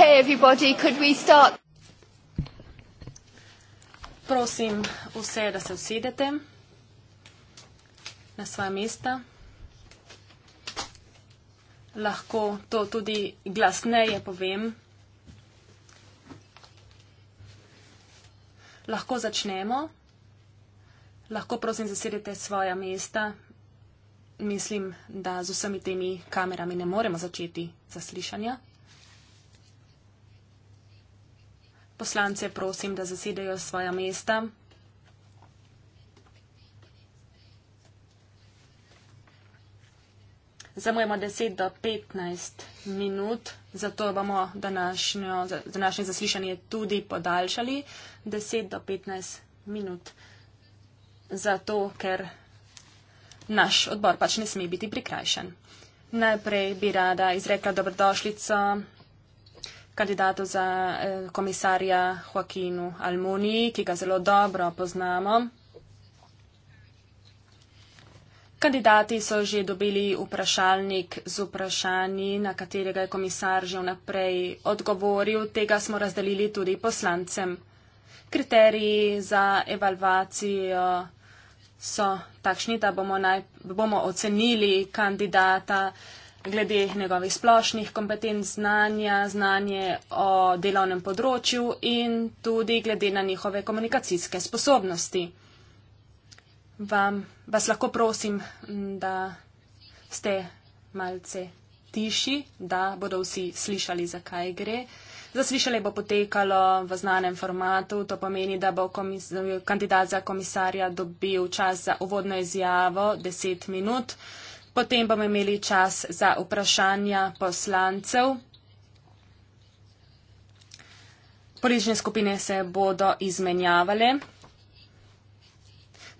Okay, everybody, could we start? Prosim vse, da se usedete na svoje mesta. Lahko to tudi glasneje povem. Lahko začnemo. Lahko prosim zasedete svoja mesta. Mislim, da z vsemi temi kamerami ne moremo začeti zaslišanja. Poslance prosim, da zasedejo svoja mesta. Zamujemo 10 do 15 minut, zato bomo današnjo, današnje zaslišanje tudi podaljšali. 10 do 15 minut. Zato, ker naš odbor pač ne sme biti prikrajšan. Najprej bi rada izrekla dobrodošlico kandidatu za eh, komisarja Joaquinu Almuni, ki ga zelo dobro poznamo. Kandidati so že dobili vprašalnik z vprašanji, na katerega je komisar že vnaprej odgovoril. Tega smo razdelili tudi poslancem. Kriteriji za evalvacijo so takšni, da bomo, naj, bomo ocenili kandidata glede njegovih splošnih kompetenc, znanja, znanje o delovnem področju in tudi glede na njihove komunikacijske sposobnosti. Vam, vas lahko prosim, da ste malce tiši, da bodo vsi slišali, zakaj gre. Zaslišanje bo potekalo v znanem formatu, to pomeni, da bo komis kandidat za komisarja dobil čas za uvodno izjavo 10 minut. Potem bomo imeli čas za vprašanja poslancev. Politične skupine se bodo izmenjavale.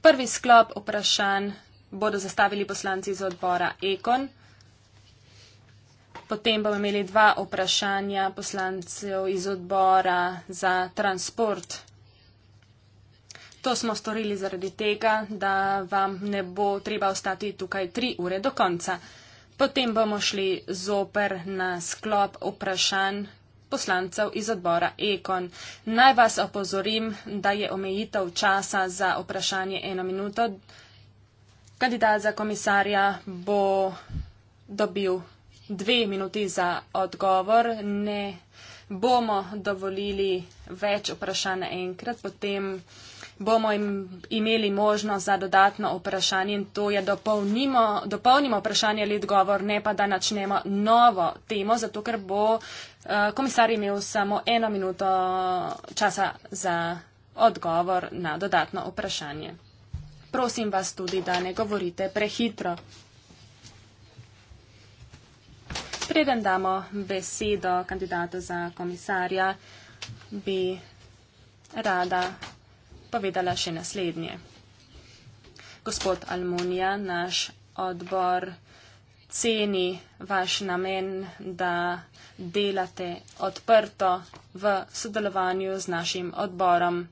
Prvi sklop vprašanj bodo zastavili poslanci iz odbora Ekon. Potem bomo imeli dva vprašanja poslancev iz odbora za transport To smo storili zaradi tega, da vam ne bo treba ostati tukaj tri ure do konca. Potem bomo šli zoper na sklop vprašanj poslancev iz odbora Ekon. Naj vas opozorim, da je omejitev časa za vprašanje eno minuto. Kandidat za komisarja bo dobil dve minuti za odgovor. Ne bomo dovolili več vprašanj naenkrat, potem bomo imeli možnost za dodatno vprašanje in to je dopolnimo, dopolnimo vprašanje ali odgovor, ne pa da načnemo novo temo, zato ker bo eh, komisar imel samo eno minuto časa za odgovor na dodatno vprašanje. Prosim vas tudi, da ne govorite prehitro. Preden damo besedo kandidatu za komisarja, bi rada povedala še naslednje. Gospod Almunija, naš odbor ceni vaš namen, da delate odprto v sodelovanju z našim odborom.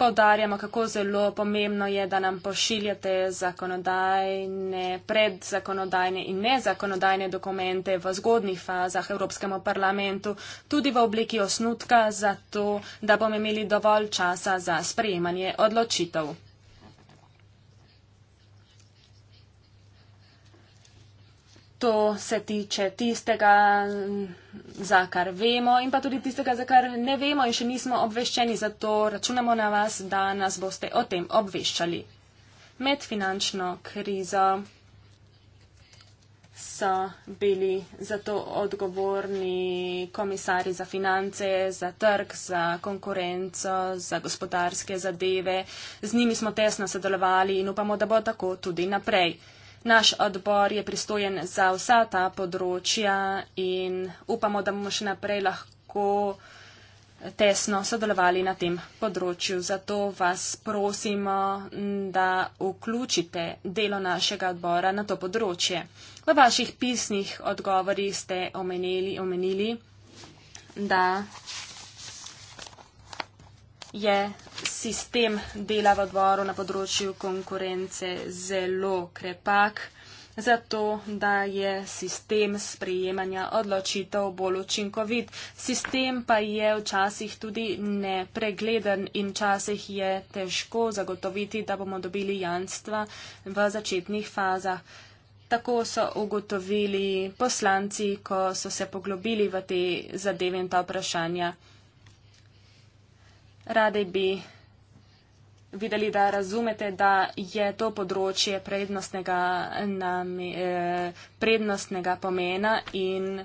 Povdarjamo, kako zelo pomembno je, da nam pošiljate zakonodajne, predzakonodajne in nezakonodajne dokumente v zgodnih fazah Evropskemu parlamentu, tudi v obliki osnutka, zato da bomo imeli dovolj časa za sprejemanje odločitev. to se tiče tistega, za kar vemo in pa tudi tistega, za kar ne vemo in še nismo obveščeni, zato računamo na vas, da nas boste o tem obveščali. Med finančno krizo so bili zato odgovorni komisari za finance, za trg, za konkurenco, za gospodarske zadeve. Z njimi smo tesno sodelovali in upamo, da bo tako tudi naprej. Naš odbor je pristojen za vsa ta področja in upamo, da bomo še naprej lahko tesno sodelovali na tem področju. Zato vas prosimo, da vključite delo našega odbora na to področje. V vaših pisnih odgovorih ste omenili, omenili da je sistem dela v dvoru na področju konkurence zelo krepak, zato da je sistem sprejemanja odločitev bolj učinkovit. Sistem pa je včasih tudi nepregleden in včasih je težko zagotoviti, da bomo dobili janstva v začetnih fazah. Tako so ugotovili poslanci, ko so se poglobili v te zadeve in ta vprašanja. Radi bi videli, da razumete, da je to področje prednostnega, nami, eh, prednostnega pomena in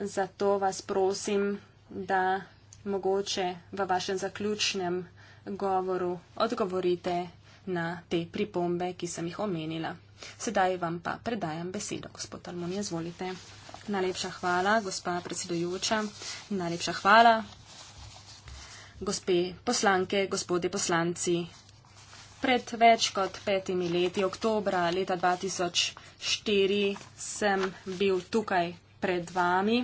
zato vas prosim, da mogoče v vašem zaključnem govoru odgovorite na te pripombe, ki sem jih omenila. Sedaj vam pa predajam besedo, gospod Almonija, izvolite. Najlepša hvala, gospa predsedujoča. Najlepša hvala, gospe poslanke, gospode poslanci. Pred več kot petimi leti, oktobra leta 2004, sem bil tukaj pred vami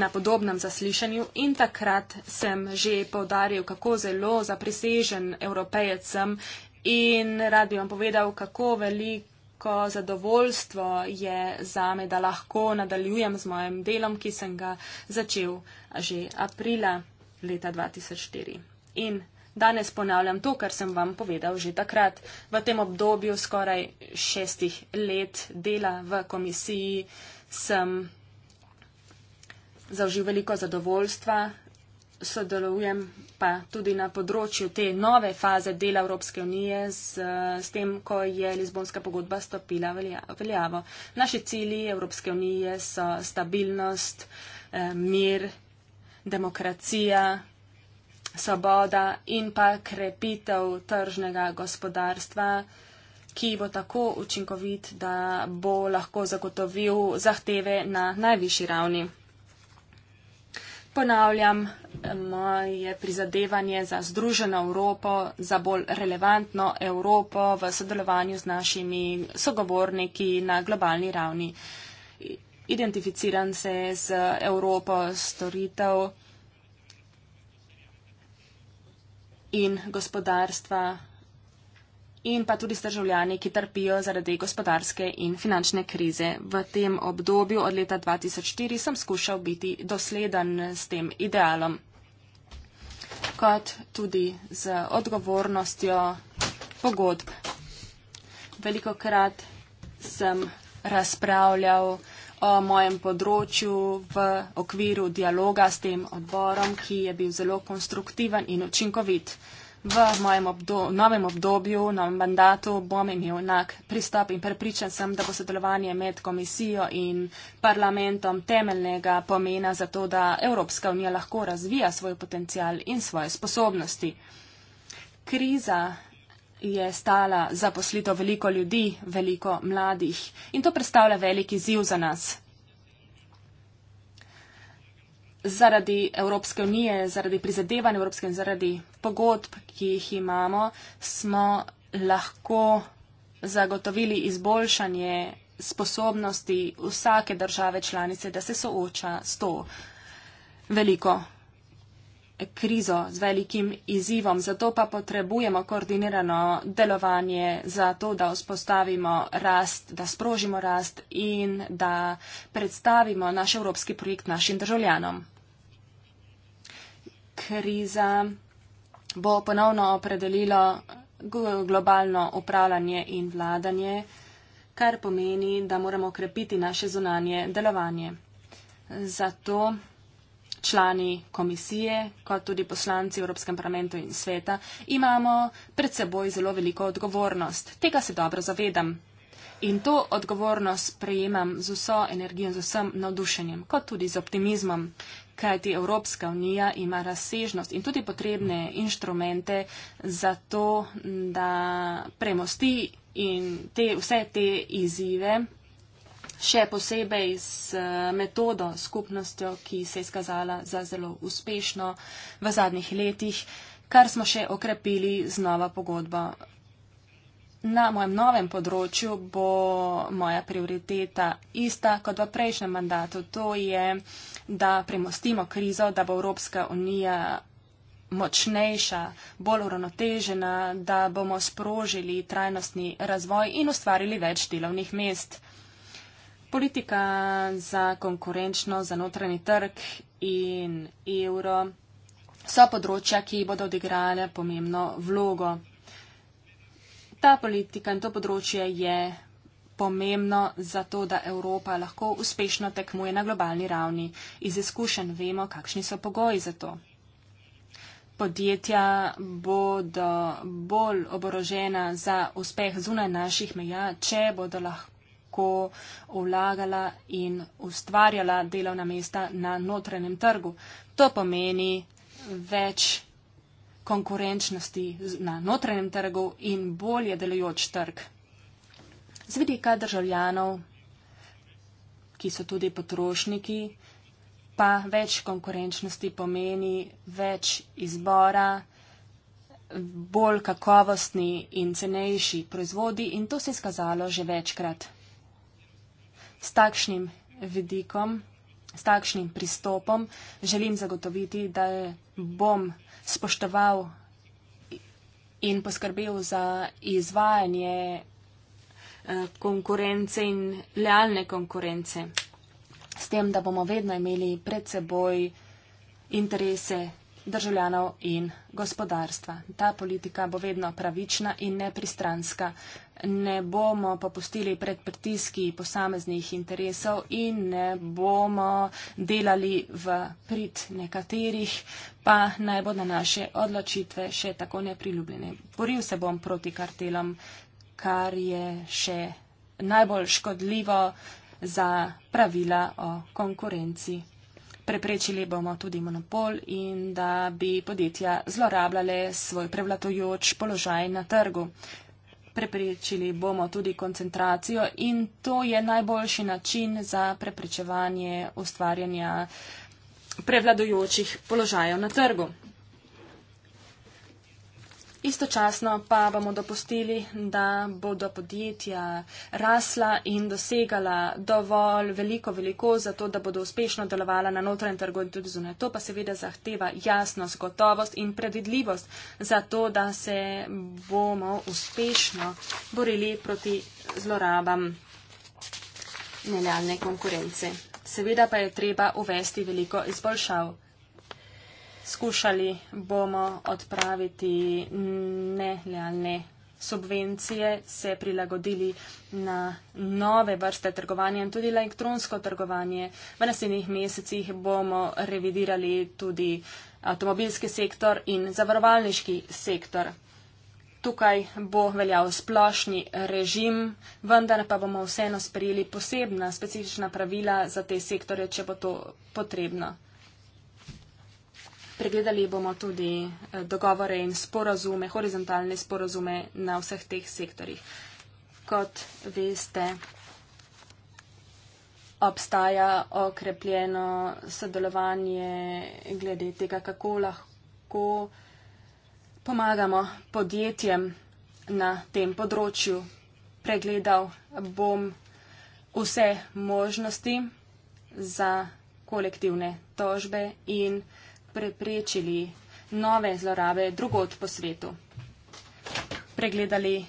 na podobnem zaslišanju in takrat sem že povdaril, kako zelo zaprisežen evropejec sem in rad bi vam povedal, kako veliko zadovoljstvo je zame, da lahko nadaljujem z mojim delom, ki sem ga začel že aprila leta 2004. In danes ponavljam to, kar sem vam povedal že takrat. V tem obdobju skoraj šestih let dela v komisiji sem zaužil veliko zadovoljstva, sodelujem pa tudi na področju te nove faze dela Evropske unije z, s tem, ko je Lizbonska pogodba stopila veljavo. Naši cilji Evropske unije so stabilnost, eh, mir demokracija, svoboda in pa krepitev tržnega gospodarstva, ki bo tako učinkovit, da bo lahko zagotovil zahteve na najvišji ravni. Ponavljam moje prizadevanje za združeno Evropo, za bolj relevantno Evropo v sodelovanju z našimi sogovorniki na globalni ravni identificiran se je z Evropo storitev in gospodarstva in pa tudi s državljani, ki trpijo zaradi gospodarske in finančne krize. V tem obdobju od leta 2004 sem skušal biti dosleden s tem idealom, kot tudi z odgovornostjo pogodb. Veliko krat sem razpravljal o mojem področju v okviru dialoga s tem odborom, ki je bil zelo konstruktiven in učinkovit. V mojem obdo novem obdobju, novem mandatu bom imel enak pristop in prepričan sem, da bo sodelovanje med komisijo in parlamentom temeljnega pomena za to, da Evropska unija lahko razvija svoj potencial in svoje sposobnosti. Kriza je stala zaposlito veliko ljudi, veliko mladih. In to predstavlja veliki ziv za nas. Zaradi Evropske unije, zaradi prizadevanj Evropske unije, zaradi pogodb, ki jih imamo, smo lahko zagotovili izboljšanje sposobnosti vsake države članice, da se sooča s to veliko krizo, z velikim izzivom, zato pa potrebujemo koordinirano delovanje za to, da vzpostavimo rast, da sprožimo rast in da predstavimo naš evropski projekt našim državljanom. Kriza bo ponovno opredelilo globalno upravljanje in vladanje, kar pomeni, da moramo krepiti naše zunanje delovanje. Zato člani komisije, kot tudi poslanci v Evropskem parlamentu in sveta, imamo pred seboj zelo veliko odgovornost. Tega se dobro zavedam. In to odgovornost prejemam z vso energijo in z vsem navdušenjem, kot tudi z optimizmom, kajti Evropska unija ima razsežnost in tudi potrebne inštrumente za to, da premosti in te, vse te izzive še posebej s eh, metodo, skupnostjo, ki se je izkazala za zelo uspešno v zadnjih letih, kar smo še okrepili z novo pogodbo. Na mojem novem področju bo moja prioriteta ista kot v prejšnjem mandatu. To je, da premostimo krizo, da bo Evropska unija močnejša, bolj uravnotežena, da bomo sprožili trajnostni razvoj in ustvarili več delovnih mest politika za konkurenčno, za notranji trg in evro so področja, ki bodo odigrale pomembno vlogo. Ta politika in to področje je pomembno za to, da Evropa lahko uspešno tekmuje na globalni ravni. Iz izkušenj vemo, kakšni so pogoji za to. Podjetja bodo bolj oborožena za uspeh zunaj naših meja, če bodo lahko lahko vlagala in ustvarjala delovna mesta na notranjem trgu. To pomeni več konkurenčnosti na notranjem trgu in bolje delujoč trg. Z vidika državljanov, ki so tudi potrošniki, pa več konkurenčnosti pomeni več izbora, bolj kakovostni in cenejši proizvodi in to se je skazalo že večkrat. S takšnim vidikom, s takšnim pristopom želim zagotoviti, da bom spoštoval in poskrbel za izvajanje eh, konkurence in lealne konkurence, s tem, da bomo vedno imeli pred seboj interese državljanov in gospodarstva. Ta politika bo vedno pravična in nepristranska. Ne bomo popustili pred pritiski posameznih interesov in ne bomo delali v prid nekaterih, pa naj bodo na naše odločitve še tako nepriljubljene. Boril se bom proti kartelom, kar je še najbolj škodljivo za pravila o konkurenci preprečili bomo tudi monopol in da bi podjetja zlorabljale svoj prevladojoč položaj na trgu. Preprečili bomo tudi koncentracijo in to je najboljši način za preprečevanje ustvarjanja prevladojočih položajev na trgu. Istočasno pa bomo dopustili, da bodo podjetja rasla in dosegala dovolj veliko veliko za to, da bodo uspešno delovala na notranjem trgu in tudi zunaj. To pa seveda zahteva jasnost, gotovost in predvidljivost za to, da se bomo uspešno borili proti zlorabam nelealne konkurence. Seveda pa je treba uvesti veliko izboljšav skušali bomo odpraviti nelealne subvencije, se prilagodili na nove vrste trgovanja in tudi elektronsko trgovanje. V naslednjih mesecih bomo revidirali tudi avtomobilski sektor in zavarovalniški sektor. Tukaj bo veljal splošni režim, vendar pa bomo vseeno sprejeli posebna specifična pravila za te sektore, če bo to potrebno pregledali bomo tudi eh, dogovore in sporazume, horizontalne sporazume na vseh teh sektorjih. Kot veste, obstaja okrepljeno sodelovanje glede tega, kako lahko pomagamo podjetjem na tem področju. Pregledal bom vse možnosti za kolektivne tožbe in preprečili nove zlorabe drugot po svetu. Pregledali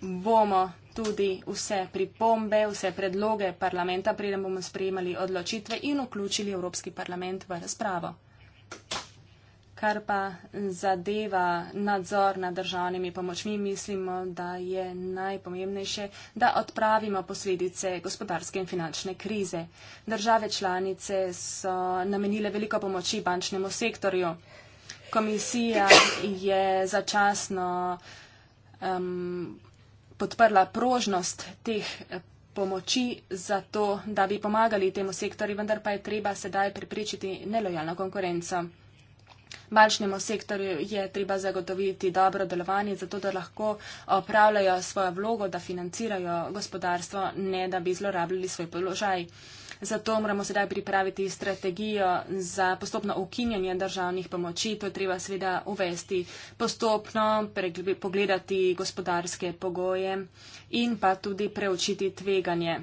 bomo tudi vse pripombe, vse predloge parlamenta, preden bomo sprejemali odločitve in vključili Evropski parlament v razpravo. Kar pa zadeva nadzor nad državnimi pomočmi, mislimo, da je najpomembnejše, da odpravimo posledice gospodarske in finančne krize. Države članice so namenile veliko pomoči bančnemu sektorju. Komisija je začasno um, podprla prožnost teh eh, pomoči za to, da bi pomagali temu sektorju, vendar pa je treba sedaj pripričati nelojalno konkurenco bančnemu sektorju je treba zagotoviti dobro delovanje, zato da lahko opravljajo svojo vlogo, da financirajo gospodarstvo, ne da bi zlorabljali svoj položaj. Zato moramo sedaj pripraviti strategijo za postopno ukinjanje državnih pomoči. To je treba seveda uvesti postopno, pogledati gospodarske pogoje in pa tudi preučiti tveganje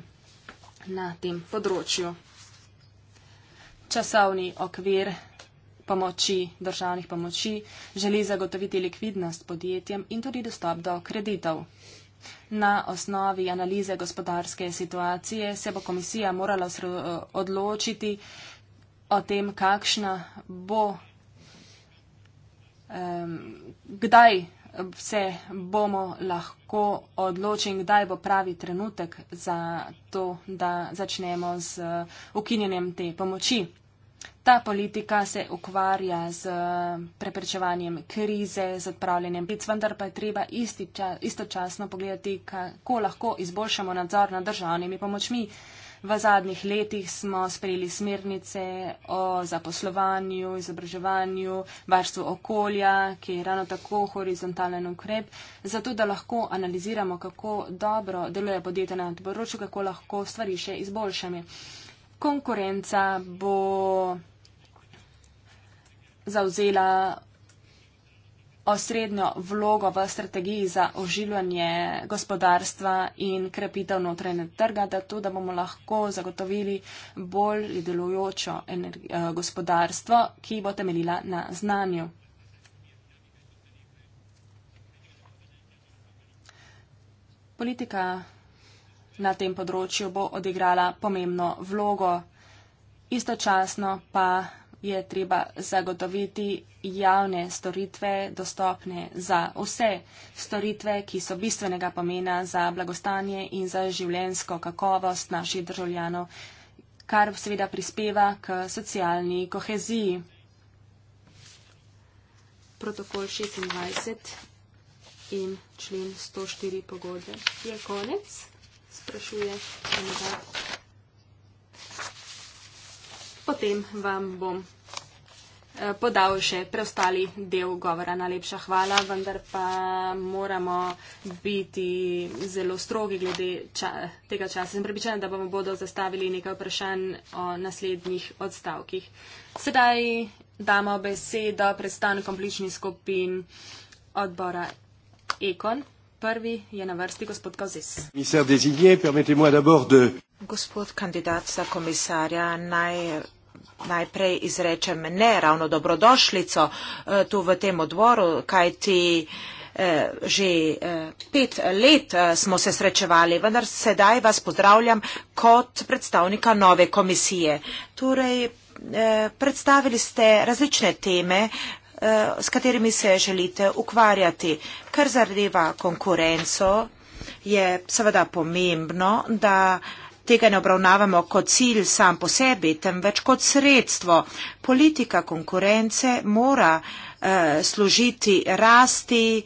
na tem področju. Časovni okvir pomoči, državnih pomoči, želi zagotoviti likvidnost podjetjem in tudi dostop do kreditov. Na osnovi analize gospodarske situacije se bo komisija morala odločiti o tem, kakšna bo, um, kdaj se bomo lahko odločili, kdaj bo pravi trenutek za to, da začnemo z ukinjenjem te pomoči. Ta politika se ukvarja z eh, preprečevanjem krize, z odpravljanjem pic, vendar pa je treba isti čas, istočasno pogledati, kako lahko izboljšamo nadzor nad državnimi pomočmi. V zadnjih letih smo sprejeli smernice o zaposlovanju, izobraževanju, varstvu okolja, ki je ravno tako horizontalen ukrep, zato da lahko analiziramo, kako dobro deluje podjetje na področju, kako lahko stvari še izboljšamo. Konkurenca bo zauzela osrednjo vlogo v strategiji za oživljanje gospodarstva in krepitev notranje trga, da to, da bomo lahko zagotovili bolj delujočo eh, gospodarstvo, ki bo temeljila na znanju. Politika na tem področju bo odigrala pomembno vlogo, istočasno pa je treba zagotoviti javne storitve dostopne za vse storitve, ki so bistvenega pomena za blagostanje in za življensko kakovost naših državljanov, kar seveda prispeva k socialni koheziji. Protokol 26 in člen 104 pogodbe je konec, sprašuje kandidat potem vam bom eh, podal še preostali del govora. Najlepša hvala, vendar pa moramo biti zelo strogi glede ča tega časa. Sem pripričana, da bomo bodo zastavili nekaj vprašanj o naslednjih odstavkih. Sedaj damo besedo predstavnikom pličnih skupin odbora Ekon. Prvi je na vrsti gospod Kozis. Gospod kandidat za komisarja naj najprej izrečem ne ravno dobrodošlico eh, tu v tem odboru, kaj ti eh, že eh, pet let smo se srečevali, vendar sedaj vas pozdravljam kot predstavnika nove komisije. Torej, predstavili ste različne teme, s katerimi se želite ukvarjati, kar zadeva konkurenco, je seveda pomembno, da tega ne obravnavamo kot cilj sam po sebi, temveč kot sredstvo. Politika konkurence mora eh, služiti rasti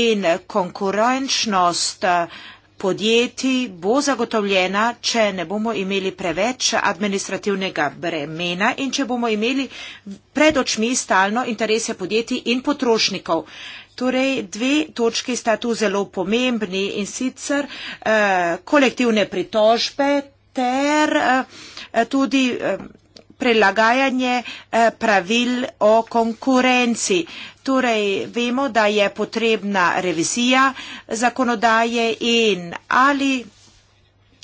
in konkurenčnost eh, podjetij bo zagotovljena, če ne bomo imeli preveč administrativnega bremena in če bomo imeli pred očmi stalno interese podjetij in potrošnikov. Eh, Torej, dve točki sta tu zelo pomembni in sicer eh, kolektivne pritožbe ter eh, tudi eh, prelagajanje eh, pravil o konkurenci. Torej, vemo, da je potrebna revizija zakonodaje in ali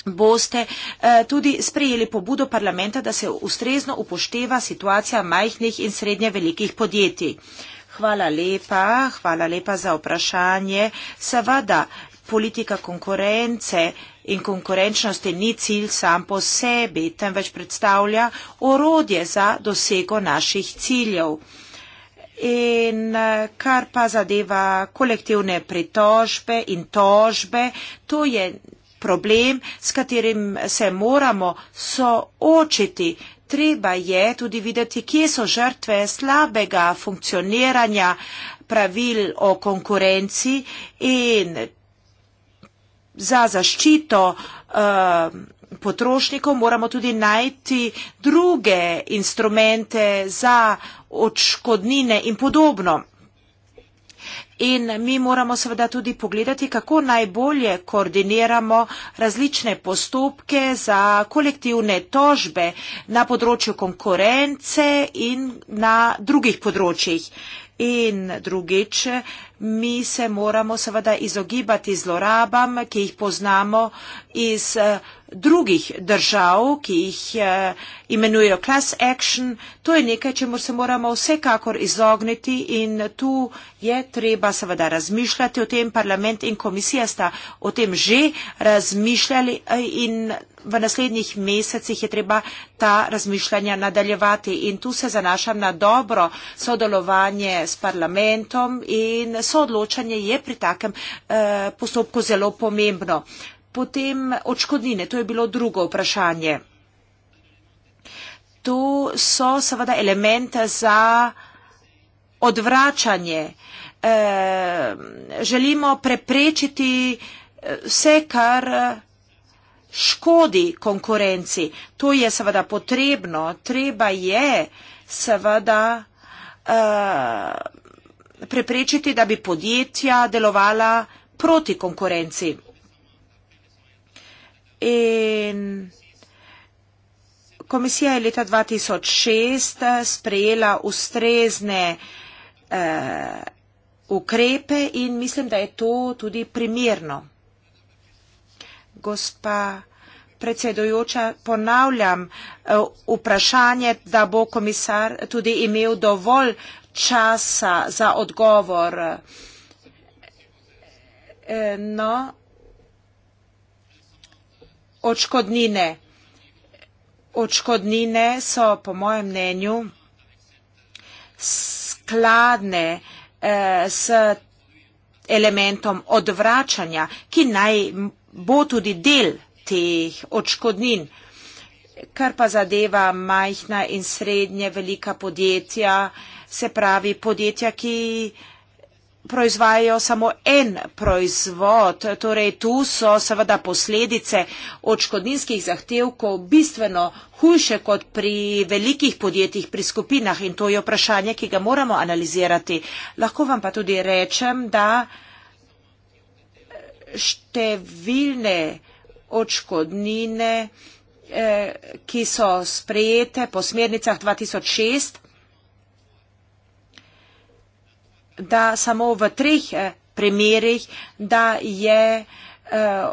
boste eh, tudi sprejeli pobudo parlamenta, da se ustrezno upošteva situacija majhnih in srednje velikih podjetij. Eh, Hvala lepa, hvala lepa za vprašanje. Seveda, politika konkurence in konkurenčnosti ni cilj sam po sebi, temveč predstavlja orodje za dosego naših ciljev. In kar pa zadeva kolektivne pritožbe in tožbe, to je problem, s katerim se moramo soočiti treba je tudi videti, kje so žrtve slabega funkcioniranja pravil o konkurenci in za zaščito uh, potrošnikov moramo tudi najti druge instrumente za odškodnine in podobno. In mi moramo seveda tudi pogledati, kako najbolje koordiniramo različne postopke za kolektivne tožbe na področju konkurence in na drugih področjih. In drugič, mi se moramo seveda izogibati zlorabam, ki jih poznamo iz eh, drugih držav, ki jih uh, imenujejo class action, to je nekaj, čemu se moramo vsekakor izogniti in tu je treba seveda razmišljati o tem. Parlament in komisija sta o tem že razmišljali eh, in v naslednjih mesecih je treba ta razmišljanja nadaljevati in tu se zanašam na dobro sodelovanje s parlamentom in soodločanje je pri takem uh, postopku zelo pomembno. Uh, potem očkodnine, to je bilo drugo vprašanje. To so seveda elemente za odvračanje. E, želimo preprečiti eh, vse, kar eh, škodi konkurenci. To je seveda potrebno. Treba je seveda e, preprečiti, da bi podjetja delovala proti konkurenci in komisija je leta 2006 sprejela ustrezne eh, ukrepe in mislim, da je to tudi primirno. Gospa predsedujoča, ponavljam eh, vprašanje, da bo komisar tudi imel dovolj časa za odgovor. Eh, no, Očkodnine. Očkodnine so, po mojem mnenju, skladne eh, s elementom odvračanja, ki naj bo tudi del teh očkodnin. Kar pa zadeva majhna in srednje velika podjetja, se pravi podjetja, ki eh, proizvajajo samo en proizvod. Torej, tu so seveda posledice odškodninskih zahtevkov bistveno hujše kot pri velikih podjetjih, pri skupinah in to je vprašanje, ki ga moramo analizirati. Lahko vam pa tudi rečem, da številne odškodnine, eh, ki so sprejete po smernicah 2006, da samo v treh eh, primerjih, da je eh,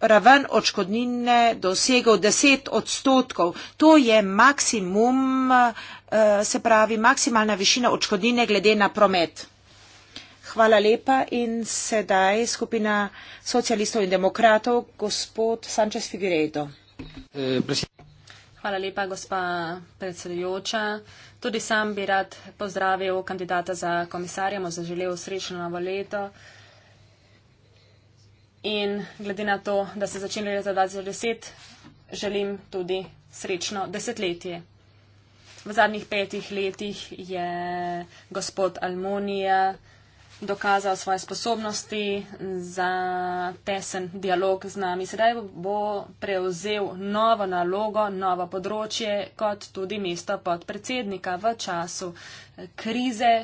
raven očkodnine dosegel 10 odstotkov. To je maksimum, eh, se pravi maksimalna višina očkodnine glede na promet. Hvala lepa in sedaj skupina socialistov in demokratov, gospod Sanchez Figueredo. Eh, Hvala lepa, gospa predsedujoča. Tudi sam bi rad pozdravil kandidata za komisarja, mu zaželel srečno novo leto. In glede na to, da se začne leta 2010, želim tudi srečno desetletje. V zadnjih petih letih je gospod Almonija dokazal svoje sposobnosti za tesen dialog z nami. Sedaj bo prevzel novo nalogo, novo področje, kot tudi mesto podpredsednika v času krize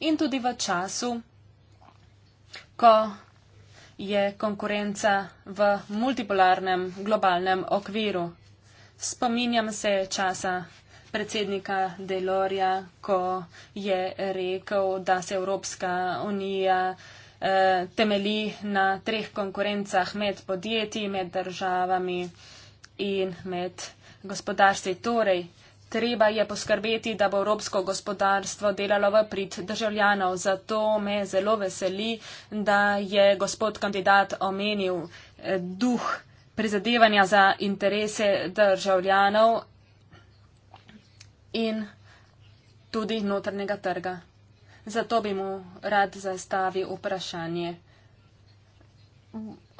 in tudi v času, ko je konkurenca v multipolarnem globalnem okviru. Spominjam se časa predsednika Delorja, ko je rekel, da se Evropska unija eh, temeli na treh konkurencah med podjetji, med državami in med gospodarstvi. Torej, treba je poskrbeti, da bo Evropsko gospodarstvo delalo v prid državljanov. Zato me zelo veseli, da je gospod kandidat omenil eh, duh prizadevanja za interese državljanov in tudi notrnega trga. Zato bi mu rad zastavil vprašanje.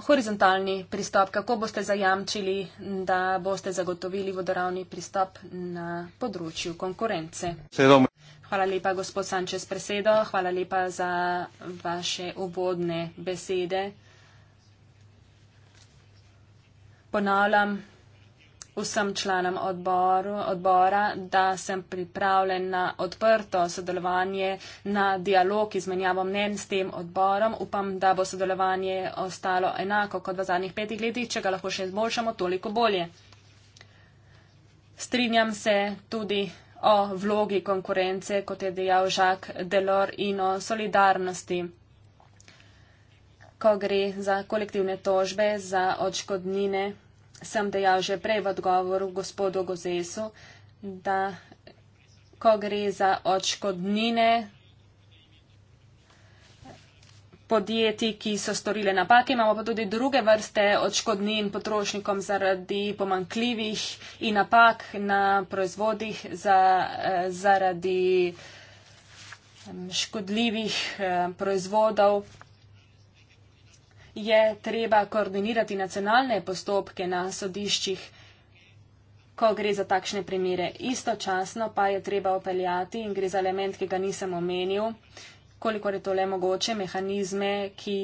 Horizontalni pristop, kako boste zajamčili, da boste zagotovili vodoravni pristop na področju konkurence? Hvala lepa, gospod Sančes Presedo, hvala lepa za vaše uvodne besede. Ponavljam, vsem članom odboru, odbora, da sem pripravljen na odprto sodelovanje, na dialog, izmenjavo mnen s tem odborom. Upam, da bo sodelovanje ostalo enako kot v zadnjih petih letih, če ga lahko še izboljšamo, toliko bolje. Strinjam se tudi o vlogi konkurence, kot je dejal Žak Delor, in o solidarnosti. Ko gre za kolektivne tožbe, za odškodnine, sem dejal že prej v odgovoru gospodu Gozesu, da ko gre za očkodnine podjetij, ki so storile napake, imamo pa tudi druge vrste očkodnin potrošnikom zaradi pomankljivih in napak na proizvodih za, eh, zaradi škodljivih eh, proizvodov je treba koordinirati nacionalne postopke na sodiščih, ko gre za takšne primere. Istočasno pa je treba upeljati in gre za element, ki ga nisem omenil, kolikor je tole mogoče, mehanizme, ki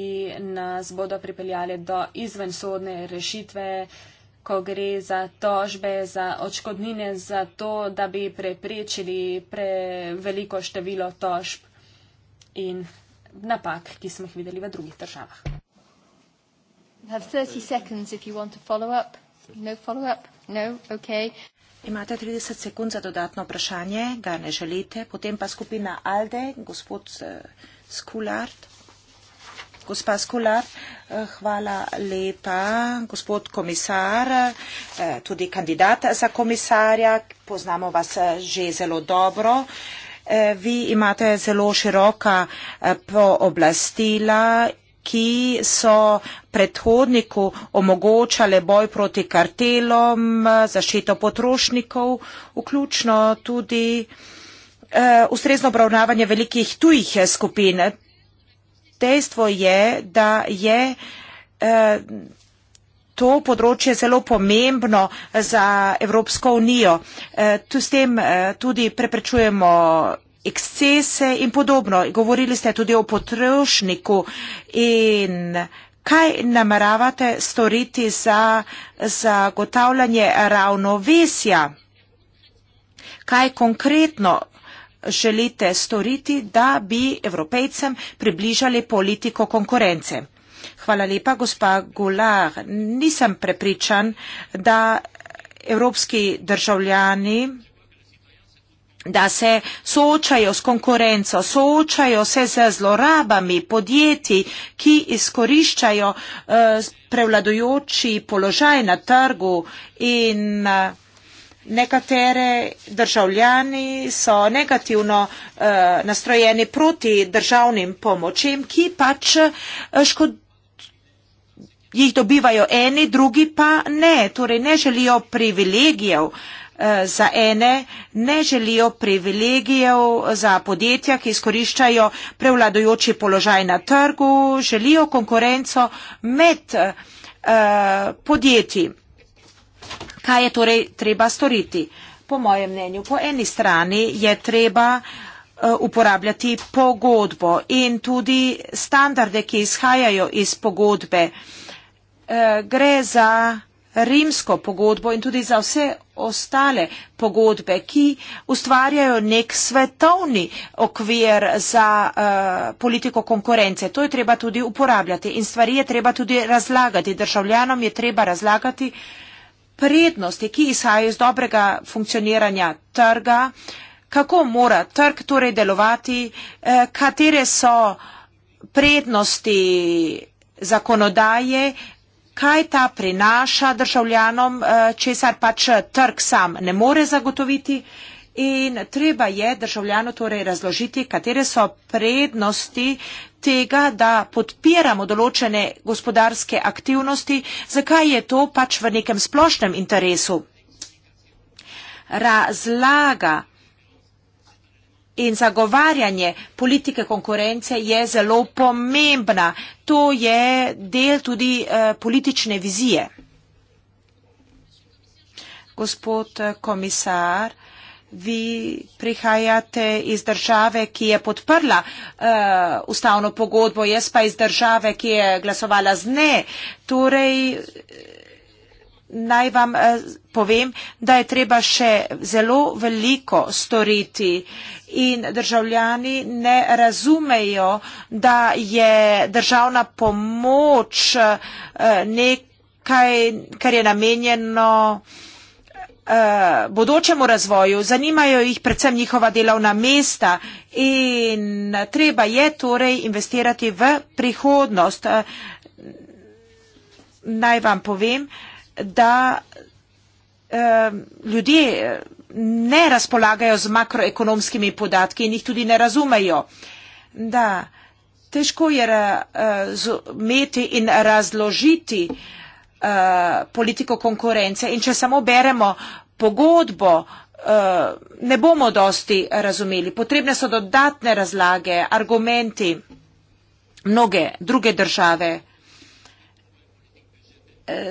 nas bodo pripeljali do izvensodne rešitve, ko gre za tožbe, za očkodnine, za to, da bi preprečili preveliko število tožb in napak, ki smo jih videli v drugih državah have 30 seconds if you want to follow up. No follow up? No? Okay. Imate 30 sekund za dodatno vprašanje, ga ne želite. Potem pa skupina Alde, gospod eh, Skulard. Gospa Skular, eh, hvala lepa. Gospod komisar, eh, tudi kandidat za komisarja, poznamo vas že zelo dobro. Vi imate zelo široka pooblastila ki so predhodniku omogočale boj proti kartelom, zaščito potrošnikov, vključno tudi eh, ustrezno obravnavanje velikih tujih eh, skupin. Dejstvo je, da je eh, to področje zelo pomembno za Evropsko unijo. Tu s tem tudi preprečujemo ekscese in podobno. Govorili ste tudi o potrošniku in kaj nameravate storiti za zagotavljanje ravnovesja? Kaj konkretno želite storiti, da bi evropejcem približali politiko konkurence? Hvala lepa, gospa Gular. Nisem prepričan, da evropski državljani da se soočajo s konkurenco, soočajo se z zlorabami podjetij, ki izkoriščajo uh, eh, prevladojoči položaj na trgu in uh, nekatere državljani so negativno uh, nastrojeni proti državnim pomočem, ki pač škodijo jih dobivajo eni, drugi pa ne, torej ne želijo privilegijev. Uh, Eh, za ene ne želijo privilegijev za podjetja, ki izkoriščajo prevladojoči položaj na trgu, želijo konkurenco med eh, podjetji. Kaj je torej treba storiti? Po mojem mnenju, po eni strani je treba eh, uporabljati pogodbo in tudi standarde, ki izhajajo iz pogodbe. Gre za rimsko pogodbo in tudi za vse ostale pogodbe, ki ustvarjajo nek svetovni okvir za uh, politiko konkurence. To je treba tudi uporabljati in stvari je treba tudi razlagati. Državljanom je treba razlagati prednosti, ki izhajajo iz dobrega funkcioniranja trga, kako mora trg torej delovati, eh, katere so prednosti zakonodaje, kaj ta prinaša državljanom, eh, česar pač eh, trg sam ne more zagotoviti. In treba je državljano torej razložiti, katere so prednosti tega, da podpiramo določene gospodarske aktivnosti, zakaj je to pač v nekem splošnem interesu. Razlaga in zagovarjanje politike konkurence je zelo pomembna. To je del tudi eh, politične vizije. Gospod eh, komisar, vi prihajate iz države, ki je podprla eh, ustavno pogodbo, jaz pa iz države, ki je glasovala z ne. Torej, naj vam eh, povem, da je treba še zelo veliko storiti in državljani ne razumejo, da je državna pomoč eh, nekaj, kar je namenjeno eh, bodočemu razvoju, zanimajo jih predvsem njihova delovna mesta in treba je torej investirati v prihodnost. Naj vam povem, da da eh, ljudje eh, ne razpolagajo z makroekonomskimi podatki in jih tudi ne razumejo. Da, težko je eh, razumeti in razložiti eh, politiko konkurence in če samo beremo pogodbo, eh, ne bomo dosti razumeli. Potrebne so dodatne razlage, argumenti. Mnoge druge države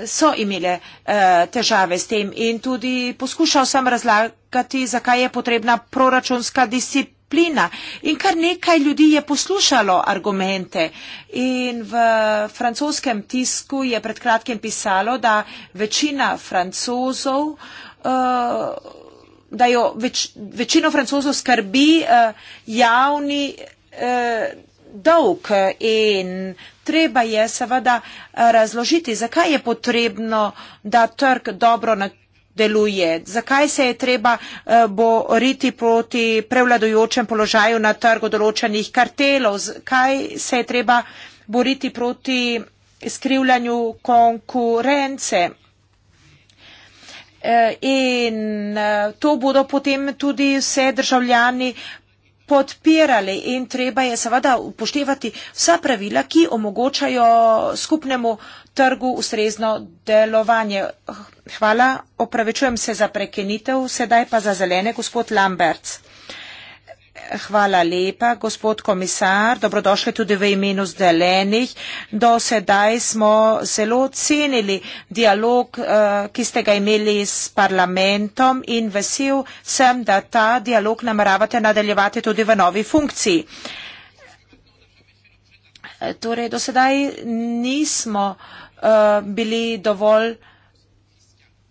so imele eh, težave s tem in tudi poskušal sem razlagati, zakaj je potrebna proračunska disciplina. In kar nekaj ljudi je poslušalo argumente in v francoskem tisku je pred kratkim pisalo, da večina francozov, eh, da jo več, večino francozov skrbi eh, javni dolg in treba je seveda eh, razložiti, zakaj je potrebno, da trg dobro deluje, zakaj se je treba eh, boriti proti prevladojočem položaju na trgu določenih kartelov, zakaj se je treba boriti proti skrivljanju konkurence. Eh, in to bodo potem tudi vse državljani podpirali in treba je seveda upoštevati vsa pravila, ki omogočajo skupnemu trgu ustrezno delovanje. Hvala, opravičujem se za prekenitev, sedaj pa za zelene, gospod Lamberts hvala lepa, gospod komisar. Dobrodošli tudi v imenu zdelenih. Do sedaj smo zelo cenili dialog, eh, ki ste ga imeli s parlamentom in vesel sem, da ta dialog nameravate nadaljevati tudi v novi funkciji. Torej, do sedaj nismo eh, bili dovolj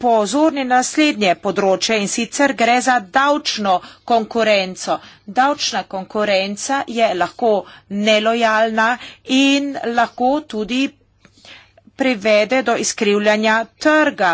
pozorni na naslednje področje in sicer gre za davčno konkurenco. Davčna konkurenca je lahko nelojalna in lahko tudi privede do izkrivljanja trga.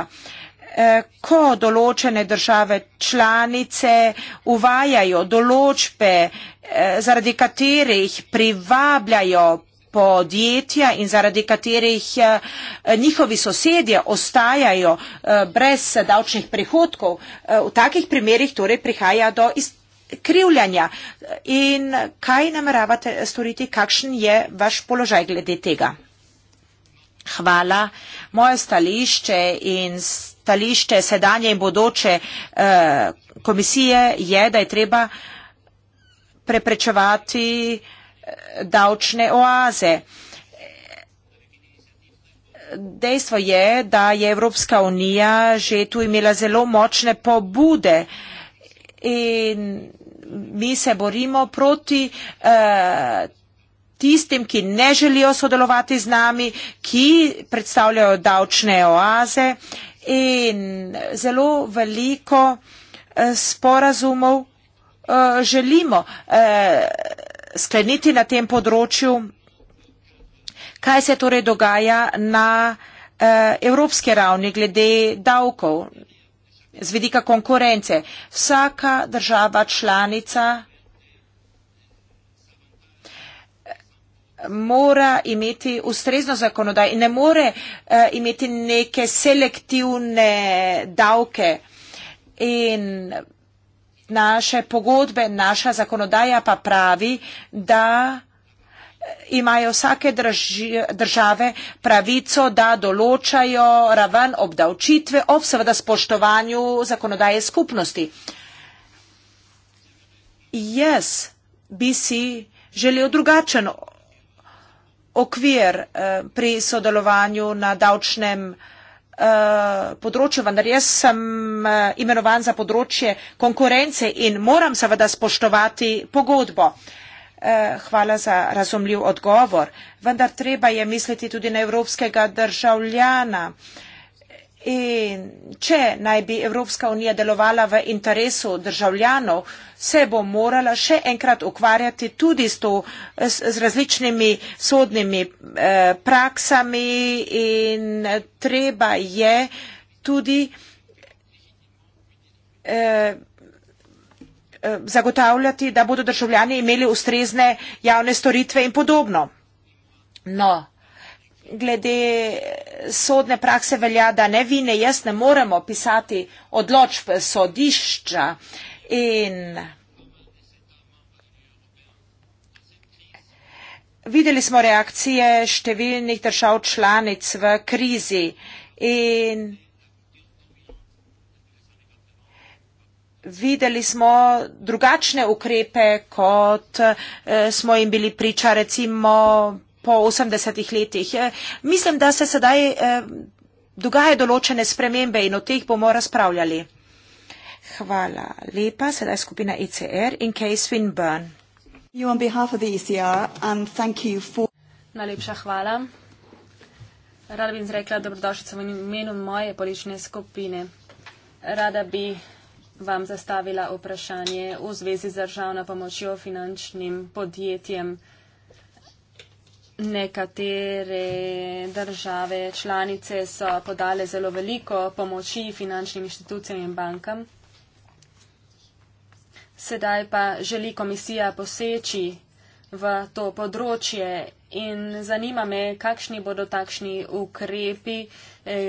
Eh, ko določene države članice uvajajo določbe, eh, zaradi katerih privabljajo podjetja in zaradi katerih eh, njihovi sosedje ostajajo eh, brez davčnih prihodkov. Eh, v takih primerjih torej prihaja do krivljanja. In kaj nameravate storiti, kakšen je vaš položaj glede tega? Hvala. Moje stališče in stališče sedanje in bodoče komisije je, da je treba preprečevati uh, davčne oaze. Dejstvo je, da je Evropska unija že tu imela zelo močne pobude in mi se borimo proti uh, tistim, ki ne želijo sodelovati z nami, ki predstavljajo davčne oaze in zelo veliko uh, sporazumov uh, želimo. Uh, skleniti na tem področju, kaj se torej dogaja na eh, evropske ravni glede davkov z vidika konkurence. Vsaka država članica eh, mora imeti ustrezno zakonodaj in ne more eh, imeti neke selektivne davke in davke naše pogodbe, naša zakonodaja pa pravi, da imajo vsake države pravico, da določajo raven obdavčitve ob seveda spoštovanju zakonodaje skupnosti. Jaz bi si želel drugačen okvir eh, pri sodelovanju na davčnem področju, Eh, področju, vendar jaz sem eh, imenovan za področje konkurence in moram seveda spoštovati pogodbo. Eh, hvala za razumljiv odgovor, vendar treba je misliti tudi na evropskega državljana. In če naj bi Evropska unija delovala v interesu državljanov, se bo morala še enkrat ukvarjati tudi s, to, s, s različnimi sodnimi eh, praksami in treba je tudi eh, eh, zagotavljati, da bodo državljani imeli ustrezne javne storitve in podobno. No glede sodne prakse velja, da ne vi, ne jaz ne moremo pisati odločb sodišča in videli smo reakcije številnih držav članic v krizi in Videli smo drugačne ukrepe, kot eh, smo jim bili priča, recimo po 80-ih letih. Eh, mislim, da se sedaj eh, dogaja določene spremembe in o teh bomo razpravljali. Hvala lepa. Sedaj skupina ECR in Kay Swinburne. E Najlepša hvala. Rada bi izrekla dobrodošljico v imenu moje politične skupine. Rada bi vam zastavila vprašanje v zvezi z državno pomočjo finančnim podjetjem. Nekatere države članice so podale zelo veliko pomoči finančnim inštitucijam in bankam. Sedaj pa želi komisija poseči v to področje in zanima me, kakšni bodo takšni ukrepi eh,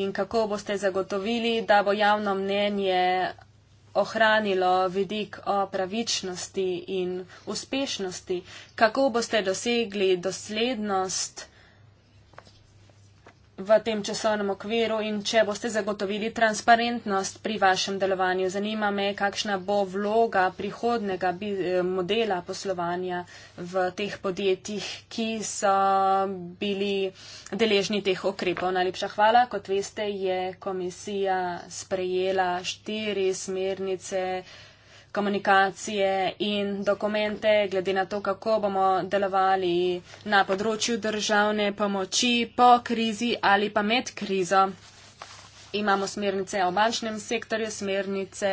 in kako boste zagotovili, da bo javno mnenje ohranilo vidik o pravičnosti in uspešnosti, kako boste dosegli doslednost v tem časovnem okviru in če boste zagotovili transparentnost pri vašem delovanju. Zanima me, kakšna bo vloga prihodnega eh, modela poslovanja v teh podjetjih, ki so bili deležni teh okrepov. Najlepša hvala. Kot veste, je komisija sprejela štiri smernice komunikacije in dokumente, glede na to, kako bomo delovali na področju državne pomoči po krizi ali pa med krizo. Imamo smernice o bančnem sektorju, smernice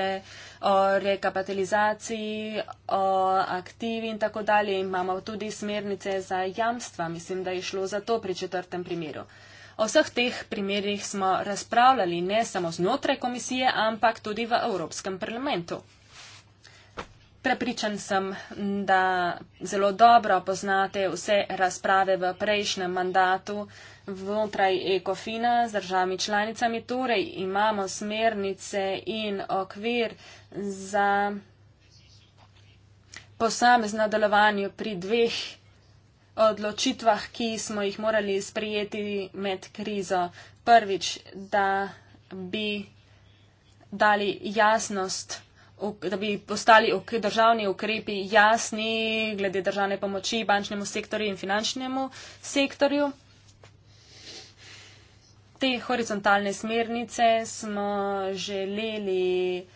o rekapitalizaciji, o aktivi in tako dalje. Imamo tudi smernice za jamstva. Mislim, da je šlo za to pri četrtem primeru. O vseh teh primerih smo razpravljali ne samo znotraj komisije, ampak tudi v Evropskem parlamentu. Prepričan sem, da zelo dobro poznate vse razprave v prejšnjem mandatu vnotraj ECOFINA z državami članicami. Torej imamo smernice in okvir za posamezno delovanje pri dveh odločitvah, ki smo jih morali sprijeti med krizo. Prvič, da bi dali jasnost da bi postali državni ukrepi jasni glede državne pomoči bančnemu sektorju in finančnemu sektorju. Te horizontalne smernice smo želeli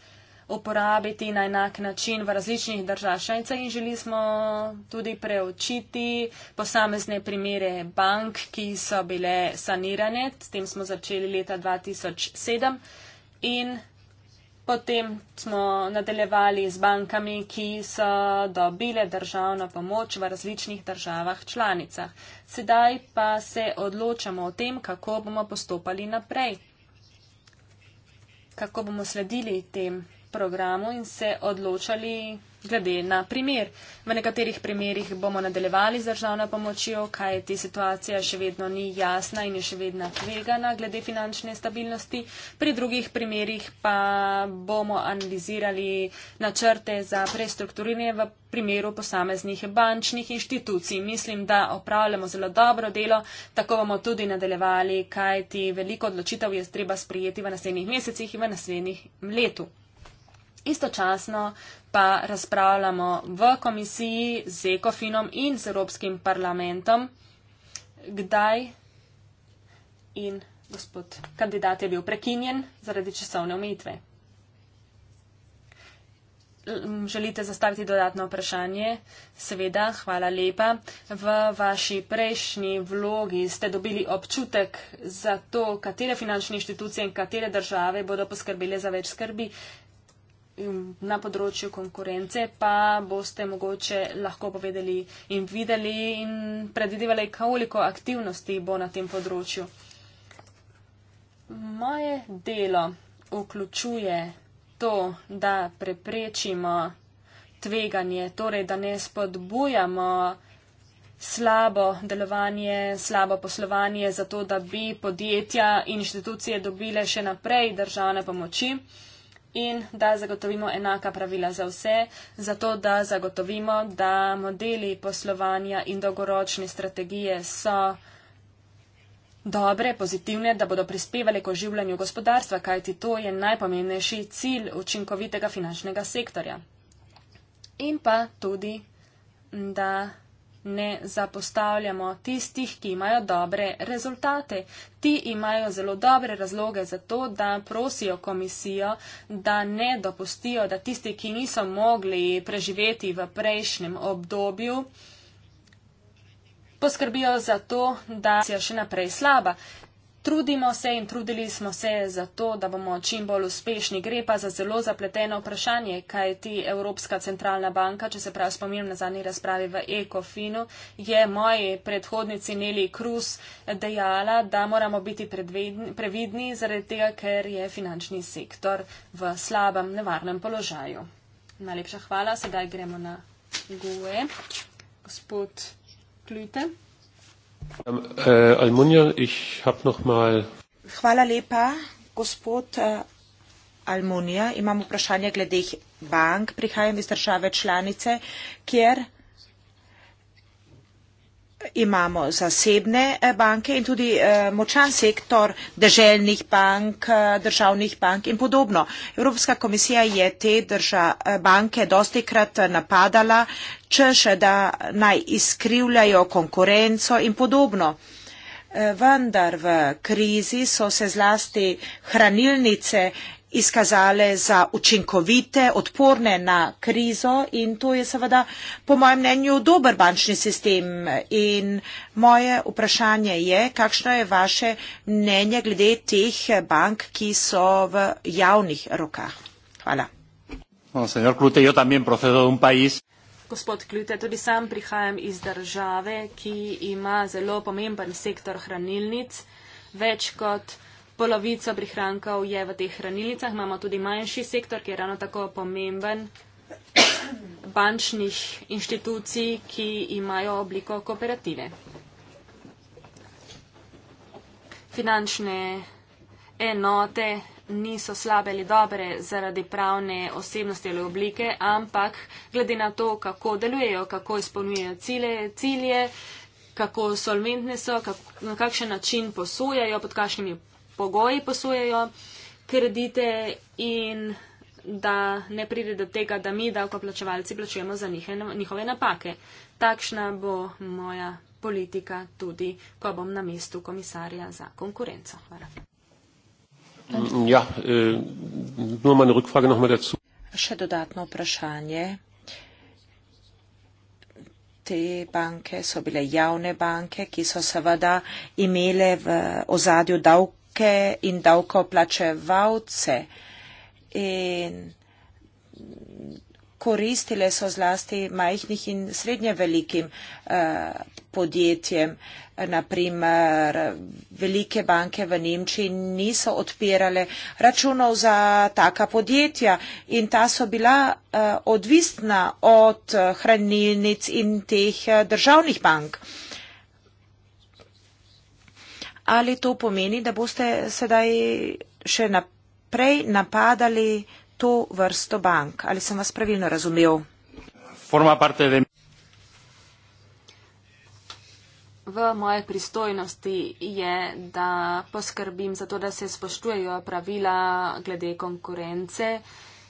uporabiti na enak način v različnih državšnjicah in želi smo tudi preočiti posamezne primere bank, ki so bile sanirane. S tem smo začeli leta 2007 in Potem smo nadaljevali z bankami, ki so dobile državno pomoč v različnih državah članicah. Sedaj pa se odločamo o tem, kako bomo postopali naprej, kako bomo sledili tem programu in se odločali, glede na primer. V nekaterih primerjih bomo nadaljevali z državno pomočjo, kaj ti situacija še vedno ni jasna in je še vedno tvegana glede finančne stabilnosti. Pri drugih primerjih pa bomo analizirali načrte za prestrukturiranje v primeru posameznih bančnih inštitucij. Mislim, da opravljamo zelo dobro delo, tako bomo tudi nadaljevali, kaj ti veliko odločitev je treba sprijeti v naslednjih mesecih in v naslednjih letu. Istočasno pa razpravljamo v komisiji z ekofinom in z Evropskim parlamentom, kdaj in gospod kandidat je bil prekinjen zaradi časovne omejitve. Želite zastaviti dodatno vprašanje? Seveda, hvala lepa. V vaši prejšnji vlogi ste dobili občutek za to, katere finančne inštitucije in katere države bodo poskrbele za več skrbi na področju konkurence, pa boste mogoče lahko povedali in videli in predvidevali, koliko aktivnosti bo na tem področju. Moje delo vključuje to, da preprečimo tveganje, torej da ne spodbujamo slabo delovanje, slabo poslovanje, zato da bi podjetja in inštitucije dobile še naprej državne pomoči in da zagotovimo enaka pravila za vse, zato da zagotovimo, da modeli poslovanja in dolgoročne strategije so dobre, pozitivne, da bodo prispevali k oživljanju gospodarstva, kajti to je najpomembnejši cilj učinkovitega finančnega sektorja. In pa tudi, da ne zapostavljamo tistih, ki imajo dobre rezultate. Ti imajo zelo dobre razloge za to, da prosijo komisijo, da ne dopustijo, da tisti, ki niso mogli preživeti v prejšnjem obdobju, poskrbijo za to, da se je še naprej slaba. Trudimo se in trudili smo se za to, da bomo čim bolj uspešni. Gre pa za zelo zapleteno vprašanje, kaj ti Evropska centralna banka, če se prav spomnim na zadnji razpravi v Ekofinu, je moji predhodnici Neli Krus dejala, da moramo biti previdni zaradi tega, ker je finančni sektor v slabem, nevarnem položaju. Najlepša hvala, sedaj gremo na GUE. Gospod Klute. Ähm, äh, Almunia, ich habe noch mal. Hvala lepa, gospod äh, Almunia. Imam vprašanje glede bank. Prihajam iz države članice, kjer imamo zasebne eh, banke in tudi eh, močan sektor deželnih bank, eh, državnih bank in podobno. Evropska komisija je te banke dosti krat napadala, če še da naj izkrivljajo konkurenco in podobno. Vendar v krizi so se zlasti hranilnice izkazale za učinkovite, odporne na krizo in to je seveda po mojem mnenju dober bančni sistem. In moje vprašanje je, kakšno je vaše mnenje glede teh bank, ki so v javnih rokah. Hvala. Gospod Klute, tudi sam prihajam iz države, ki ima zelo pomemben sektor hranilnic, več kot polovico prihrankov je v teh hranilnicah, imamo tudi manjši sektor, ki je ravno tako pomemben bančnih inštitucij, ki imajo obliko kooperative. Finančne enote niso slabe ali dobre zaradi pravne osebnosti ali oblike, ampak glede na to, kako delujejo, kako izpolnjujejo cilje, cilje kako solventne so, kak, na kakšen način posujajo, pod kakšnimi pogoji posujejo kredite in da ne pride do tega, da mi, davkoplačevalci, plačujemo za njihe, njihove napake. Takšna bo moja politika tudi, ko bom na mestu komisarja za konkurenco. Hvala. Mm, ja, eh, Še dodatno vprašanje. Te banke so bile javne banke, ki so seveda imele v ozadju davk davke in davkoplačevalce. In koristile so zlasti majhnih in srednje velikim eh, podjetjem. Naprimer, velike banke v Nemčiji niso odpirale računov za taka podjetja in ta so bila eh, odvisna od eh, hranilnic in teh eh, državnih bank. Eh, ali to pomeni, da boste sedaj še naprej napadali to vrsto bank. Ali sem vas pravilno razumel? V moje pristojnosti je, da poskrbim za to, da se spoštujejo pravila glede konkurence,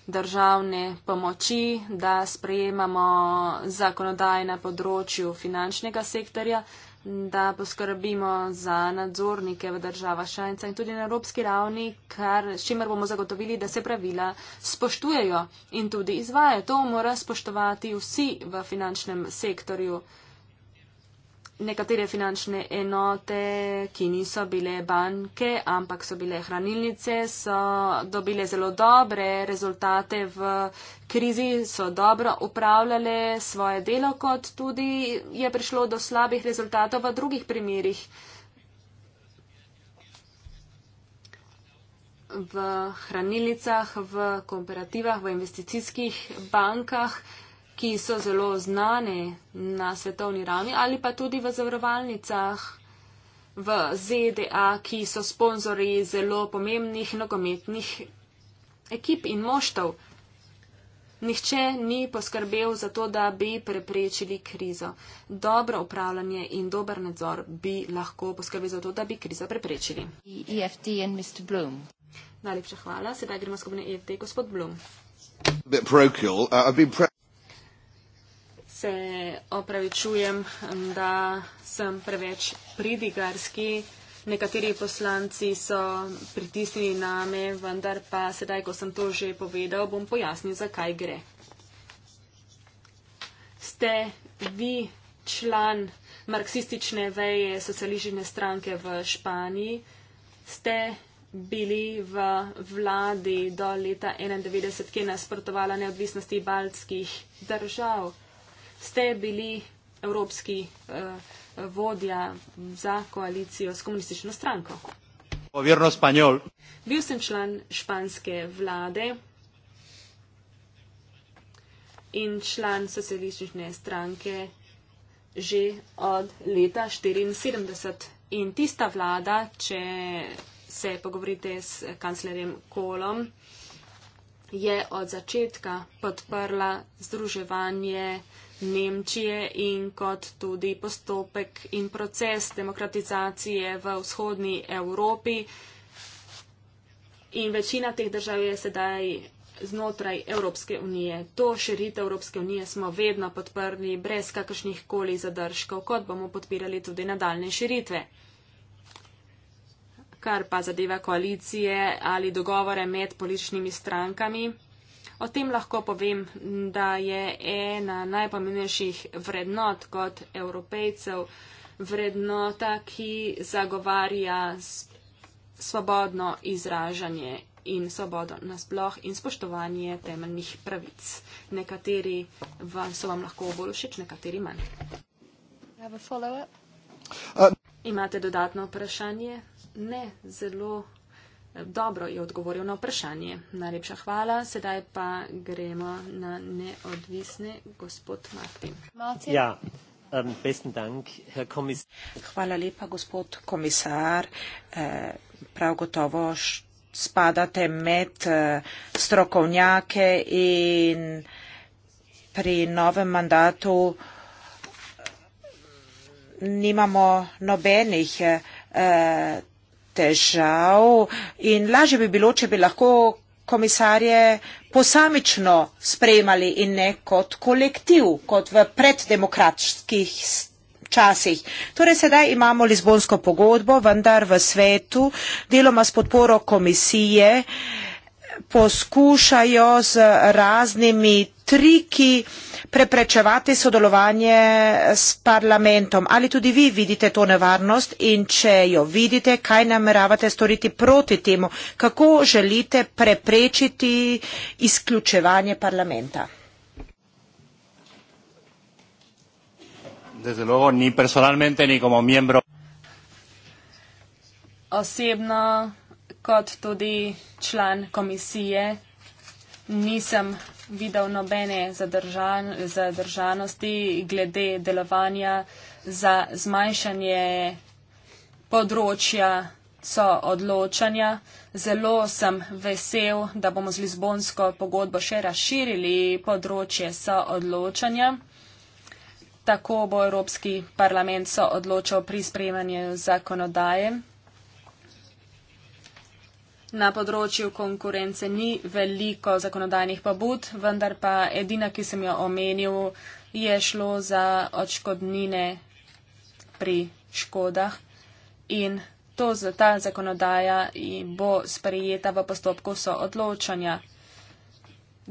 državne pomoči, da sprejemamo zakonodaje na področju finančnega sektorja, da poskrbimo za nadzornike v državah članica in tudi na evropski ravni, kar, s čimer bomo zagotovili, da se pravila spoštujejo in tudi izvajo. To mora spoštovati vsi v finančnem sektorju nekatere finančne enote, ki niso bile banke, ampak so bile hranilnice, so dobile zelo dobre rezultate v krizi, so dobro upravljale svoje delo, kot tudi je prišlo do slabih rezultatov v drugih primerjih. V hranilnicah, v kooperativah, v investicijskih bankah ki so zelo znane na svetovni ravni ali pa tudi v zavarovalnicah v ZDA, ki so sponzori zelo pomembnih nogometnih ekip in moštov. Nihče ni poskrbel za to, da bi preprečili krizo. Dobro upravljanje in dober nadzor bi lahko poskrbel za to, da bi krizo preprečili. EFT in Mr. Bloom. Najlepša hvala. Sedaj gremo skupaj na EFT, gospod Bloom se opravičujem, da sem preveč pridigarski. Nekateri poslanci so pritisnili name, vendar pa sedaj, ko sem to že povedal, bom pojasnil, zakaj gre. Ste vi član marksistične veje socialistične stranke v Španiji? Ste bili v vladi do leta 1991, ki je nasprotovala neodvisnosti baltskih držav? ste bili evropski uh, vodja za koalicijo s komunistično stranko. Bil sem član španske vlade in član socialistične stranke že od leta 1974. In tista vlada, če se pogovorite s kanclerjem Kolom, je od začetka podprla združevanje Nemčije in kot tudi postopek in proces demokratizacije v vzhodni Evropi. In večina teh držav je sedaj znotraj Evropske unije. To širitev Evropske unije smo vedno podprli brez kakršnih koli zadržkov, kot bomo podpirali tudi nadaljne širitve. Kar pa zadeva koalicije ali dogovore med političnimi strankami, O tem lahko povem, da je ena najpomenjnejših vrednot kot evropejcev vrednota, ki zagovarja svobodno izražanje in svobodo nasploh in spoštovanje temeljnih pravic. Nekateri vam so vam lahko bolj všeč, nekateri manj. Imate dodatno vprašanje? Ne, zelo Dobro je odgovoril na vprašanje. Najlepša hvala. Sedaj pa gremo na neodvisne gospod Martin. Martin. Ja. Hvala lepa, gospod komisar. Eh, prav gotovo spadate med eh, strokovnjake in pri novem mandatu eh, nimamo nobenih težav in lažje bi bilo, če bi lahko komisarje posamično sprejemali in ne kot kolektiv, kot v preddemokratskih časih. Torej sedaj imamo Lizbonsko pogodbo, vendar v svetu deloma s podporo komisije poskušajo z raznimi triki preprečevati sodelovanje s parlamentom. Ali tudi vi vidite to nevarnost in če jo vidite, kaj nameravate storiti proti temu? Kako želite preprečiti izključevanje parlamenta? Desde luego, ni personalmente ni como miembro. Osebno kot tudi član komisije nisem videl nobene zadržan, zadržanosti glede delovanja za zmanjšanje področja soodločanja. Zelo sem vesel, da bomo z Lizbonsko pogodbo še razširili področje soodločanja. Tako bo Evropski parlament soodločal pri sprejemanju zakonodaje. Na področju konkurence ni veliko zakonodajnih pobud, vendar pa edina, ki sem jo omenil, je šlo za očkodnine pri škodah. In to za ta zakonodaja bo sprejeta v postopku soodločanja.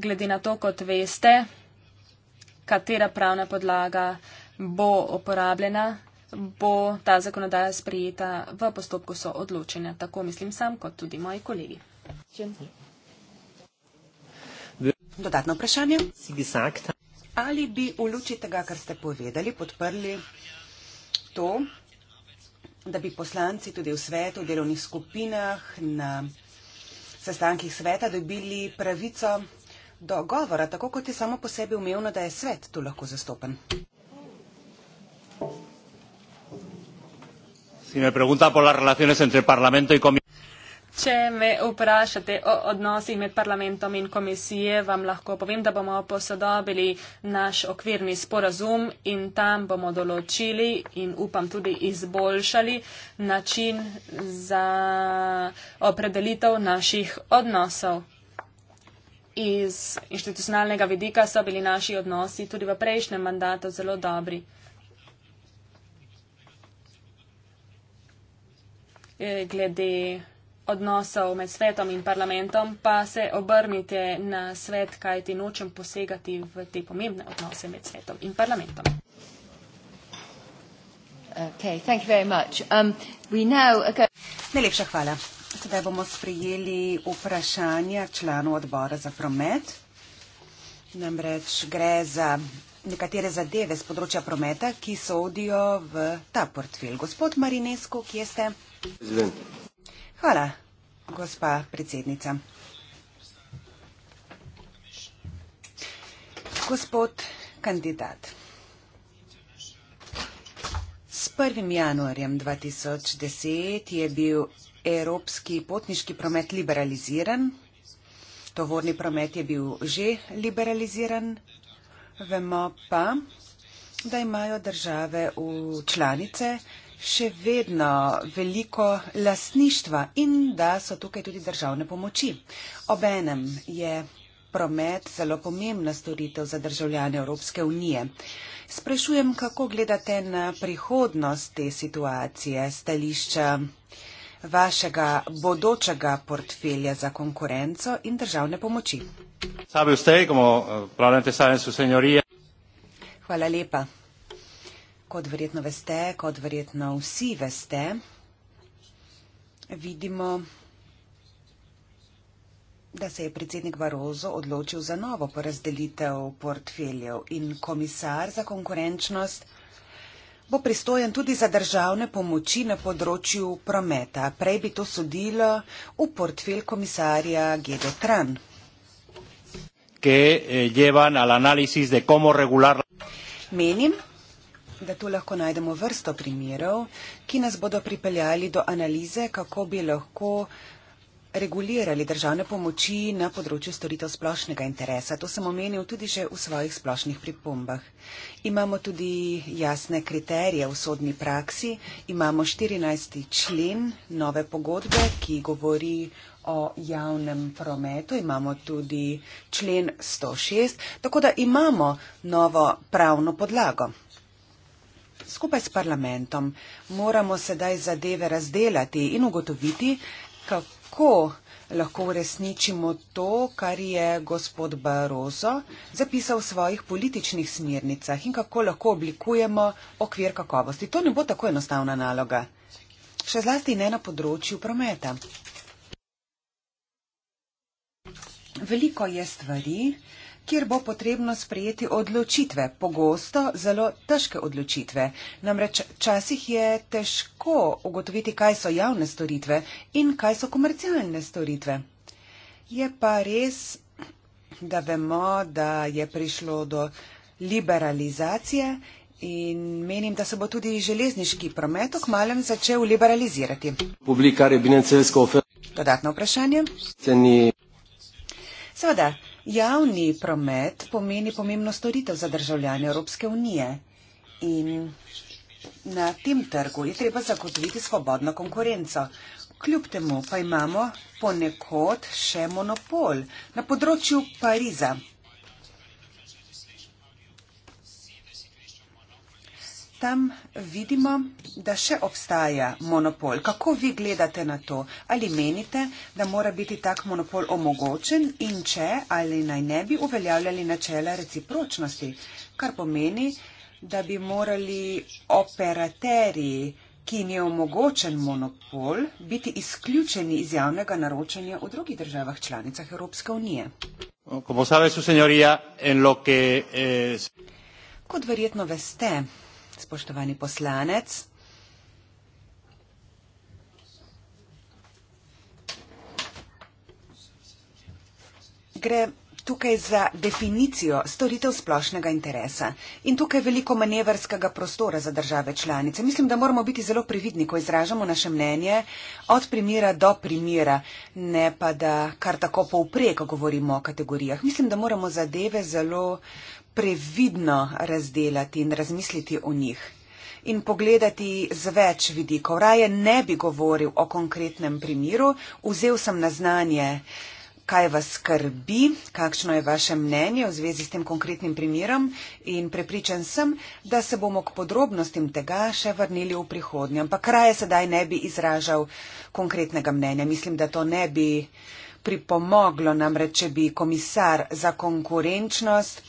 Glede na to, kot veste, katera pravna podlaga bo uporabljena, bo ta zakonodaja sprejeta v postopku so odločene. Tako mislim sam, kot tudi moji kolegi. Dodatno vprašanje. Ali bi v luči tega, kar ste povedali, podprli to, da bi poslanci tudi v svetu, v delovnih skupinah, na sestankih sveta dobili pravico do govora, tako kot je samo po sebi umevno, da je svet tu lahko zastopen? Thank you. Si me pregunta por las relaciones entre Parlamento y Comisión. Če me vprašate o odnosih med parlamentom in komisije, vam lahko povem, da bomo posodobili naš okvirni sporazum in tam bomo določili in upam tudi izboljšali način za opredelitev naših odnosov. Iz institucionalnega vidika so bili naši odnosi tudi v prejšnjem mandatu zelo dobri. Eh, glede odnosov med svetom in parlamentom, pa se obrnite na svet, kaj ti nočem posegati v te pomembne odnose med svetom in parlamentom. Okay, thank you very much. Um, we now... Okay. Najlepša hvala. Sedaj bomo sprejeli vprašanja članu odbora za promet. Namreč gre za nekatere zadeve z področja prometa, ki sodijo v ta portfel. Gospod Marinesko, kje ste? Hvala, gospa predsednica. Gospod kandidat, s 1. januarjem 2010 je bil evropski potniški promet liberaliziran, tovorni promet je bil že liberaliziran, vemo pa, da imajo države v članice, še vedno veliko lasništva in da so tukaj tudi državne pomoči. Obenem je promet zelo pomembna storitev za državljane Evropske unije. Sprašujem, kako gledate na prihodnost te situacije, stališča vašega bodočega portfelja za konkurenco in državne pomoči. Eh, Hvala lepa. Kot verjetno veste, kot verjetno vsi veste, vidimo, da se je predsednik Barozo odločil za novo porazdelitev portfeljev in komisar za konkurenčnost bo pristojen tudi za državne pomoči na področju prometa. Prej bi to sodilo v portfelj komisarja Gede Tran. Eh, Menim, da tu lahko najdemo vrsto primerov, ki nas bodo pripeljali do analize, kako bi lahko regulirali državne pomoči na področju storitev splošnega interesa. To sem omenil tudi že v svojih splošnih pripombah. Imamo tudi jasne kriterije v sodni praksi. Imamo 14. člen nove pogodbe, ki govori o javnem prometu. Imamo tudi člen 106. Tako da imamo novo pravno podlago skupaj s parlamentom. Moramo sedaj zadeve razdelati in ugotoviti, kako lahko uresničimo to, kar je gospod Barozo zapisal v svojih političnih smernicah in kako lahko oblikujemo okvir kakovosti. To ne bo tako enostavna naloga. Še zlasti ne na področju prometa. Veliko je stvari, kjer bo potrebno sprejeti odločitve, pogosto zelo težke odločitve. Namreč včasih je težko ugotoviti, kaj so javne storitve in kaj so komercialne storitve. Je pa res, da vemo, da je prišlo do liberalizacije in menim, da se bo tudi železniški promet okmalem začel liberalizirati. Dodatno vprašanje? Seveda. Javni promet pomeni pomembno storitev za državljane Evropske unije in na tem trgu je treba zagotoviti svobodno konkurenco. Kljub temu pa imamo ponekod še monopol na področju Pariza. tam vidimo, da še obstaja monopol. Kako vi gledate na to? Ali menite, da mora biti tak monopol omogočen in če ali naj ne bi uveljavljali načela recipročnosti? Kar pomeni, da bi morali operaterji, ki jim je omogočen monopol, biti izključeni iz javnega naročanja v drugih državah članicah Evropske unije. Eh, Kot verjetno veste, spoštovani poslanec. Gre tukaj za definicijo storitev splošnega interesa in tukaj je veliko manevrskega prostora za države članice. Mislim, da moramo biti zelo previdni, ko izražamo naše mnenje od primira do primira, ne pa da kar tako povprek govorimo o kategorijah. Mislim, da moramo zadeve zelo previdno razdelati in razmisliti o njih. In pogledati z več vidikov. Raje ne bi govoril o konkretnem primeru, vzel sem na znanje, kaj vas skrbi, kakšno je vaše mnenje v zvezi s tem konkretnim primerom in prepričan sem, da se bomo k podrobnostim tega še vrnili v prihodnje. Ampak raje sedaj ne bi izražal konkretnega mnenja. Mislim, da to ne bi pripomoglo namreč, če bi komisar za konkurenčnost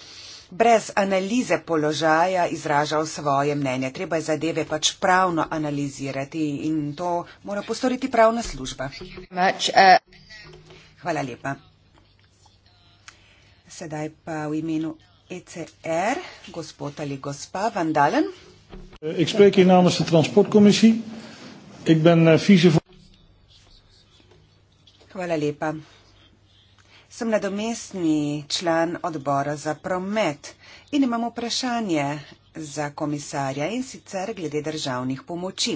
brez analize položaja izražal svoje mnenje. Treba je zadeve pač pravno analizirati in to mora postoriti pravna služba. Uh, Hvala lepa. Sedaj pa v imenu ECR, gospod ali gospa Vandalen. Eh, eh, Hvala lepa sem nadomestni član odbora za promet in imam vprašanje za komisarja in sicer glede državnih pomoči.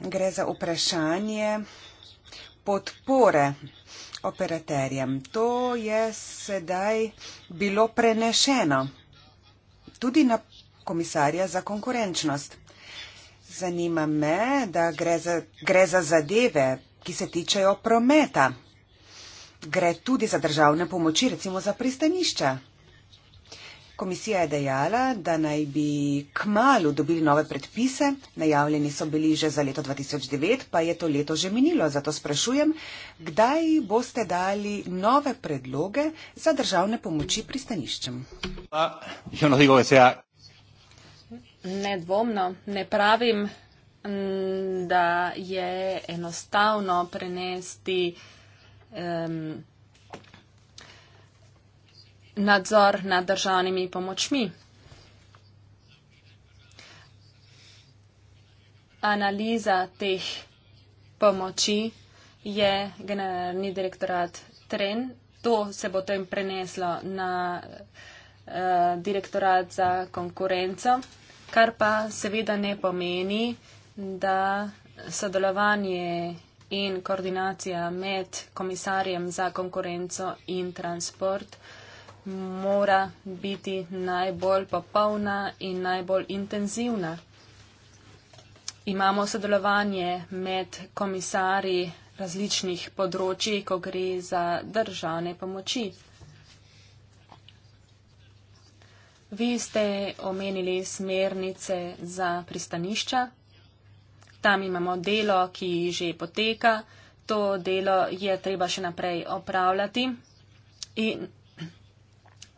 Gre za vprašanje podpore operaterjem. To je sedaj bilo prenešeno tudi na komisarja za konkurenčnost. Zanima me, da gre za, gre za zadeve, ki se tičejo prometa. Gre tudi za državne pomoči, recimo za pristanišča. Komisija je dejala, da naj bi k malu dobili nove predpise, najavljeni so bili že za leto 2009, pa je to leto že minilo, zato sprašujem, kdaj boste dali nove predloge za državne pomoči pristaniščem. Ah, no Nedvomno, ne pravim, Mm, da je enostavno prenesti um, nadzor nad državnimi pomočmi. Analiza teh pomoči je generalni direktorat tren. To se bo tem preneslo na uh, direktorat za konkurenco, kar pa seveda ne pomeni, da sodelovanje in koordinacija med komisarjem za konkurenco in transport mora biti najbolj popolna in najbolj intenzivna. Imamo sodelovanje med komisari različnih področji, ko gre za državne pomoči. Vi ste omenili smernice za pristanišča. Tam imamo delo, ki že poteka. To delo je treba še naprej opravljati in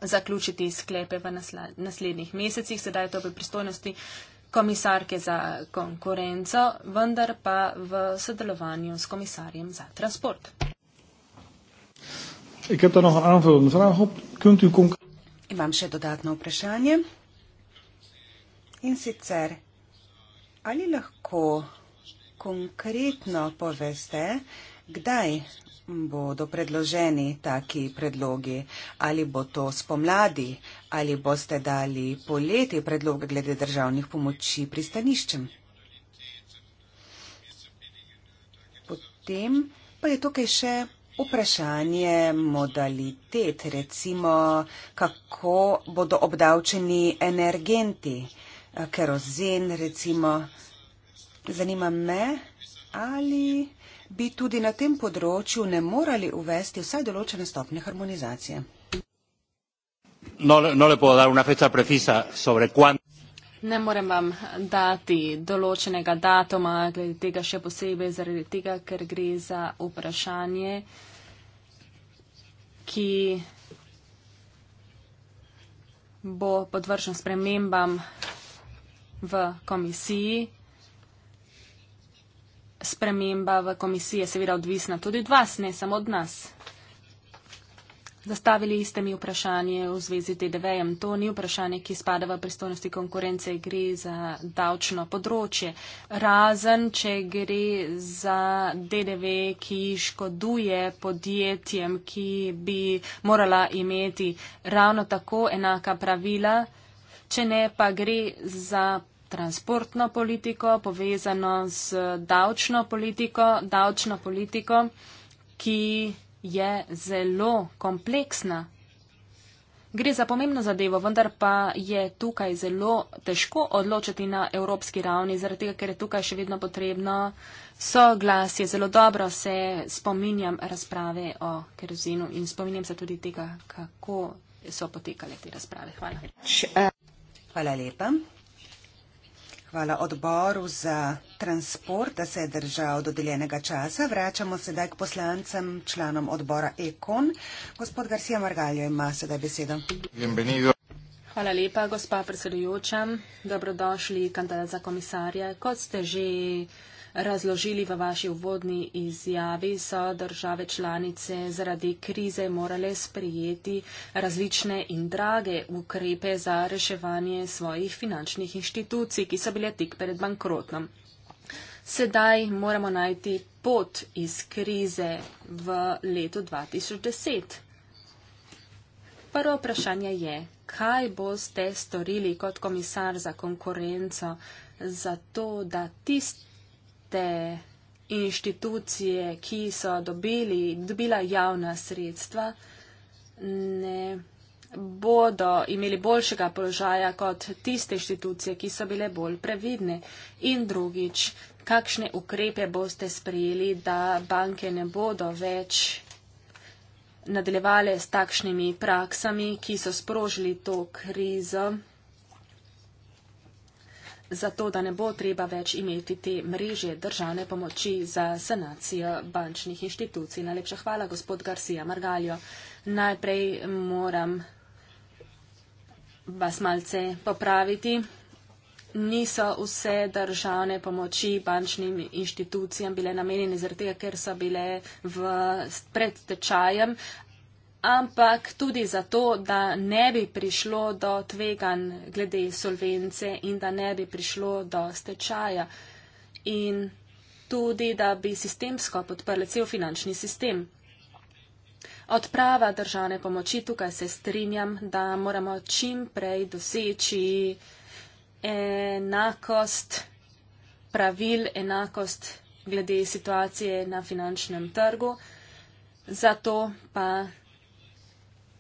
zaključiti sklepe v naslednjih mesecih. Sedaj je to v pristojnosti komisarke za konkurenco, vendar pa v sodelovanju s komisarjem za transport. Imam še dodatno vprašanje. In sicer, ali lahko konkretno poveste, kdaj bodo predloženi taki predlogi? Ali bo to spomladi? Ali boste dali poleti predlog glede državnih pomoči pristaniščem? Potem pa je tukaj še vprašanje modalitet, recimo kako bodo obdavčeni energenti, kerozen recimo. Zanima me, ali bi tudi na tem področju ne morali uvesti vsaj določene stopne harmonizacije. No, no ne morem vam dati določenega datuma glede tega še posebej zaradi tega, ker gre za vprašanje, ki bo podvržen spremembam v komisiji sprememba v komisiji je seveda odvisna tudi od vas, ne samo od nas. Zastavili ste mi vprašanje v zvezi z DDV-jem. To ni vprašanje, ki spada v pristojnosti konkurence, gre za davčno področje. Razen, če gre za DDV, ki škoduje podjetjem, ki bi morala imeti ravno tako enaka pravila, če ne pa gre za transportno politiko, povezano z davčno politiko, davčno politiko, ki je zelo kompleksna. Gre za pomembno zadevo, vendar pa je tukaj zelo težko odločiti na evropski ravni, zaradi tega, ker je tukaj še vedno potrebno soglasje. Zelo dobro se spominjam razprave o kerozinu in spominjam se tudi tega, kako so potekale te razprave. Hvala. Hvala lepa. Hvala odboru za transport, da se je držal dodeljenega časa. Vračamo sedaj k poslancem, članom odbora Ekon. Gospod Garcia Margaljo ima sedaj besedo. Bienvenido. Hvala lepa, gospa predsedujoča. Dobrodošli, kandidat za komisarja. Kot ste že razložili v vaši uvodni izjavi, so države članice zaradi krize morale sprijeti različne in drage ukrepe za reševanje svojih finančnih inštitucij, ki so bile tik pred bankrotom. Sedaj moramo najti pot iz krize v letu 2010. Prvo vprašanje je, kaj boste storili kot komisar za konkurenco za to, da tisti, tiste inštitucije, ki so dobili, dobila javna sredstva, ne bodo imeli boljšega položaja kot tiste inštitucije, ki so bile bolj previdne. In drugič, kakšne ukrepe boste sprejeli, da banke ne bodo več nadaljevale s takšnimi praksami, ki so sprožili to krizo zato da ne bo treba več imeti te mreže državne pomoči za sanacijo bančnih inštitucij. Najlepša hvala, gospod Garcia Margaljo. Najprej moram vas malce popraviti. Niso vse državne pomoči bančnim inštitucijam bile namenjene zaradi tega, ker so bile pred tečajem ampak tudi zato, da ne bi prišlo do tvegan glede solvence in da ne bi prišlo do stečaja in tudi, da bi sistemsko podprli cel finančni sistem. Odprava državne pomoči, tukaj se strinjam, da moramo čim prej doseči enakost pravil, enakost glede situacije na finančnem trgu, zato pa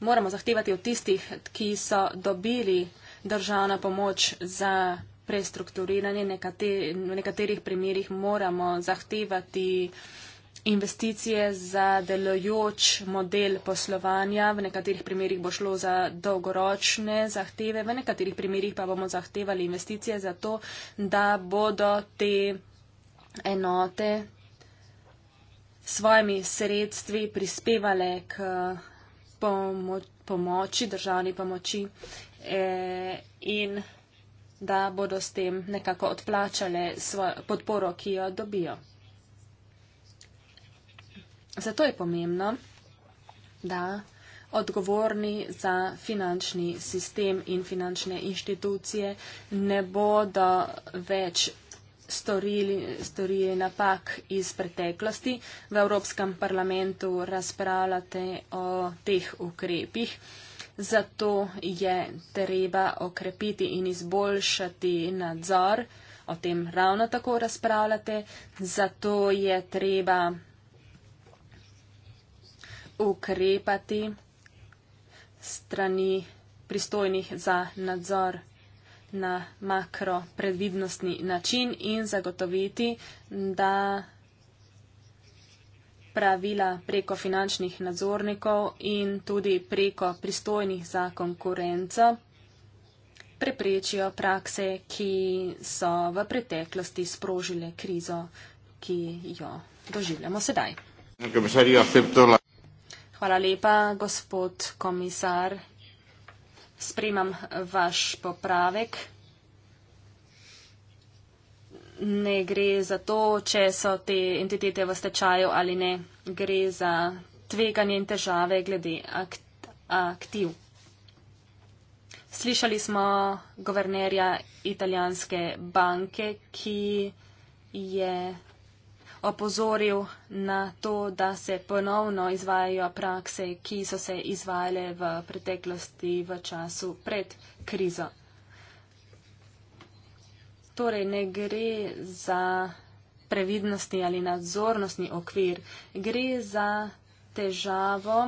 moramo zahtevati od tistih, ki so dobili državna pomoč za prestrukturiranje. Nekateri, v nekaterih primerjih moramo zahtevati investicije za delojoč model poslovanja, v nekaterih primerjih bo šlo za dolgoročne zahteve, v nekaterih primerjih pa bomo zahtevali investicije za to, da bodo te enote svojimi sredstvi prispevale k pomo pomoči, državni pomoči eh, in da bodo s tem nekako odplačale podporo, ki jo dobijo. Zato je pomembno, da odgovorni za finančni sistem in finančne inštitucije ne bodo več storili, storili napak iz preteklosti. V Evropskem parlamentu razpravljate o teh ukrepih. Zato je treba okrepiti in izboljšati nadzor. O tem ravno tako razpravljate. Zato je treba ukrepati strani pristojnih za nadzor na makro previdnostni način in zagotoviti, da pravila preko finančnih nadzornikov in tudi preko pristojnih za konkurenco preprečijo prakse, ki so v preteklosti sprožile krizo, ki jo doživljamo sedaj. Hvala lepa, gospod komisar Spremam vaš popravek. Ne gre za to, če so te entitete v stečaju ali ne. Gre za tveganje in težave glede akt aktiv. Slišali smo governerja italijanske banke, ki je opozoril na to, da se ponovno izvajajo prakse, ki so se izvajale v preteklosti v času pred krizo. Torej, ne gre za previdnostni ali nadzornostni okvir, gre za težavo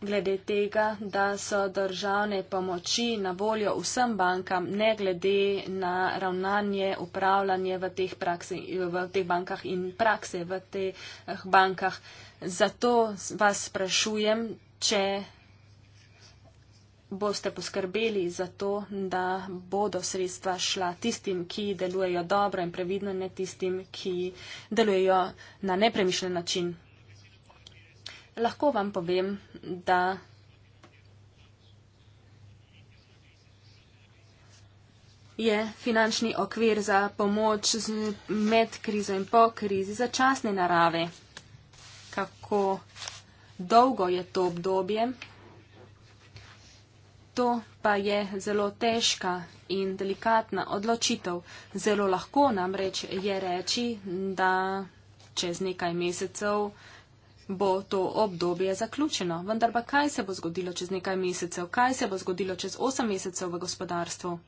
glede tega, da so državne pomoči na voljo vsem bankam, ne glede na ravnanje, upravljanje v teh, praksi, v teh bankah in prakse v teh eh, bankah. Zato vas sprašujem, če boste poskrbeli za to, da bodo sredstva šla tistim, ki delujejo dobro in previdno, ne tistim, ki delujejo na nepremišljen način lahko vam povem, da je finančni okvir za pomoč med krizo in po krizi začasne narave. Kako dolgo je to obdobje? To pa je zelo težka in delikatna odločitev. Zelo lahko namreč je reči, da čez nekaj mesecev bo to obdobje zaključeno. Vendar pa kaj se bo zgodilo čez nekaj mesecev, kaj se bo zgodilo čez 8 mesecev v gospodarstvu?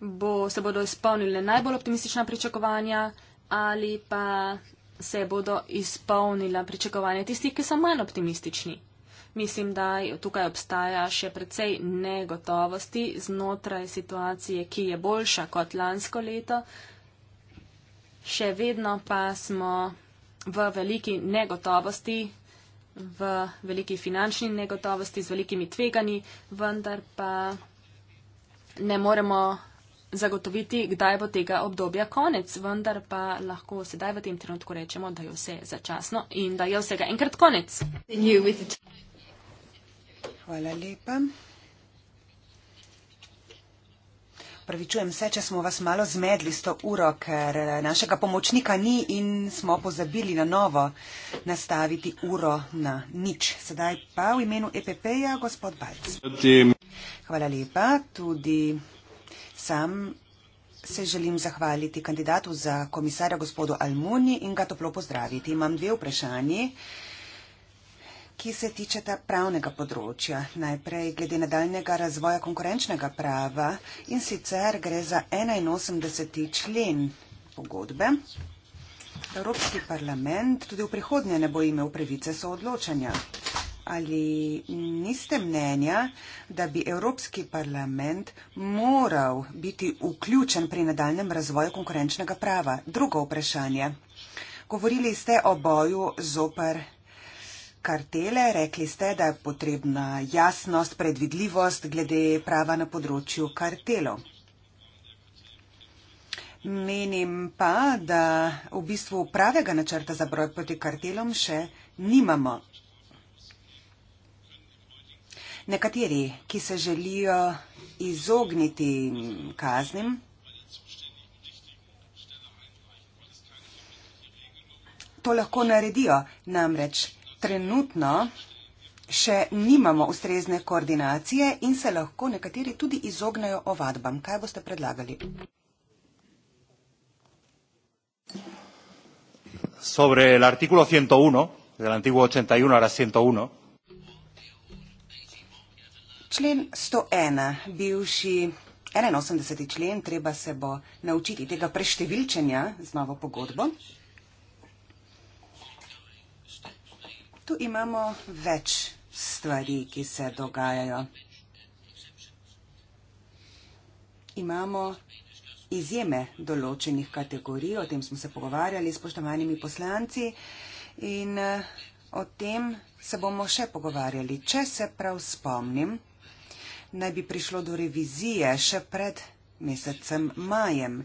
Bo se bodo izpolnile najbolj optimistična pričakovanja ali pa se bodo izpolnila pričakovanja tistih, ki so manj optimistični? Mislim, da tukaj obstaja še precej negotovosti znotraj situacije, ki je boljša kot lansko leto. Še vedno pa smo v veliki negotovosti, v veliki finančni negotovosti, z velikimi tveganji, vendar pa ne moremo zagotoviti, kdaj bo tega obdobja konec. Vendar pa lahko sedaj v tem trenutku rečemo, da je vse začasno in da je vsega enkrat konec. Hvala lepa. Pravičujem se, če smo vas malo zmedli s to uro, ker eh, našega pomočnika ni in smo pozabili na novo nastaviti uro na nič. Sedaj pa v imenu EPP-ja gospod Balc. Hvala lepa. Tudi sam se želim zahvaliti kandidatu za komisarja gospodu Almuni in ga toplo pozdraviti. Imam dve vprašanje ki se tičeta pravnega področja. Najprej glede nadaljnega razvoja konkurenčnega prava in sicer gre za 81. člen pogodbe. Evropski parlament tudi v prihodnje ne bo imel pravice soodločanja. Ali niste mnenja, da bi Evropski parlament moral biti vključen pri nadaljem razvoju konkurenčnega prava? Drugo vprašanje. Govorili ste o boju zoper kartele, rekli ste, da je potrebna jasnost, predvidljivost glede prava na področju kartelov. Menim pa, da v bistvu pravega načrta za broj proti kartelom še nimamo. Nekateri, ki se želijo izogniti kaznim, to lahko naredijo. Namreč trenutno še nimamo ustrezne koordinacije in se lahko nekateri tudi izognejo ovadbam. Kaj boste predlagali? Sobre el artículo 101, del antiguo 81, ahora 101. Člen 101, bivši 81. člen, treba se bo naučiti tega preštevilčenja z novo pogodbo. svetu imamo več stvari, ki se dogajajo. Imamo izjeme določenih kategorij, o tem smo se pogovarjali s poštovanimi poslanci in eh, o tem se bomo še pogovarjali. Če se prav spomnim, naj bi prišlo do revizije še pred mesecem majem.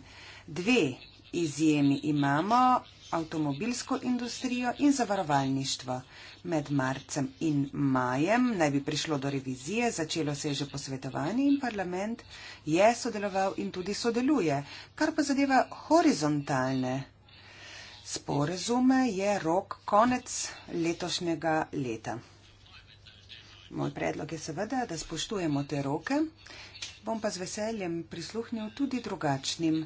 Dve izjemi imamo, avtomobilsko industrijo in zavarovalništvo. Med marcem in majem naj bi prišlo do revizije, začelo se je že posvetovanje in parlament je sodeloval in tudi sodeluje, kar pa zadeva horizontalne sporezume, je rok konec letošnjega leta. Moj predlog je seveda, da spoštujemo te roke, bom pa z veseljem prisluhnil tudi drugačnim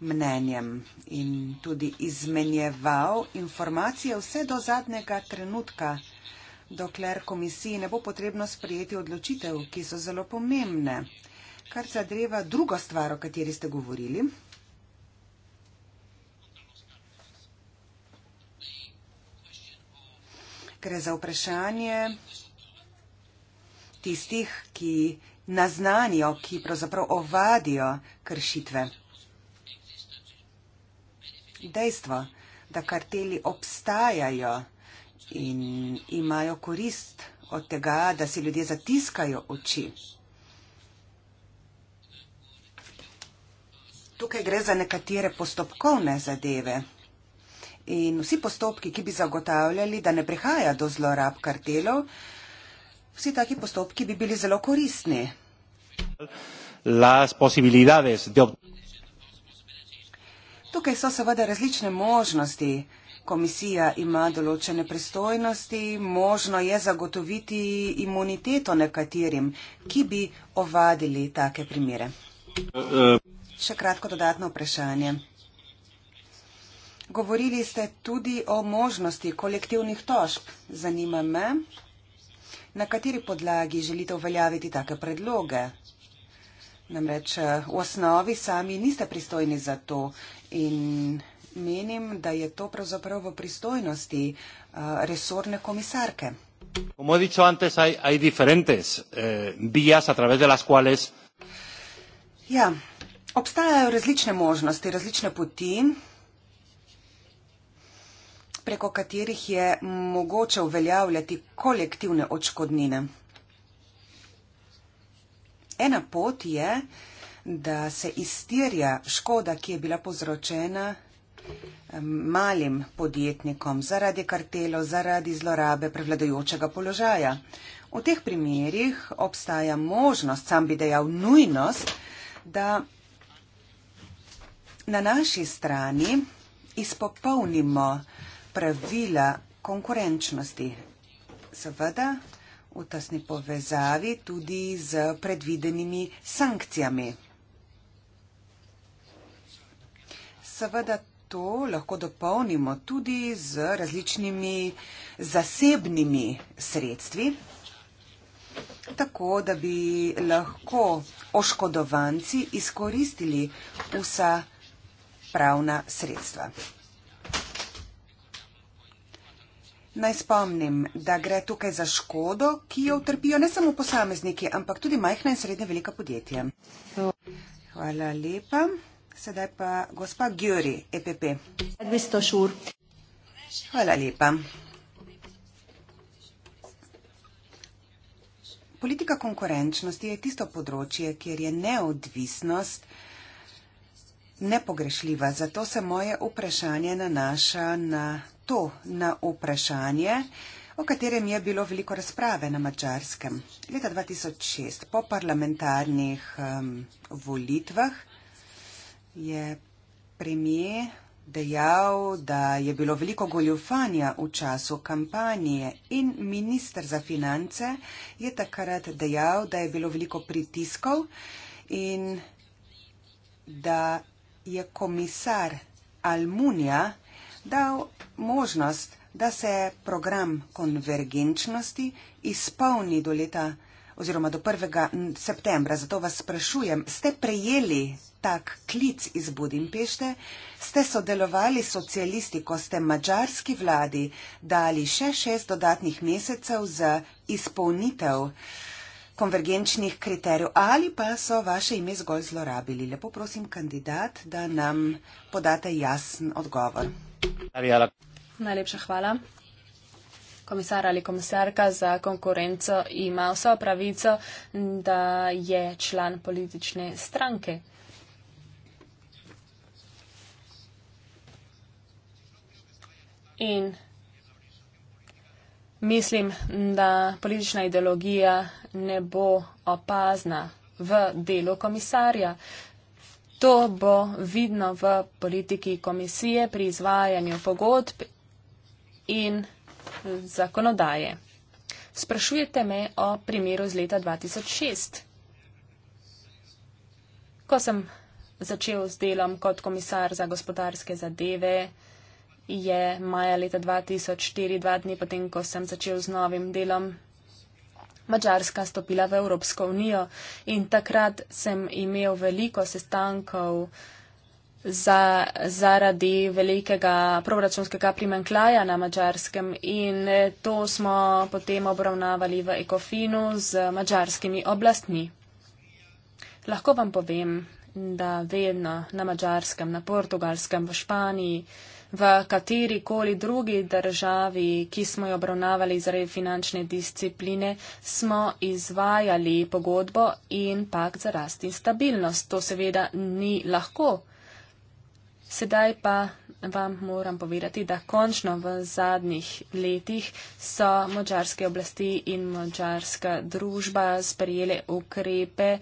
mnenjem in tudi izmenjeval informacije vse do zadnjega trenutka, dokler komisiji ne bo potrebno sprejeti odločitev, ki so zelo pomembne, kar zadreva drugo stvar, o kateri ste govorili. Gre za vprašanje tistih, ki naznanijo, ki pravzaprav ovadijo kršitve. Dejstvo, da karteli obstajajo in imajo korist od tega, da si ljudje zatiskajo oči. Tukaj gre za nekatere postopkovne zadeve in vsi postopki, ki bi zagotavljali, da ne prihaja do zlorab kartelov, Vsi taki postopki bi bili zelo koristni. Tukaj so seveda različne možnosti. Komisija ima določene pristojnosti, možno je zagotoviti imuniteto nekaterim, ki bi ovadili take primere. Še kratko dodatno vprašanje. Govorili ste tudi o možnosti kolektivnih tožb. Zanima me, na kateri podlagi želite uveljaviti take predloge. Namreč eh, v osnovi sami niste pristojni za to in menim, da je to pravzaprav v pristojnosti eh, resorne komisarke. Como he dicho antes, hay, hay diferentes eh, vías a través de las cuales. Ja, obstajajo različne možnosti, različne poti, preko katerih je mogoče uveljavljati kolektivne očkodnine. Ena pot je, da se iztirja škoda, ki je bila povzročena malim podjetnikom zaradi kartelo, zaradi zlorabe prevladojočega položaja. V teh primerjih obstaja možnost, sam bi dejal nujnost, da na naši strani izpopolnimo pravila konkurenčnosti. Seveda v tasni povezavi tudi z predvidenimi sankcijami. Seveda to lahko dopolnimo tudi z različnimi zasebnimi sredstvi, tako da bi lahko oškodovanci izkoristili vsa pravna sredstva. Naj spomnim, da gre tukaj za škodo, ki jo utrpijo ne samo posamezniki, ampak tudi majhna in srednja velika podjetja. Hvala lepa. Sedaj pa gospa Gjuri, EPP. Hvala lepa. Politika konkurenčnosti je tisto področje, kjer je neodvisnost nepogrešljiva. Zato se moje vprašanje nanaša na to na vprašanje, o katerem je bilo veliko razprave na mačarskem. Leta 2006 po parlamentarnih um, volitvah je premijer dejal, da je bilo veliko goljufanja v času kampanje in minister za finance je takrat dejal, da je bilo veliko pritiskov in da je komisar Almunija dal možnost, da se program konvergenčnosti izpolni do leta oziroma do 1. septembra. Zato vas sprašujem, ste prejeli tak klic iz Budimpešte, ste sodelovali s socialisti, ko ste mađarski vladi dali še šest dodatnih mesecev za izpolnitev konvergenčnih kriterijev ali pa so vaše ime zgolj zlorabili. Lepo prosim, kandidat, da nam podate jasen odgovor. Mm. Arijala. Najlepša hvala. Komisar ali komisarka za konkurenco ima vso pravico, da je član politične stranke. In mislim, da politična ideologija ne bo opazna v delu komisarja. To bo vidno v politiki komisije pri izvajanju pogodb in zakonodaje. Sprašujete me o primeru z leta 2006. Ko sem začel s delom kot komisar za gospodarske zadeve, je maja leta 2004, dva dni potem, ko sem začel z novim delom, Mačarska stopila v Evropsko unijo in takrat sem imel veliko sestankov za, zaradi velikega proračunskega primankljaja na Mačarskem in eh, to smo potem obravnavali v ekofinu z mačarskimi oblastmi. Lahko vam povem, da vedno na Mačarskem, na Portugalskem, v Španiji v kateri koli drugi državi, ki smo jo obravnavali zaradi finančne discipline, smo izvajali pogodbo in pak za rast in stabilnost. To seveda ni lahko. Sedaj pa vam moram povedati, da končno v zadnjih letih so mačarske oblasti in mačarska družba sprejeli ukrepe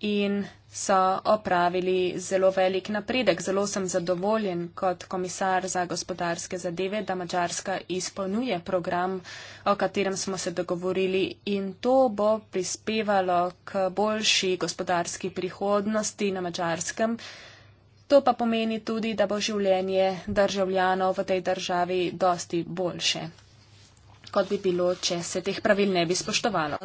in so opravili zelo velik napredek. Zelo sem zadovoljen kot komisar za gospodarske zadeve, da Mačarska izpolnjuje program, o katerem smo se dogovorili in to bo prispevalo k boljši gospodarski prihodnosti na Mačarskem. To pa pomeni tudi, da bo življenje državljanov v tej državi dosti boljše kot bi bilo, če se teh pravil ne bi spoštovalo. Eh,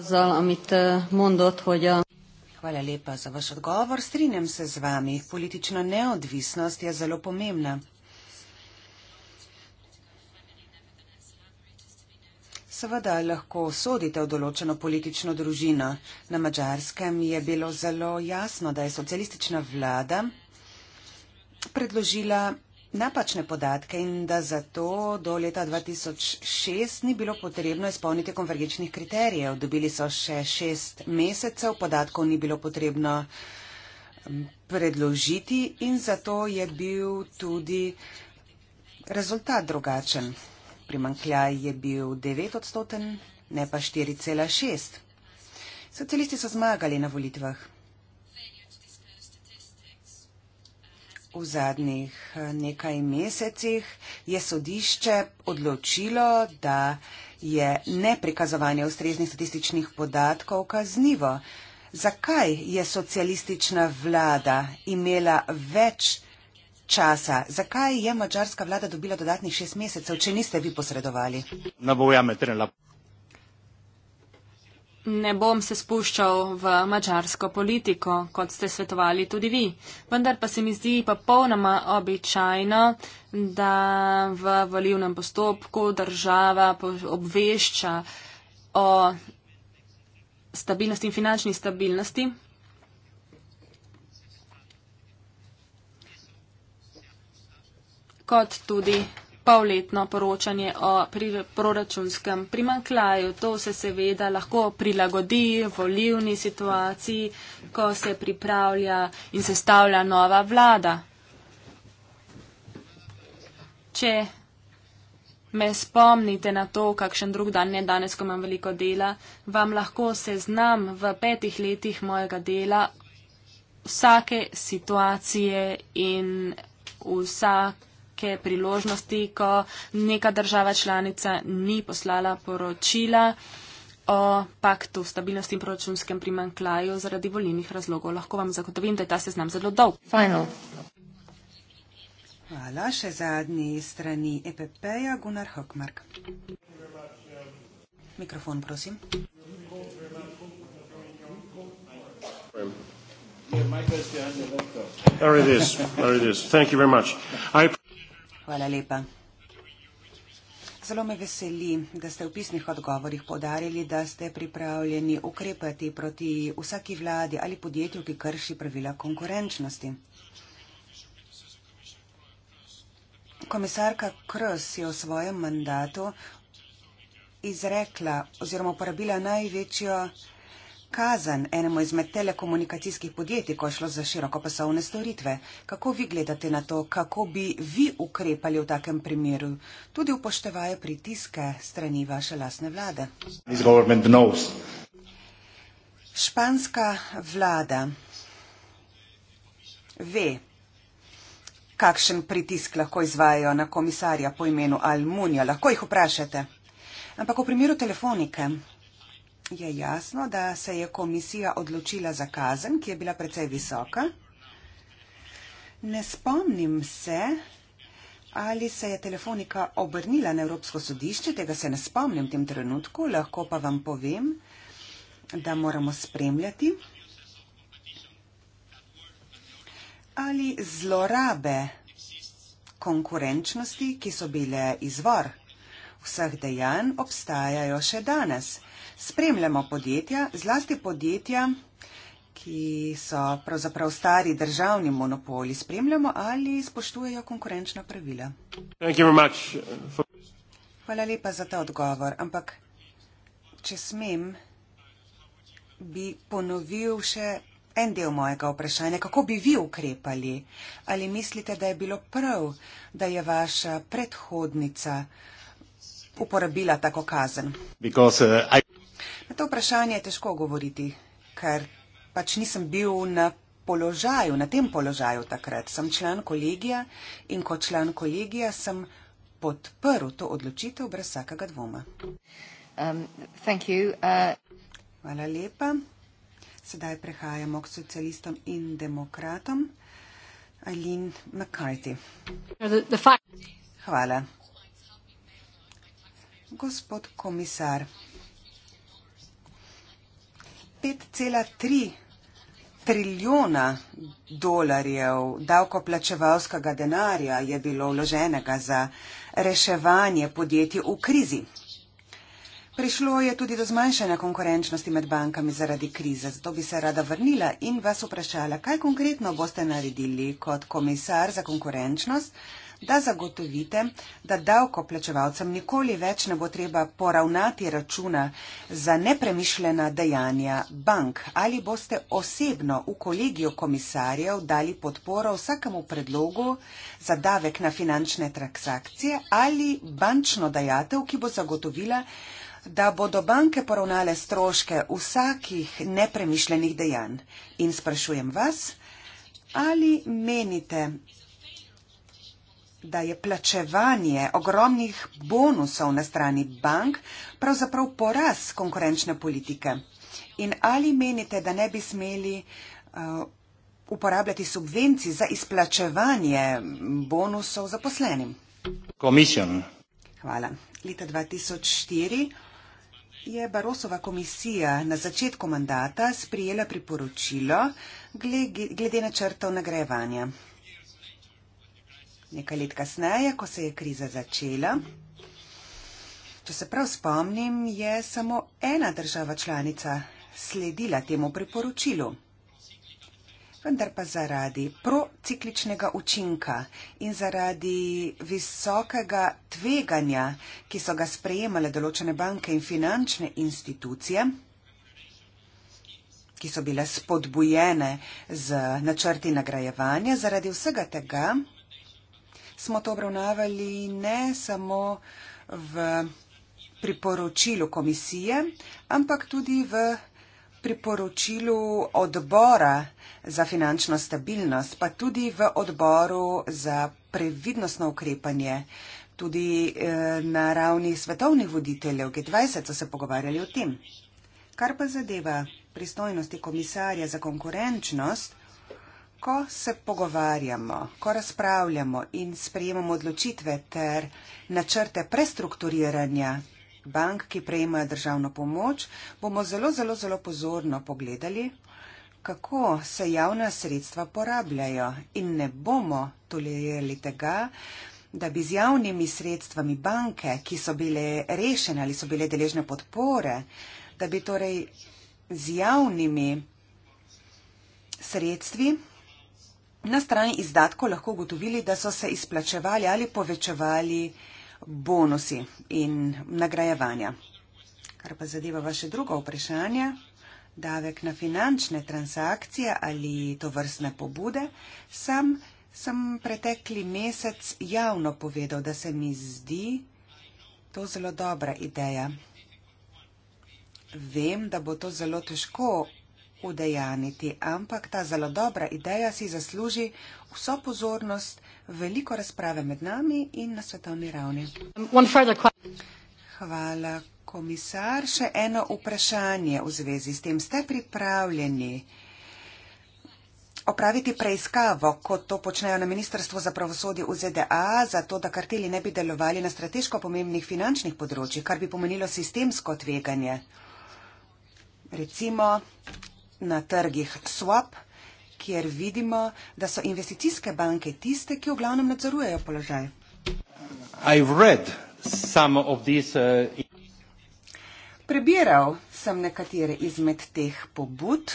Hvala lepa za vaš odgovor. Strinjam se z vami. Politična neodvisnost je zelo pomembna. Seveda lahko sodite v določeno politično družino. Na Mačarskem je bilo zelo jasno, da je socialistična vlada predložila napačne podatke in da zato do leta 2006 ni bilo potrebno izpolniti konvergenčnih kriterijev. Dobili so še šest mesecev, podatkov ni bilo potrebno predložiti in zato je bil tudi rezultat drugačen. Primankljaj je bil 9 odstoten, ne pa 4,6. Socialisti so zmagali na volitvah. v zadnjih eh, nekaj mesecih je sodišče odločilo, da je neprikazovanje ustreznih statističnih podatkov kaznivo. Zakaj je socialistična vlada imela več časa? Zakaj je mačarska vlada dobila dodatnih šest mesecev, če niste vi posredovali? Ne bom se spuščal v mačarsko politiko, kot ste svetovali tudi vi, vendar pa se mi zdi popolnoma običajno, da v volivnem postopku država obvešča o stabilnosti in finančni stabilnosti. kot tudi polletno poročanje o proračunskem primankljaju. To se seveda lahko prilagodi volivni situaciji, ko se pripravlja in sestavlja nova vlada. Če me spomnite na to, kakšen drug dan je danes, ko imam veliko dela, vam lahko seznam v petih letih mojega dela vsake situacije in vsak neke priložnosti, ko neka država članica ni poslala poročila o paktu stabilnosti in proračunskem primankljaju zaradi volilnih razlogov. Lahko vam zagotovim, da je ta seznam zelo dolg. Final. Hvala. Še zadnji strani EPP-ja, Gunnar Hockmark. Mikrofon, prosim. There it is. There it is. Thank you very much. I Hvala lepa. Zelo me veseli, da ste v pisnih odgovorih podarili, da ste pripravljeni ukrepati proti vsaki vladi ali podjetju, ki krši pravila konkurenčnosti. Komisarka Kros je v svojem mandatu izrekla oziroma uporabila največjo kazen enemu izmed telekomunikacijskih podjetij, ko je šlo za širokopasovne storitve. Kako vi gledate na to, kako bi vi ukrepali v takem primeru, tudi upoštevaje pritiske strani vaše lasne vlade? Španska vlada ve, kakšen pritisk lahko izvajajo na komisarja po imenu Almunija. Lahko jih vprašate. Ampak v primeru telefonike je jasno, da se je komisija odločila za kazen, ki je bila precej visoka. Ne spomnim se, ali se je telefonika obrnila na Evropsko sodišče, tega se ne spomnim v tem trenutku, lahko pa vam povem, da moramo spremljati, ali zlorabe konkurenčnosti, ki so bile izvor vseh dejanj, obstajajo še danes spremljamo podjetja, zlasti podjetja, ki so pravzaprav stari državni monopoli, spremljamo ali spoštujejo konkurenčna pravila. Uh, Hvala lepa za ta odgovor, ampak če smem, bi ponovil še en del mojega vprašanja, kako bi vi ukrepali? Ali mislite, da je bilo prav, da je vaša predhodnica uporabila tako kazen? Because, uh, I... Na to vprašanje je težko govoriti, ker pač nisem bil na položaju, na tem položaju takrat. Sem član kolegija in kot član kolegija sem podprl to odločitev brez vsakega dvoma. Um, uh, Hvala lepa. Sedaj prehajamo k socialistom in demokratom. Aileen McCarthy. Hvala. Gospod komisar. 5,3 trilijona dolarjev davkoplačevalskega denarja je bilo vloženega za reševanje podjetij v krizi. Prišlo je tudi do zmanjšanja konkurenčnosti med bankami zaradi krize, zato bi se rada vrnila in vas vprašala, kaj konkretno boste naredili kot komisar za konkurenčnost, da zagotovite, da davkoplačevalcem nikoli več ne bo treba poravnati računa za nepremišljena dejanja bank? Ali boste osebno v kolegijo komisarjev dali podporo vsakemu predlogu za davek na finančne transakcije ali bančno dajatev, ki bo zagotovila, da bodo banke poravnale stroške vsakih nepremišljenih dejanj? In sprašujem vas, ali menite, da je plačevanje ogromnih bonusov na strani bank pravzaprav poraz konkurenčne politike. In ali menite, da ne bi smeli uh, uporabljati subvencij za izplačevanje bonusov zaposlenim? Komisjon. Hvala. Leta 2004 je Barosova komisija na začetku mandata sprijela priporočilo glede načrtov nagrajevanja nekaj let kasneje, ko se je kriza začela. Če se prav spomnim, je samo ena država članica sledila temu priporočilu. Vendar pa zaradi prociklickega učinka in zaradi visokega tveganja, ki so ga sprejemale določene banke in finančne institucije, ki so bile spodbujene z načrti nagrajevanja, zaradi vsega tega smo to obravnavali ne samo v priporočilu komisije, ampak tudi v priporočilu odbora za finančno stabilnost, pa tudi v odboru za previdnostno ukrepanje. Tudi eh, na ravni svetovnih voditeljev G20 so se pogovarjali o tem. Kar pa zadeva pristojnosti komisarja za konkurenčnost, ko se pogovarjamo, ko razpravljamo in sprejemamo odločitve ter načrte prestrukturiranja bank, ki prejemajo državno pomoč, bomo zelo, zelo, zelo pozorno pogledali, kako se javna sredstva porabljajo in ne bomo tolerirali tega, da bi z javnimi sredstvami banke, ki so bile rešene ali so bile deležne podpore, da bi torej z javnimi sredstvi na strani izdatkov lahko ugotovili, da so se izplačevali ali povečevali bonusi in nagrajevanja. Kar pa zadeva vaše drugo vprašanje, davek na finančne transakcije ali to vrstne pobude, sam sem pretekli mesec javno povedal, da se mi zdi to zelo dobra ideja. Vem, da bo to zelo težko udejaniti, ampak ta zelo dobra ideja si zasluži vso pozornost, veliko razprave med nami in na svetovni ravni. Hvala, komisar. Še eno vprašanje v zvezi s tem. Ste pripravljeni opraviti preiskavo, kot to počnejo na Ministrstvu za pravosodje v ZDA, zato da karteli ne bi delovali na strateško pomembnih finančnih področjih, kar bi pomenilo sistemsko tveganje? Recimo, na trgih swap, kjer vidimo, da so investicijske banke tiste, ki v glavnem nadzorujejo položaj. Uh, Prebiral sem nekatere izmed teh pobud,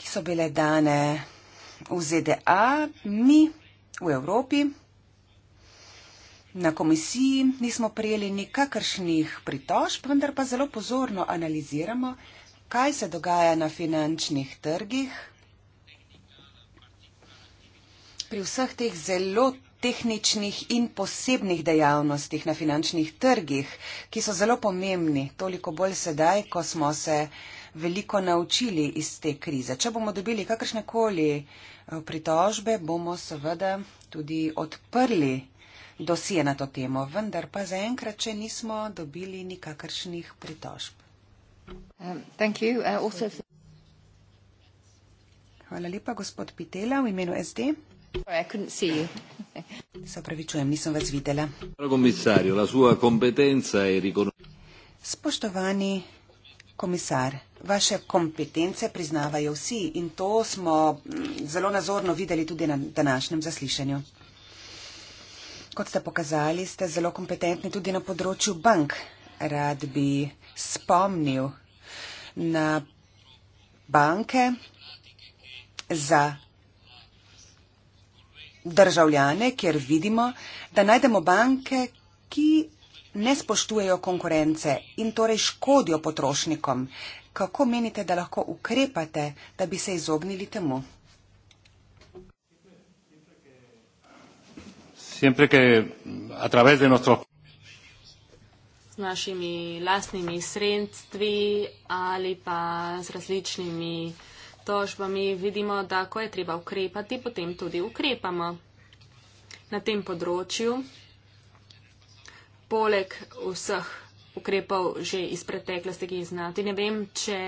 ki so bile dane v ZDA, mi v Evropi. Na komisiji nismo prijeli nikakršnih pritožb, vendar pa zelo pozorno analiziramo, kaj se dogaja na finančnih trgih pri vseh teh zelo tehničnih in posebnih dejavnostih na finančnih trgih, ki so zelo pomembni, toliko bolj sedaj, ko smo se veliko naučili iz te krize. Če bomo dobili kakršnekoli eh, pritožbe, bomo seveda tudi odprli dosije na to temo, vendar pa zaenkrat še nismo dobili nikakršnih pritožb. Um, uh, Hvala lepa, gospod Pitela, v imenu SD. Se opravičujem, nisem vas videla. Spoštovani komisar, vaše kompetence priznavajo vsi in to smo mm, zelo nazorno videli tudi na današnjem zaslišanju. Kot ste pokazali, ste zelo kompetentni tudi na področju bank. Rad bi spomnil na banke za državljane, kjer vidimo, da najdemo banke, ki ne spoštujejo konkurence in torej škodijo potrošnikom. Kako menite, da lahko ukrepate, da bi se izognili temu? siempre que a través de nuestros s našimi lastnimi sredstvi ali pa z različnimi tožbami vidimo, da ko je treba ukrepati, potem tudi ukrepamo. Na tem področju, poleg vseh ukrepov že iz preteklosti, ki jih znati, ne vem, če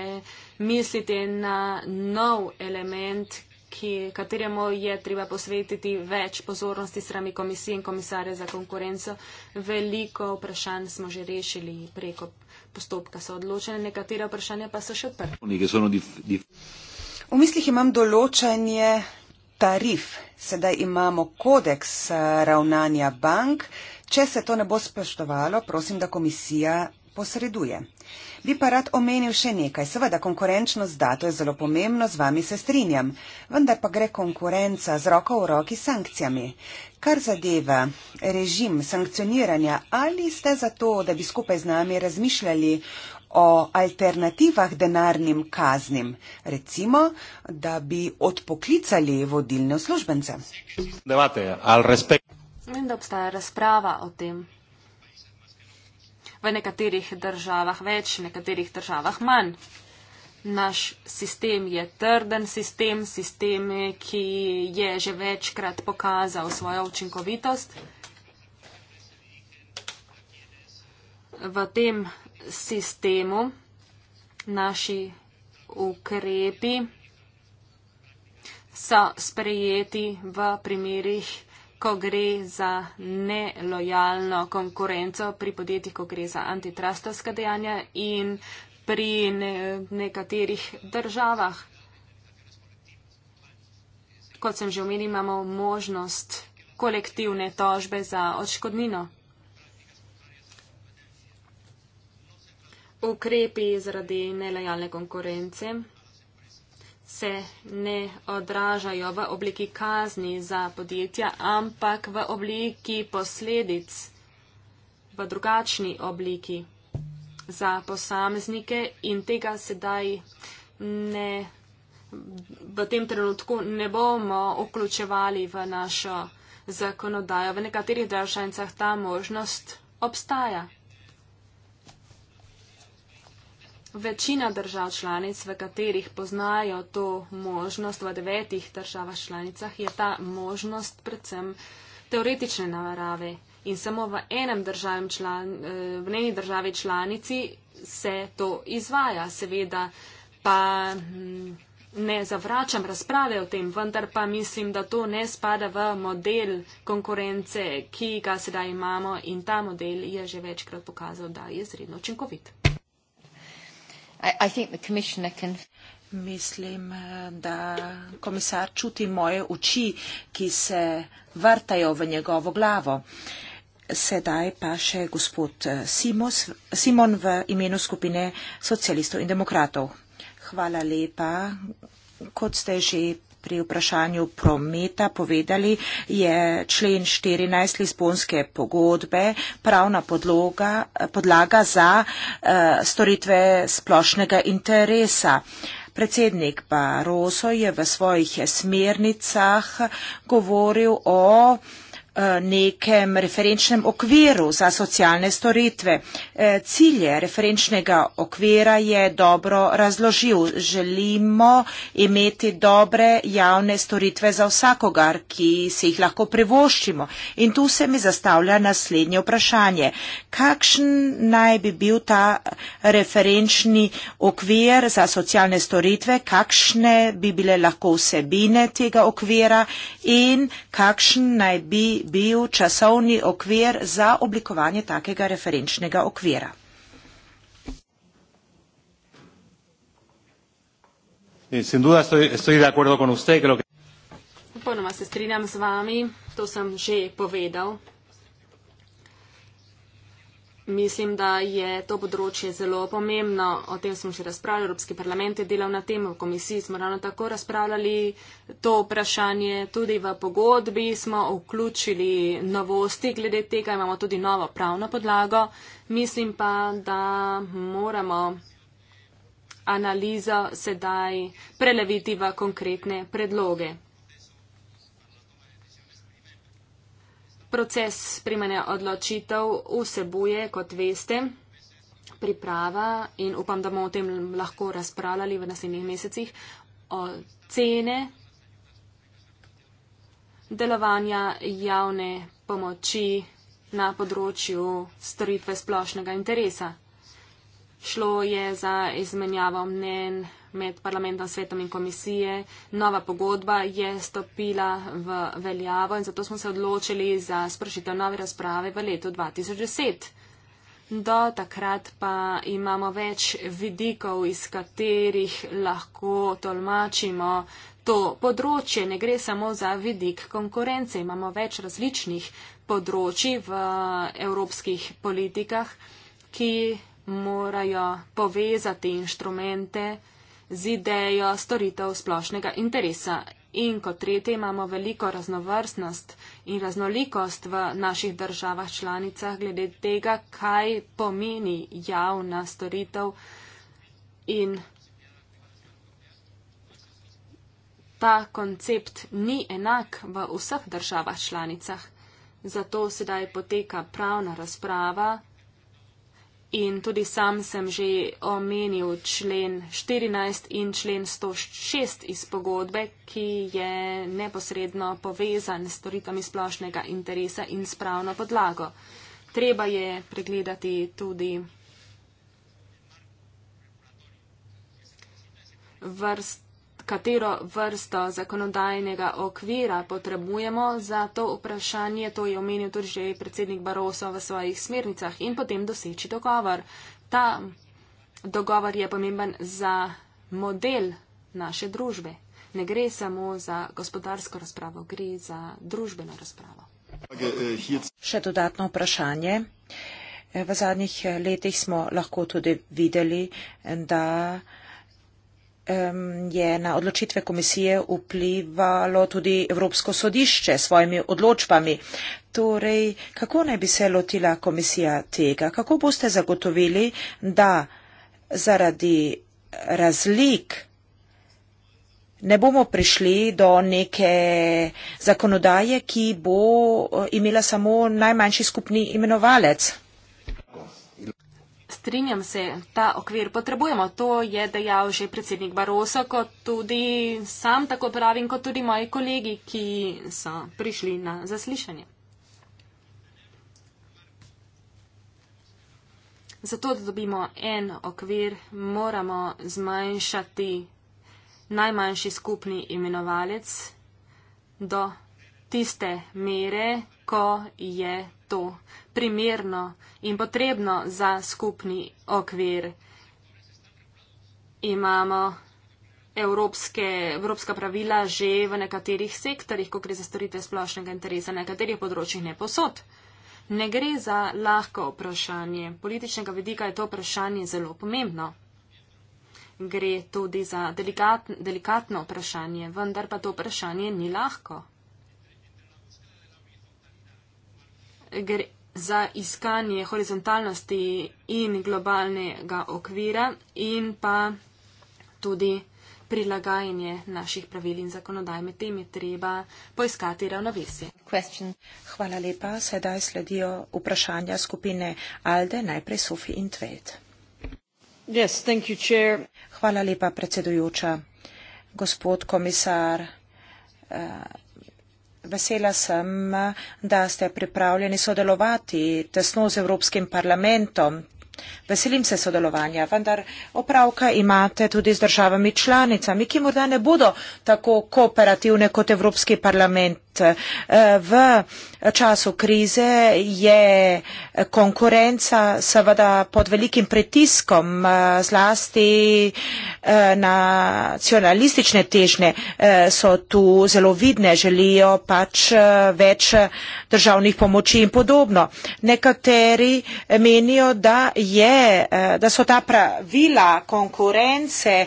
mislite na nov element, ki, kateremu je treba posvetiti več pozornosti strani komisije in komisare za konkurenco. Veliko vprašanj smo že rešili preko postopka, so odločene, nekatera vprašanja pa so še odprta. V mislih imam določanje tarif, sedaj imamo kodeks eh, ravnanja bank. Če se to ne bo spoštovalo, prosim, da komisija posreduje. Bi pa rad omenil še nekaj. Seveda, konkurenčnost da, to je zelo pomembno, z vami se strinjam. Vendar pa gre konkurenca z roko v roki s sankcijami. Kar zadeva režim sankcioniranja, ali ste za to, da bi skupaj z nami razmišljali o alternativah denarnim kaznim, recimo, da bi odpoklicali vodilne uslužbence? Mislim, da obstaja razprava o tem v nekaterih državah več, v nekaterih državah manj. Naš sistem je trden sistem, sistem, ki je že večkrat pokazal svojo učinkovitost. V tem sistemu naši ukrepi so sprejeti v primerih ko gre za nelojalno konkurenco pri podjetjih, ko gre za antitrustovska dejanja in pri ne, nekaterih državah. Kot sem že omenil, imamo možnost kolektivne tožbe za odškodnino. Ukrepi zaradi nelojalne konkurence se ne odražajo v obliki kazni za podjetja, ampak v obliki posledic, v drugačni obliki za posameznike in tega sedaj ne, v tem trenutku ne bomo vključevali v našo zakonodajo. V nekaterih državnicah ta možnost obstaja. Večina držav članic, v katerih poznajo to možnost, v devetih državah članicah je ta možnost predvsem teoretične narave in samo v enem državi, član, eh, v neni državi članici se to izvaja. Seveda pa hm, ne zavračam razprave o tem, vendar pa mislim, da to ne spada v model konkurence, ki ga sedaj imamo in ta model je že večkrat pokazal, da je izredno učinkovit. I think the commissioner can Mislim, da komisar čuti moje oči, ki se vrtajo v njegovo glavo. Sedaj pa še gospod Simos, Simon v imenu skupine socialistov in demokratov. Hvala lepa. Kot ste že pri vprašanju prometa povedali, je člen 14 Lisbonske pogodbe pravna podloga, podlaga za uh, storitve splošnega interesa. Predsednik Baroso je v svojih smernicah govoril o Eh, nekem referenčnem okviru za socialne storitve. Eh, cilje referenčnega okvira je dobro razložil. Želimo imeti dobre javne storitve za vsakogar, ki si jih lahko privoščimo. In tu se mi zastavlja naslednje vprašanje. Kakšen naj bi bil ta referenčni okvir za socialne storitve, kakšne bi bile lahko vsebine tega okvira in kakšen naj bi bil časovni okvir za oblikovanje takega referenčnega okvira? Eh, sin duda estoy, estoy de acuerdo con usted, creo que. Upornoma se strinjam z vami, to sem že povedal. Mislim, da je to področje zelo pomembno. O tem smo že razpravljali. Evropski parlament je delal na tem, v komisiji smo ravno tako razpravljali to vprašanje. Tudi v pogodbi smo vključili novosti glede tega, imamo tudi novo pravno podlago. Mislim pa, da moramo analizo sedaj preleviti v konkretne predloge. Proces sprejmanja odločitev vsebuje, kot veste, priprava in upam, da bomo o tem lahko razpravljali v naslednjih mesecih, o cene delovanja javne pomoči na področju storitve splošnega interesa. Šlo je za izmenjavo mnen med parlamentom, svetom in komisije. Nova pogodba je stopila v veljavo in zato smo se odločili za sprašitev nove razprave v letu 2010. Do takrat pa imamo več vidikov, iz katerih lahko tolmačimo to področje. Ne gre samo za vidik konkurence, imamo več različnih področji v evropskih politikah, ki morajo povezati inštrumente, z idejo storitev splošnega interesa. In kot tretje imamo veliko raznovrstnost in raznolikost v naših državah članicah glede tega, kaj pomeni javna storitev in ta koncept ni enak v vseh državah članicah. Zato sedaj poteka pravna razprava In tudi sam sem že omenil člen 14 in člen 106 iz pogodbe, ki je neposredno povezan s storitvami splošnega interesa in spravno podlago. Treba je pregledati tudi vrst katero vrsto zakonodajnega okvira potrebujemo za to vprašanje, to je omenil tudi že predsednik Baroso v svojih smernicah in potem doseči dogovor. Ta dogovor je pomemben za model naše družbe. Ne gre samo za gospodarsko razpravo, gre za družbeno razpravo. Še dodatno vprašanje. V zadnjih letih smo lahko tudi videli, da je na odločitve komisije vplivalo tudi Evropsko sodišče s svojimi odločbami. Torej, kako naj bi se lotila komisija tega? Kako boste zagotovili, da zaradi razlik ne bomo prišli do neke zakonodaje, ki bo eh, imela samo najmanjši skupni imenovalec? strinjam se, ta okvir potrebujemo. To je dejal že predsednik Baroso, kot tudi sam tako pravim, kot tudi moji kolegi, ki so prišli na zaslišanje. Zato, da dobimo en okvir, moramo zmanjšati najmanjši skupni imenovalec do tiste mere, ko je to primerno in potrebno za skupni okvir. Imamo evropske, evropska pravila že v nekaterih sektorjih, ko gre za storitve splošnega interesa, na nekaterih področjih ne posod. Ne gre za lahko vprašanje. Političnega vedika je to vprašanje zelo pomembno. Gre tudi za delikat, delikatno vprašanje, vendar pa to vprašanje ni lahko. Gre, za iskanje horizontalnosti in globalnega okvira in pa tudi prilagajanje naših pravil in zakonodaj. Med tem je treba poiskati ravnovesje. Question. Hvala lepa. Sedaj sledijo vprašanja skupine Alde, najprej Sofi in Tved. Yes, thank you, chair. Hvala lepa, predsedujoča. Gospod komisar, uh, Vesela sem, da ste pripravljeni sodelovati tesno z Evropskim parlamentom. Veselim se sodelovanja, vendar opravka imate tudi z državami članicami, ki morda ne bodo tako kooperativne kot Evropski parlament. V času krize je konkurenca seveda pod velikim pritiskom eh, zlasti eh, nacionalistične težnje eh, so tu zelo vidne, želijo pač več državnih pomoči in podobno. Nekateri menijo, da, je, da so ta pravila konkurence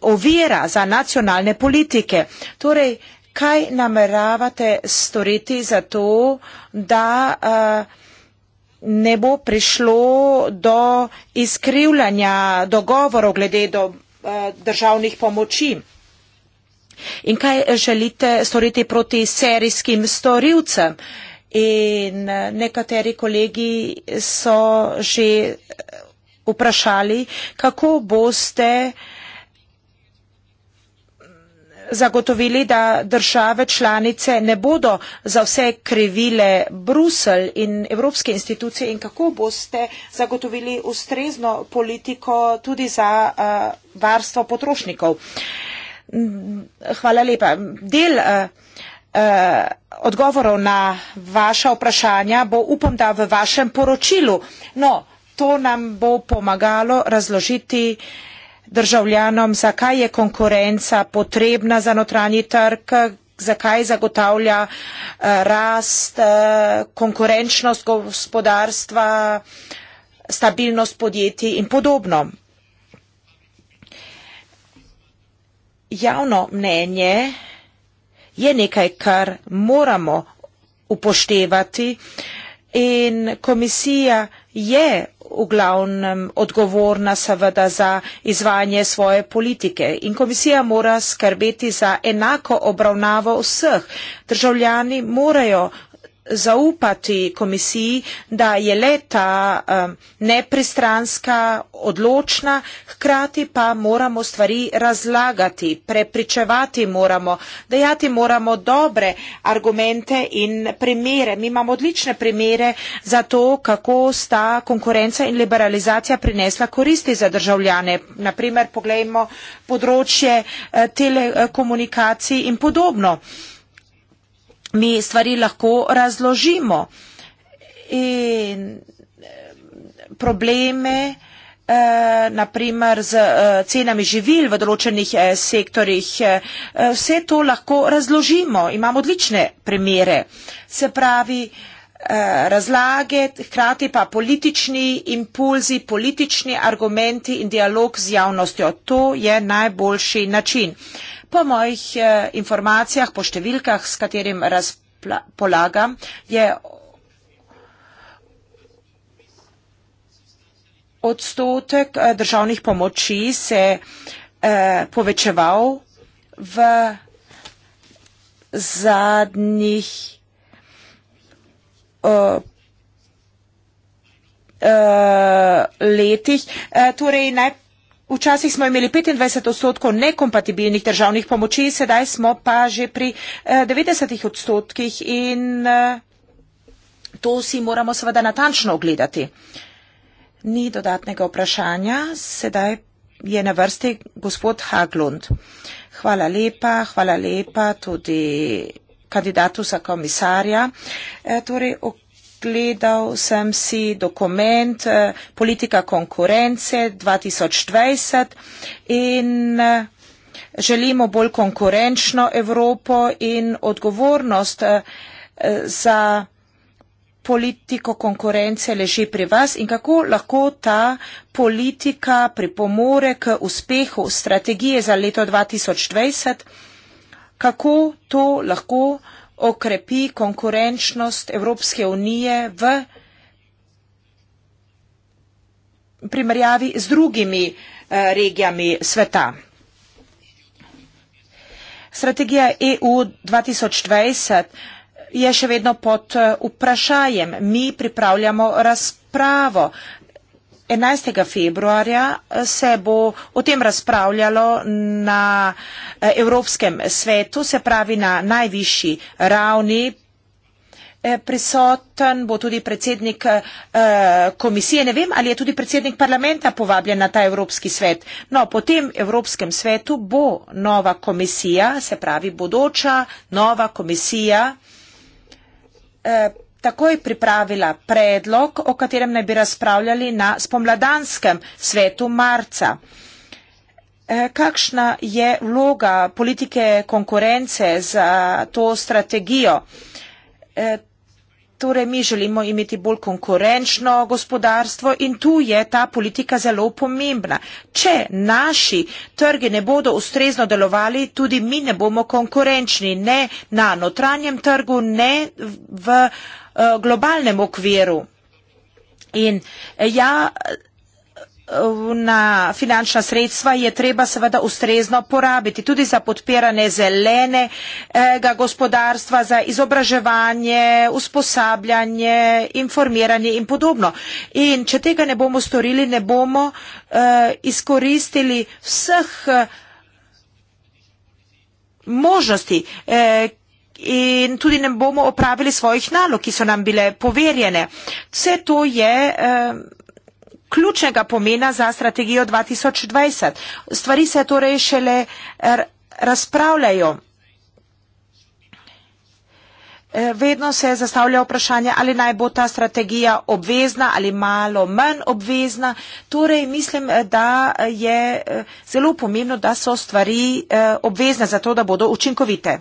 ovira za nacionalne politike. Torej, kaj nameravate storiti za to, da ne bo prišlo do izkrivljanja dogovorov glede do državnih pomoči? In kaj želite storiti proti serijskim storilcem? In nekateri kolegi so že vprašali, kako boste uh, zagotovili, da države članice ne bodo za vse krivile Brusel in evropske institucije in kako boste zagotovili ustrezno politiko tudi za uh, varstvo potrošnikov. Hvala lepa. Del uh, uh, odgovorov na vaša vprašanja bo upam, da v vašem poročilu. No, to nam bo pomagalo razložiti uh, državljanom, zakaj je konkurenca potrebna za notranji trg, zakaj zagotavlja eh, rast, eh, konkurenčnost gospodarstva, stabilnost podjetij in podobno. Javno mnenje je nekaj, kar moramo upoštevati in komisija je v glavnem odgovorna seveda za izvajanje svoje politike. In komisija mora skrbeti za enako obravnavo vseh. Državljani morajo zaupati komisiji, da je leta um, nepristranska, odločna, hkrati pa moramo stvari razlagati, prepričevati moramo, dajati moramo dobre argumente in primere. Mi imamo odlične primere za to, kako sta konkurenca in liberalizacija prinesla koristi za državljane. Naprimer, poglejmo področje eh, telekomunikacij in podobno mi stvari lahko razložimo in eh, probleme, eh, naprimer z eh, cenami živil v določenih sektorjih, vse to lahko razložimo, imamo odlične primere. Se pravi, razlage, hkrati pa politični impulzi, politični argumenti in dialog z javnostjo. To je najboljši način. Po mojih eh, informacijah, po številkah, s katerim razpolagam, je odstotek eh, državnih pomoči se eh, povečeval v zadnjih letih. Torej najprej Včasih smo imeli 25 odstotkov nekompatibilnih državnih pomoči, sedaj smo pa že pri 90 eh, odstotkih in eh, to si moramo seveda natančno ogledati. Ni dodatnega vprašanja, sedaj je na vrsti gospod Haglund. Hvala lepa, hvala lepa tudi kandidatu za komisarja. E, torej, ok gledal sem si dokument eh, politika konkurence 2020 in eh, želimo bolj konkurenčno Evropo in odgovornost eh, za politiko konkurence leži pri vas in kako lahko ta politika pripomore k uspehu strategije za leto 2020, kako to lahko okrepi konkurenčnost Evropske unije v primerjavi z drugimi eh, regijami sveta. Strategija EU 2020 je še vedno pod eh, vprašanjem. Mi pripravljamo razpravo. 11. februarja eh, se bo o tem razpravljalo na eh, Evropskem svetu, se pravi na najvišji ravni. Eh, prisoten bo tudi predsednik komisije. Ne vem, ali je tudi predsednik parlamenta povabljen na ta Evropski svet. No, po tem Evropskem svetu bo nova komisija, se pravi bodoča nova komisija takoj pripravila predlog, o katerem naj bi razpravljali na spomladanskem svetu marca. E, kakšna je vloga politike konkurence za to strategijo? E, torej, mi želimo imeti bolj konkurenčno gospodarstvo in tu je ta politika zelo pomembna. Če naši trgi ne bodo ustrezno delovali, tudi mi ne bomo konkurenčni, ne na notranjem trgu, ne v Eh, globalnem okviru. In eh, ja, eh, na finančna sredstva je treba seveda ustrezno porabiti tudi za podpiranje zelenega gospodarstva, za izobraževanje, usposabljanje, informiranje in podobno. In če tega ne bomo storili, ne bomo eh, izkoristili vseh eh, možnosti, eh, in tudi ne bomo opravili svojih nalog, ki so nam bile poverjene. Vse to je eh, ključnega pomena za strategijo 2020. Stvari se torej šele razpravljajo. Eh, vedno se zastavlja vprašanje, ali naj bo ta strategija obvezna ali malo manj obvezna. Torej, mislim, da je eh, zelo pomembno, da so stvari eh, obvezne, zato da bodo učinkovite.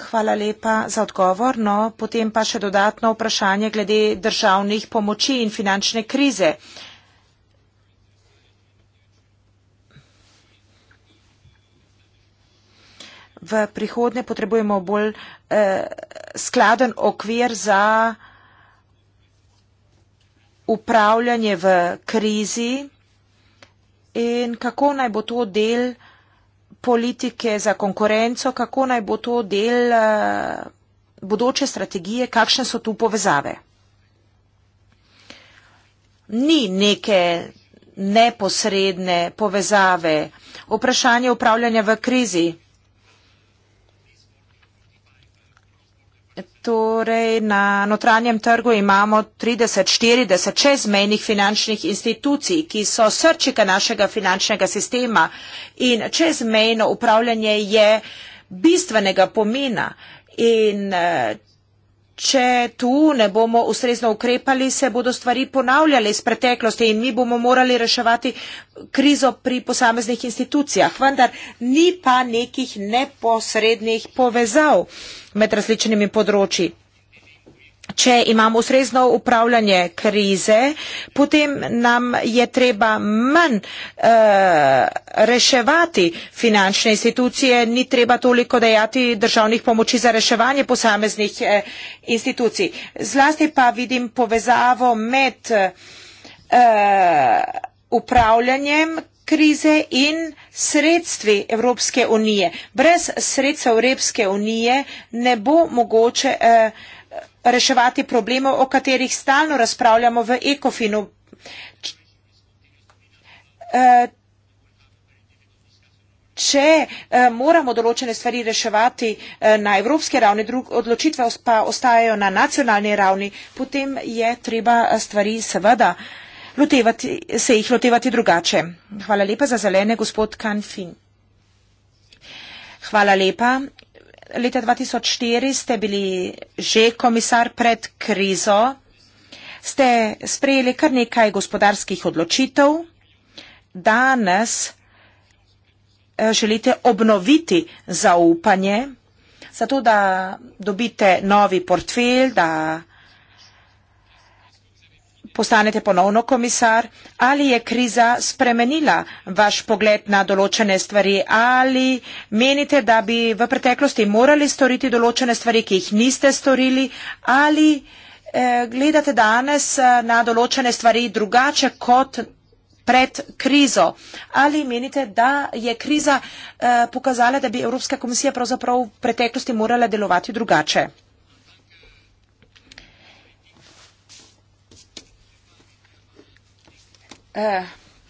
Hvala lepa za odgovor. No, potem pa še dodatno vprašanje glede državnih pomoči in finančne krize. V prihodnje potrebujemo bolj eh, skladen okvir za upravljanje v krizi in kako naj bo to del eh, politike za konkurenco, kako naj bo to del eh, bodoče strategije, kakšne so tu povezave. Ni neke neposredne povezave. Vprašanje upravljanja v krizi. Torej, na notranjem trgu imamo 30-40 čezmejnih finančnih institucij, ki so srčika našega finančnega sistema in čezmejno upravljanje je bistvenega pomena. In če tu ne bomo ustrezno ukrepali, se bodo stvari ponavljale iz preteklosti in mi bomo morali reševati krizo pri posameznih institucijah. Vendar ni pa nekih neposrednih povezav med različnimi področji. Če imamo ustrezno upravljanje krize, potem nam je treba manj uh, reševati finančne institucije, ni treba toliko dajati državnih pomoči za reševanje posameznih uh, institucij. Zlasti pa vidim povezavo med uh, upravljanjem krize in sredstvi Evropske unije. Brez sredstva Evropske unije ne bo mogoče eh, reševati problemov, o katerih stalno razpravljamo v ekofinu. Č eh, Če eh, moramo določene stvari reševati eh, na evropski ravni, odločitve pa ostajajo na nacionalni ravni, potem je treba eh, stvari seveda eh, lotevati, se jih lotevati drugače. Hvala lepa za zelene, gospod Kanfin. Hvala lepa. Leta 2004 ste bili že komisar pred krizo. Ste sprejeli kar nekaj gospodarskih odločitev. Danes eh, želite obnoviti zaupanje, zato da dobite novi portfelj, da postanete ponovno komisar, ali je kriza spremenila vaš pogled na določene stvari, ali menite, da bi v preteklosti morali storiti določene stvari, ki jih niste storili, ali eh, gledate danes eh, na določene stvari drugače kot pred krizo. Ali menite, da je kriza eh, pokazala, da bi Evropska komisija pravzaprav v preteklosti morala delovati drugače? Eh,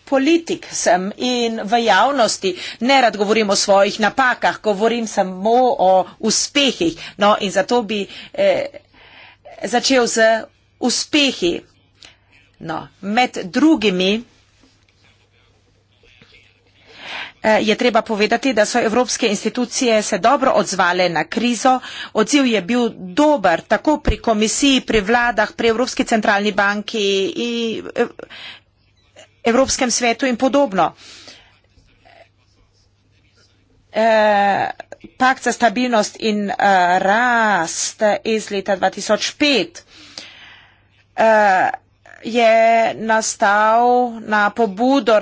politik sem in v javnosti ne rad govorim o svojih napakah, govorim samo o uspehih. No in zato bi eh, začel z uspehi. No, med drugimi eh, je treba povedati, da so evropske institucije se dobro odzvale na krizo. Odziv je bil dober tako pri komisiji, pri vladah, pri Evropski centralni banki. In, eh, Evropskem svetu in podobno. E, pakt za stabilnost in e, rast iz leta 2005 e, je nastal na pobudo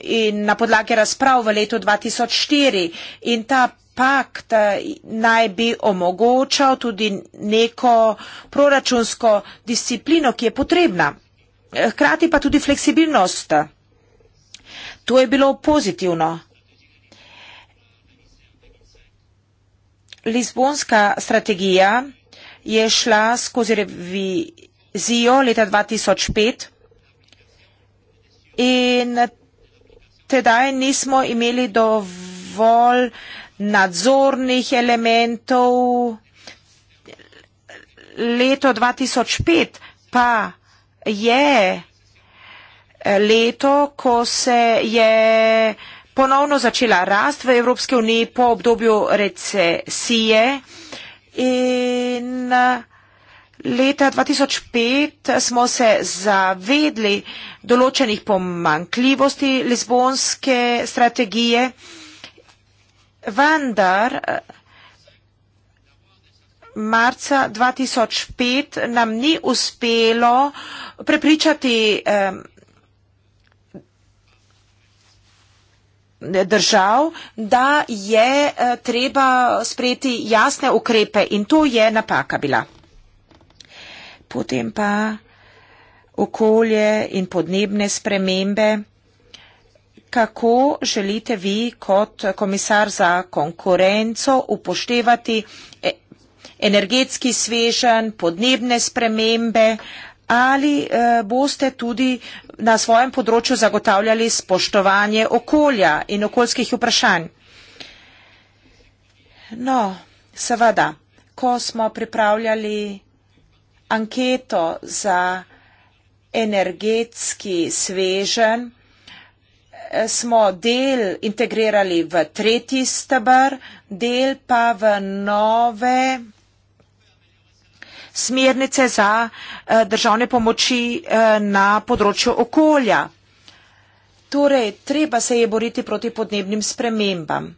in na podlagi razprav v letu 2004 in ta pakt naj bi omogočal tudi neko proračunsko disciplino, ki je potrebna hkrati pa tudi fleksibilnost. To je bilo pozitivno. Lizbonska strategija je šla skozi revizijo leta 2005 in tedaj nismo imeli dovolj nadzornih elementov. Leto 2005 pa je eh, leto, ko se je ponovno začela rast v Evropske unije po obdobju recesije in eh, leta 2005 smo se zavedli določenih pomankljivosti lizbonske strategije, vendar eh, marca 2005 nam ni uspelo prepričati držav, da je eh, treba sprejeti jasne ukrepe in to je napaka bila. Potem pa okolje in podnebne spremembe. Kako želite vi kot komisar za konkurenco upoštevati eh, energetski svežen, podnebne spremembe ali eh, boste tudi na svojem področju zagotavljali spoštovanje okolja in okoljskih vprašanj. No, seveda, ko smo pripravljali anketo za energetski svežen, eh, smo del integrirali v tretji stebr, del pa v nove smernice za eh, državne pomoči eh, na področju okolja. Torej, treba se je boriti proti podnebnim spremembam.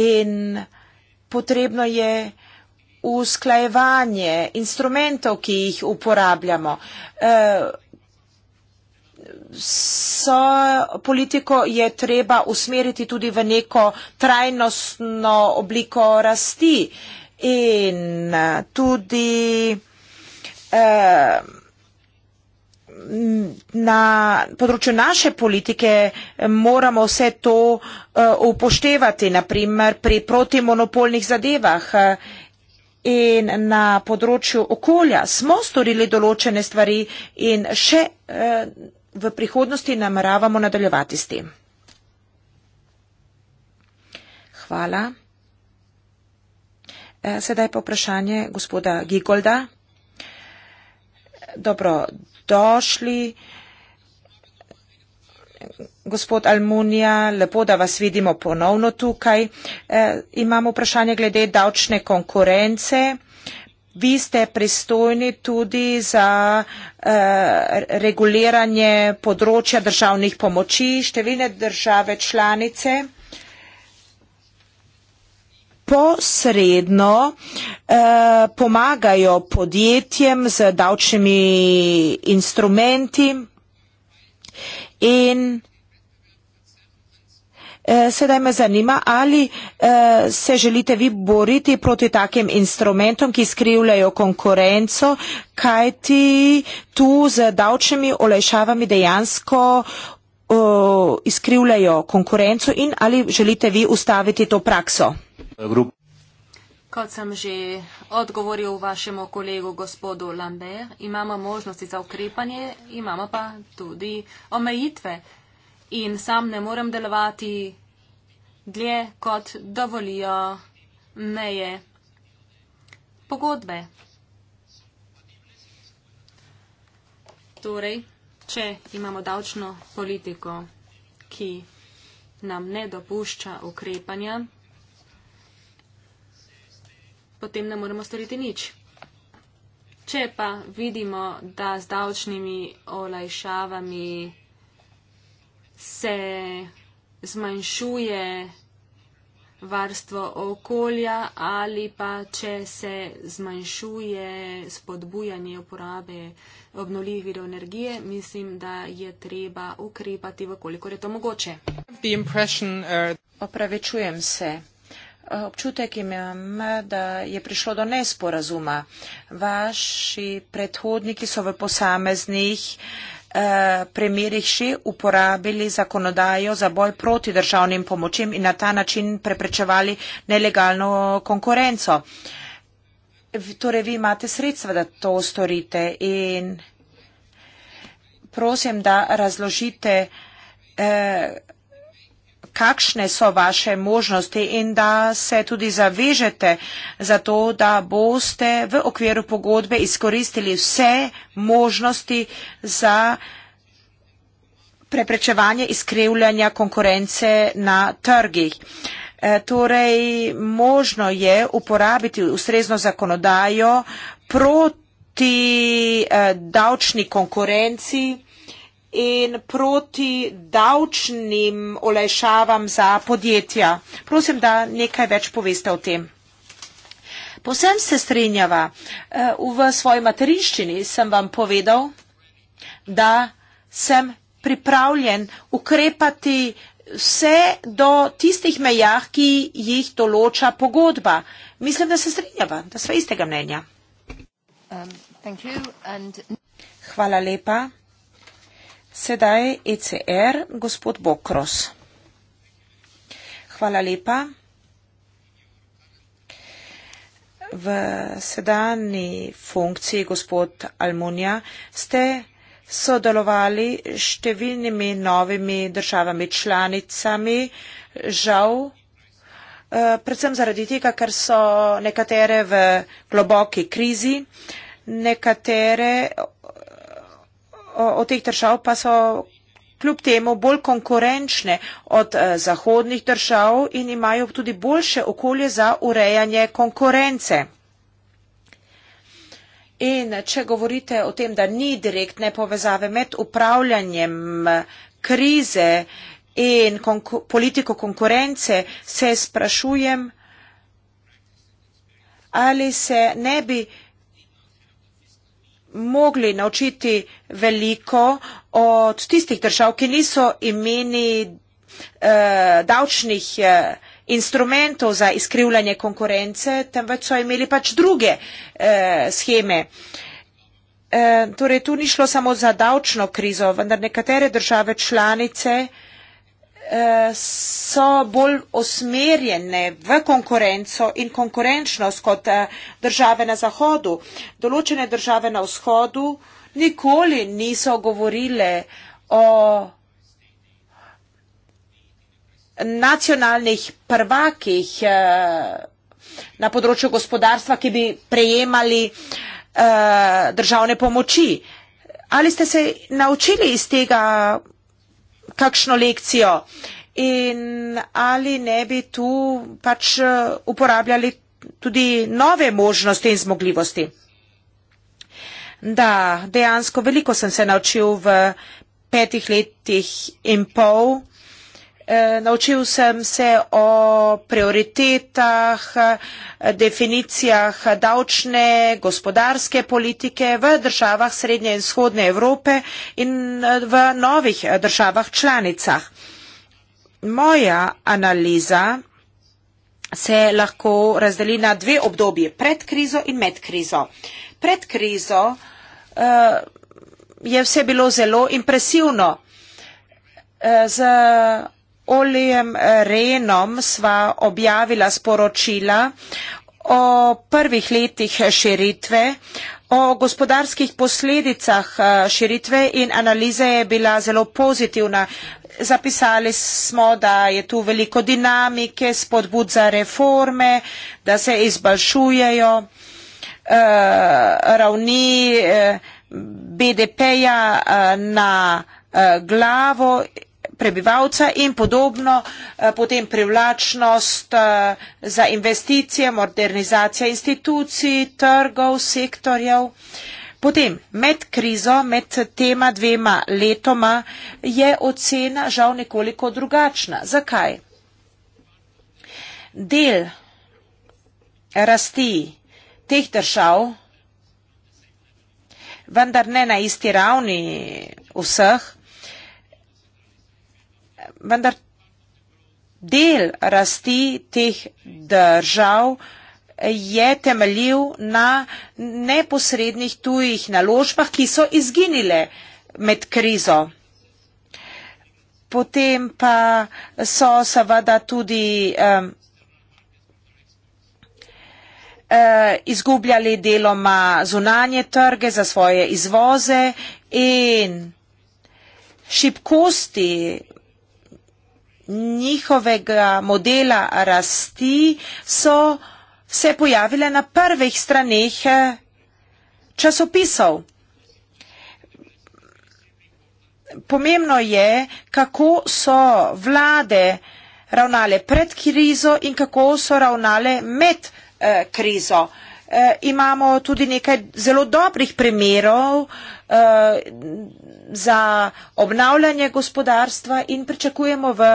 In potrebno je usklajevanje instrumentov, ki jih uporabljamo. Eh, so politiko je treba usmeriti tudi v neko trajnostno obliko rasti in eh, tudi eh, na področju naše politike eh, moramo vse to upoštevati, naprimer pri protimonopolnih zadevah in na področju okolja smo storili določene stvari in še v prihodnosti nameravamo nadaljevati s tem. Hvala. E, sedaj pa vprašanje gospoda Gigolda. Dobro, došli. Gospod Almunija, lepo, da vas vidimo ponovno tukaj. E, imamo vprašanje glede davčne konkurence. Vi ste pristojni tudi za e, reguliranje področja državnih pomoči. Številne države članice posredno eh, pomagajo podjetjem z davčnimi instrumenti in eh, sedaj me zanima, ali eh, se želite vi boriti proti takim instrumentom, ki skrivljajo konkurenco, kaj ti tu z davčnimi olejšavami dejansko eh, izkrivljajo konkurenco in ali želite vi ustaviti to prakso? Evropi. Kot sem že odgovoril vašemu kolegu gospodu Lambert, imamo možnosti za ukrepanje, imamo pa tudi omejitve in sam ne morem delovati dlje, kot dovolijo meje pogodbe. Torej, če imamo davčno politiko, ki nam ne dopušča ukrepanja, potem ne moremo storiti nič. Če pa vidimo, da z davčnimi olajšavami se zmanjšuje varstvo okolja ali pa če se zmanjšuje spodbujanje uporabe obnoljivih virov energije, mislim, da je treba ukrepati, vkolikor je to mogoče. Uh, Opravičujem se. Občutek imam, da je prišlo do nesporazuma. Vaši predhodniki so v posameznih eh, primerih še uporabili zakonodajo za boj proti državnim pomočim in na ta način preprečevali nelegalno konkurenco. Torej, vi imate sredstva, da to storite in prosim, da razložite eh, kakšne so vaše možnosti in da se tudi zavežete za to, da boste v okviru pogodbe izkoristili vse možnosti za preprečevanje izkrivljanja konkurence na trgih. E, torej, možno je uporabiti ustrezno zakonodajo proti e, davčni konkurenci, in proti davčnim olajšavam za podjetja. Prosim, da nekaj več poveste o tem. Posem se strinjava, eh, v svoji materinščini sem vam povedal, da sem pripravljen ukrepati vse do tistih mejah, ki jih določa pogodba. Mislim, da se strinjava, da sva istega mnenja. Um, Hvala lepa. Sedaj ECR, gospod Bokros. Hvala lepa. V sedanji funkciji, gospod Almunija, ste sodelovali s številnimi novimi državami članicami, žal, eh, predvsem zaradi tega, ker so nekatere v globoki krizi, nekatere od teh držav pa so kljub temu bolj konkurenčne od eh, zahodnih držav in imajo tudi boljše okolje za urejanje konkurence. In če govorite o tem, da ni direktne povezave med upravljanjem eh, krize in konku politiko konkurence, se sprašujem, ali se ne bi uh, mogli naučiti veliko od tistih držav, ki niso imeli eh, davčnih eh, instrumentov za izkrivljanje konkurence, temveč so imeli pač druge eh, scheme. Eh, torej, tu ni šlo samo za davčno krizo, vendar nekatere države članice eh, Eh, so bolj osmerjene v konkurenco in konkurenčnost kot eh, države na zahodu. Določene države na vzhodu nikoli niso govorile o nacionalnih prvakih eh, na področju gospodarstva, ki bi prejemali državne pomoči. Ali ste se naučili iz tega kakšno lekcijo. In ali ne bi tu pač eh, uporabljali tudi nove možnosti in zmogljivosti? Da, dejansko veliko sem se naučil v petih letih in pol. Eh, naučil sem se o prioritetah, definicijah davčne, gospodarske politike v državah Srednje in Vzhodne Evrope in eh, v novih eh, državah članicah. Moja analiza se lahko razdeli na dve obdobje, pred krizo in med krizo. Pred krizo uh, je vse bilo zelo impresivno. Uh, Olijem eh, Renom sva objavila sporočila o prvih letih eh, širitve, o gospodarskih posledicah eh, širitve in analiza je bila zelo pozitivna. Zapisali smo, da je tu veliko dinamike, spodbud za reforme, da se izboljšujejo uh, ravni uh, BDP-ja uh, na uh, glavo prebivalca in podobno, eh, potem privlačnost eh, za investicije, modernizacija institucij, trgov, sektorjev. Potem med krizo, med tema dvema letoma je ocena žal nekoliko drugačna. Zakaj? Del rasti teh držav, vendar ne na isti ravni vseh, vendar del rasti teh držav je temeljil na neposrednih tujih naložbah, ki so izginile med krizo. Potem pa so seveda tudi e, izgubljali deloma zunanje trge za svoje izvoze in šibkosti njihovega modela rasti so se pojavile na prvih straneh eh, časopisov. Pomembno je, kako so vlade ravnale pred krizo in kako so ravnale med eh, krizo. Eh, imamo tudi nekaj zelo dobrih primerov za obnavljanje gospodarstva in pričakujemo v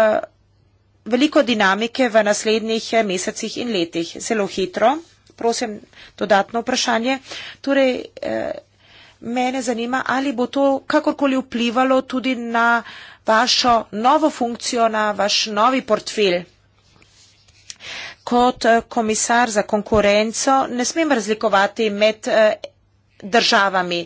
veliko dinamike v naslednjih eh, mesecih in letih. Zelo hitro, prosim, dodatno vprašanje. Torej, eh, mene zanima, ali bo to kakorkoli vplivalo tudi na vašo novo funkcijo, na vaš novi portfelj. Kot eh, komisar za konkurenco ne smem razlikovati med državami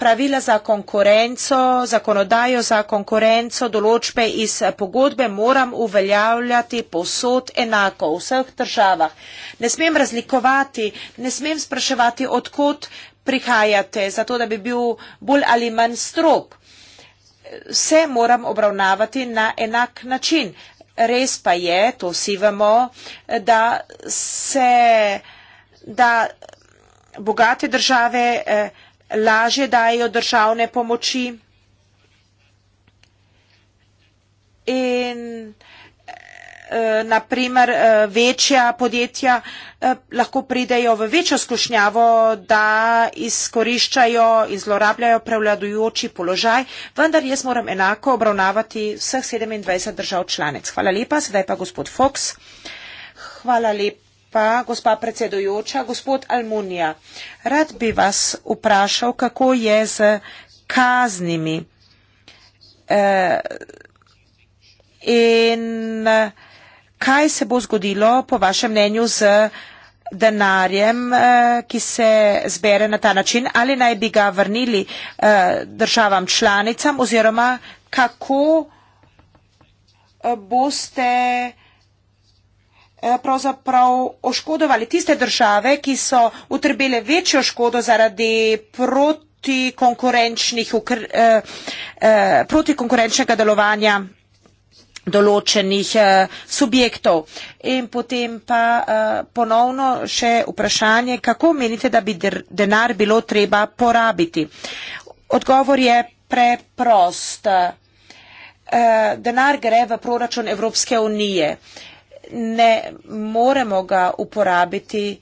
pravila za konkurenco, zakonodajo za konkurenco, določbe iz pogodbe moram uveljavljati posod enako v vseh državah. Ne smem razlikovati, ne smem spraševati, odkot prihajate, zato da bi bil bolj ali manj strok. Vse moram obravnavati na enak način. Res pa je, to vsi vemo, da se da bogate države. Eh, lažje dajo državne pomoči in eh, naprimer eh, večja podjetja eh, lahko pridejo v večjo skušnjavo, da izkoriščajo in zlorabljajo prevladujoči položaj, vendar jaz moram enako obravnavati vseh 27 držav članec. Hvala lepa, sedaj pa gospod Fox. Hvala lepa lepa, gospa predsedujoča. Gospod Almunija, rad bi vas vprašal, kako je z kaznimi eh, in eh, kaj se bo zgodilo, po vašem mnenju, z denarjem, eh, ki se zbere na ta način, ali naj bi ga vrnili eh, državam članicam oziroma kako eh, boste. Eh, Eh, pravzaprav oškodovali tiste države, ki so utrpele večjo škodo zaradi protikonkurenčnih, eh, eh, protikonkurenčnega delovanja določenih subjektov. In potem pa ponovno še vprašanje, kako menite, da bi denar bilo treba porabiti? Odgovor je preprost. Denar gre v proračun Evropske unije ne moremo ga uporabiti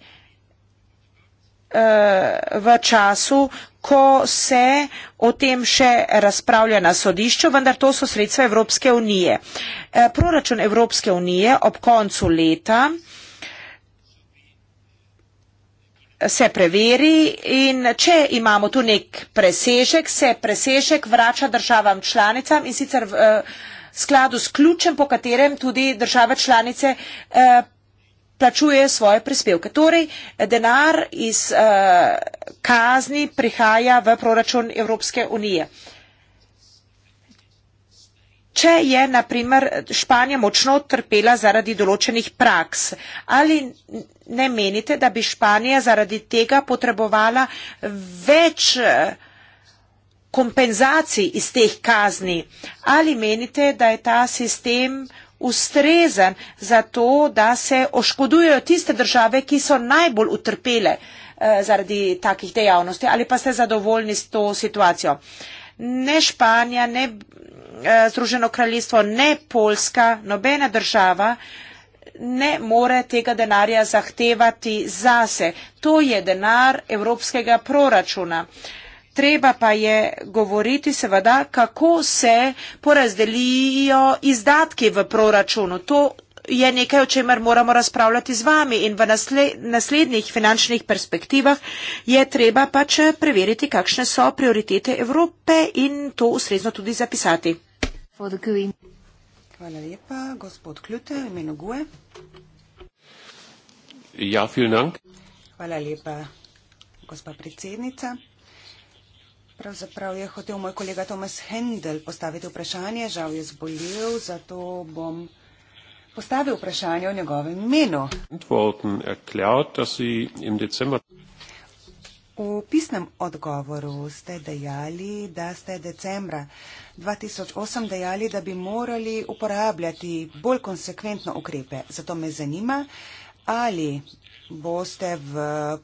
eh, v času, ko se o tem še razpravlja na sodišču, vendar to so sredstva Evropske unije. Eh, proračun Evropske unije ob koncu leta eh, se preveri in če imamo tu nek presežek, se presežek vrača državam članicam in sicer v, skladu s ključem, po katerem tudi države članice eh, plačuje svoje prispevke. Torej, denar iz eh, kazni prihaja v proračun Evropske unije. Če je, na primer, Španija močno trpela zaradi določenih praks, ali ne menite, da bi Španija zaradi tega potrebovala več eh, kompenzacij iz teh kazni. Ali menite, da je ta sistem ustrezen za to, da se oškodujejo tiste države, ki so najbolj utrpele eh, zaradi takih dejavnosti ali pa ste zadovoljni s to situacijo? Ne Španija, ne eh, Združeno kraljestvo, ne Poljska, nobena država ne more tega denarja zahtevati zase. To je denar evropskega proračuna. Eh, treba pa je govoriti seveda, kako se porazdelijo izdatki v proračunu. To je nekaj, o čemer moramo razpravljati z vami in v naslednjih finančnih perspektivah je treba pač preveriti, kakšne so prioritete Evrope in to ustrezno tudi zapisati. Hvala lepa, gospod Klute, imenu Gue. Ja, Hvala lepa, gospa predsednica. Pravzaprav je hotel moj kolega Tomas Hendel postaviti vprašanje, žal je zbolel, zato bom postavil vprašanje o njegovem imenu. V pisnem odgovoru ste dejali, da ste decembra 2008 dejali, da bi morali uporabljati bolj konsekventno ukrepe. Zato me zanima, ali boste v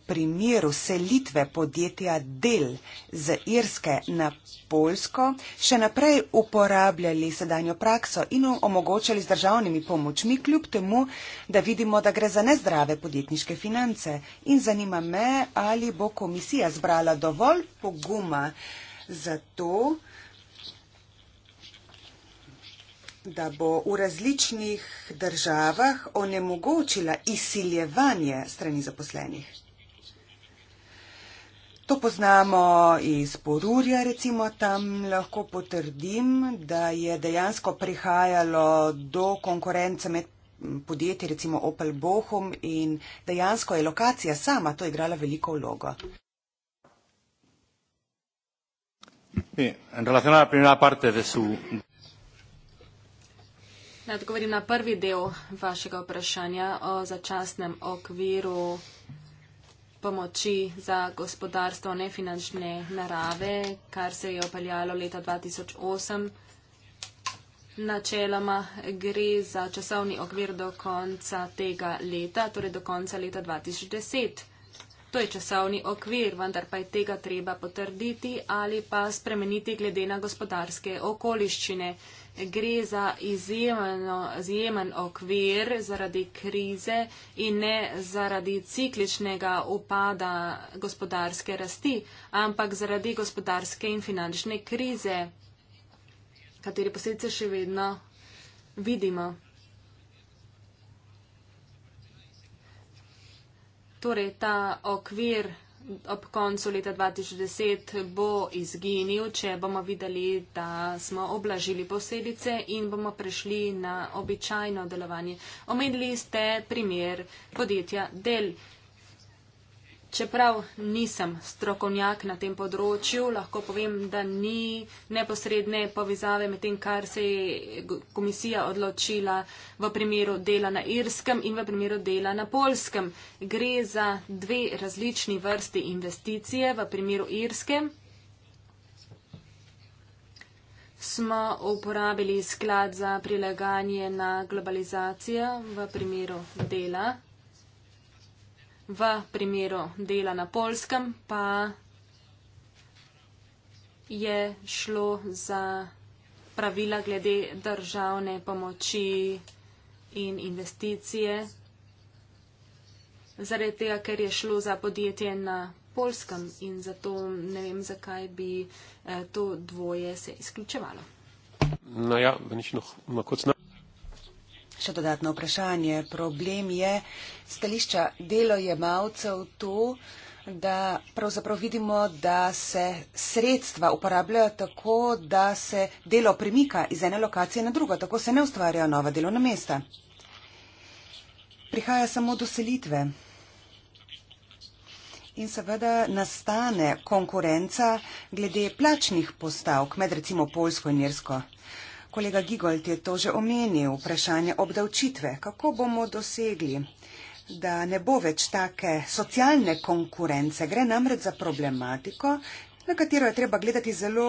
primeru selitve podjetja Del z Irske na Poljsko še naprej uporabljali sedanjo prakso in omogočali z državnimi pomočmi, kljub temu, da vidimo, da gre za nezdrave podjetniške finance. In zanima me, ali bo komisija zbrala dovolj poguma za to, da bo v različnih državah onemogočila izsiljevanje strani zaposlenih. To poznamo iz Porurja, recimo tam lahko potrdim, da je dejansko prihajalo do konkurence med podjetji, recimo Opel Bohum in dejansko je lokacija sama to igrala veliko vlogo. Bien, en relación a la primera parte de su. Naj odgovorim na prvi del vašega vprašanja o začasnem okviru pomoči za gospodarstvo nefinančne narave, kar se je opeljalo leta 2008. Načeloma gre za časovni okvir do konca tega leta, torej do konca leta 2010. To je časovni okvir, vendar pa je tega treba potrditi ali pa spremeniti glede na gospodarske okoliščine. Gre za izjemno, izjemen okvir zaradi krize in ne zaradi cikličnega upada gospodarske rasti, ampak zaradi gospodarske in finančne krize, katere posledice še vedno vidimo. torej ta okvir ob koncu leta 2010 bo izginil, če bomo videli, da smo oblažili posledice in bomo prešli na običajno delovanje. Omenili ste primer podjetja Dell. Čeprav nisem strokovnjak na tem področju, lahko povem, da ni neposredne povezave med tem, kar se je komisija odločila v primeru dela na Irskem in v primeru dela na Polskem. Gre za dve različni vrsti investicije v primeru Irske. Smo uporabili sklad za prilaganje na globalizacijo v primeru dela v primeru dela na polskem pa je šlo za pravila glede državne pomoči in investicije, zaradi tega, ker je šlo za podjetje na polskem in zato ne vem, zakaj bi eh, to dvoje se izključevalo. No ja, Še dodatno vprašanje. Problem je stališča delojemalcev to, da pravzaprav vidimo, da se sredstva uporabljajo tako, da se delo premika iz ene lokacije na drugo, tako se ne ustvarjajo nova delovna mesta. Prihaja samo do selitve. In seveda nastane konkurenca glede plačnih postavk med recimo Polsko in Jersko. Kolega Gigolt je to že omenil, vprašanje obdavčitve. Kako bomo dosegli, da ne bo več take socialne konkurence? Gre namreč za problematiko, na katero je treba gledati zelo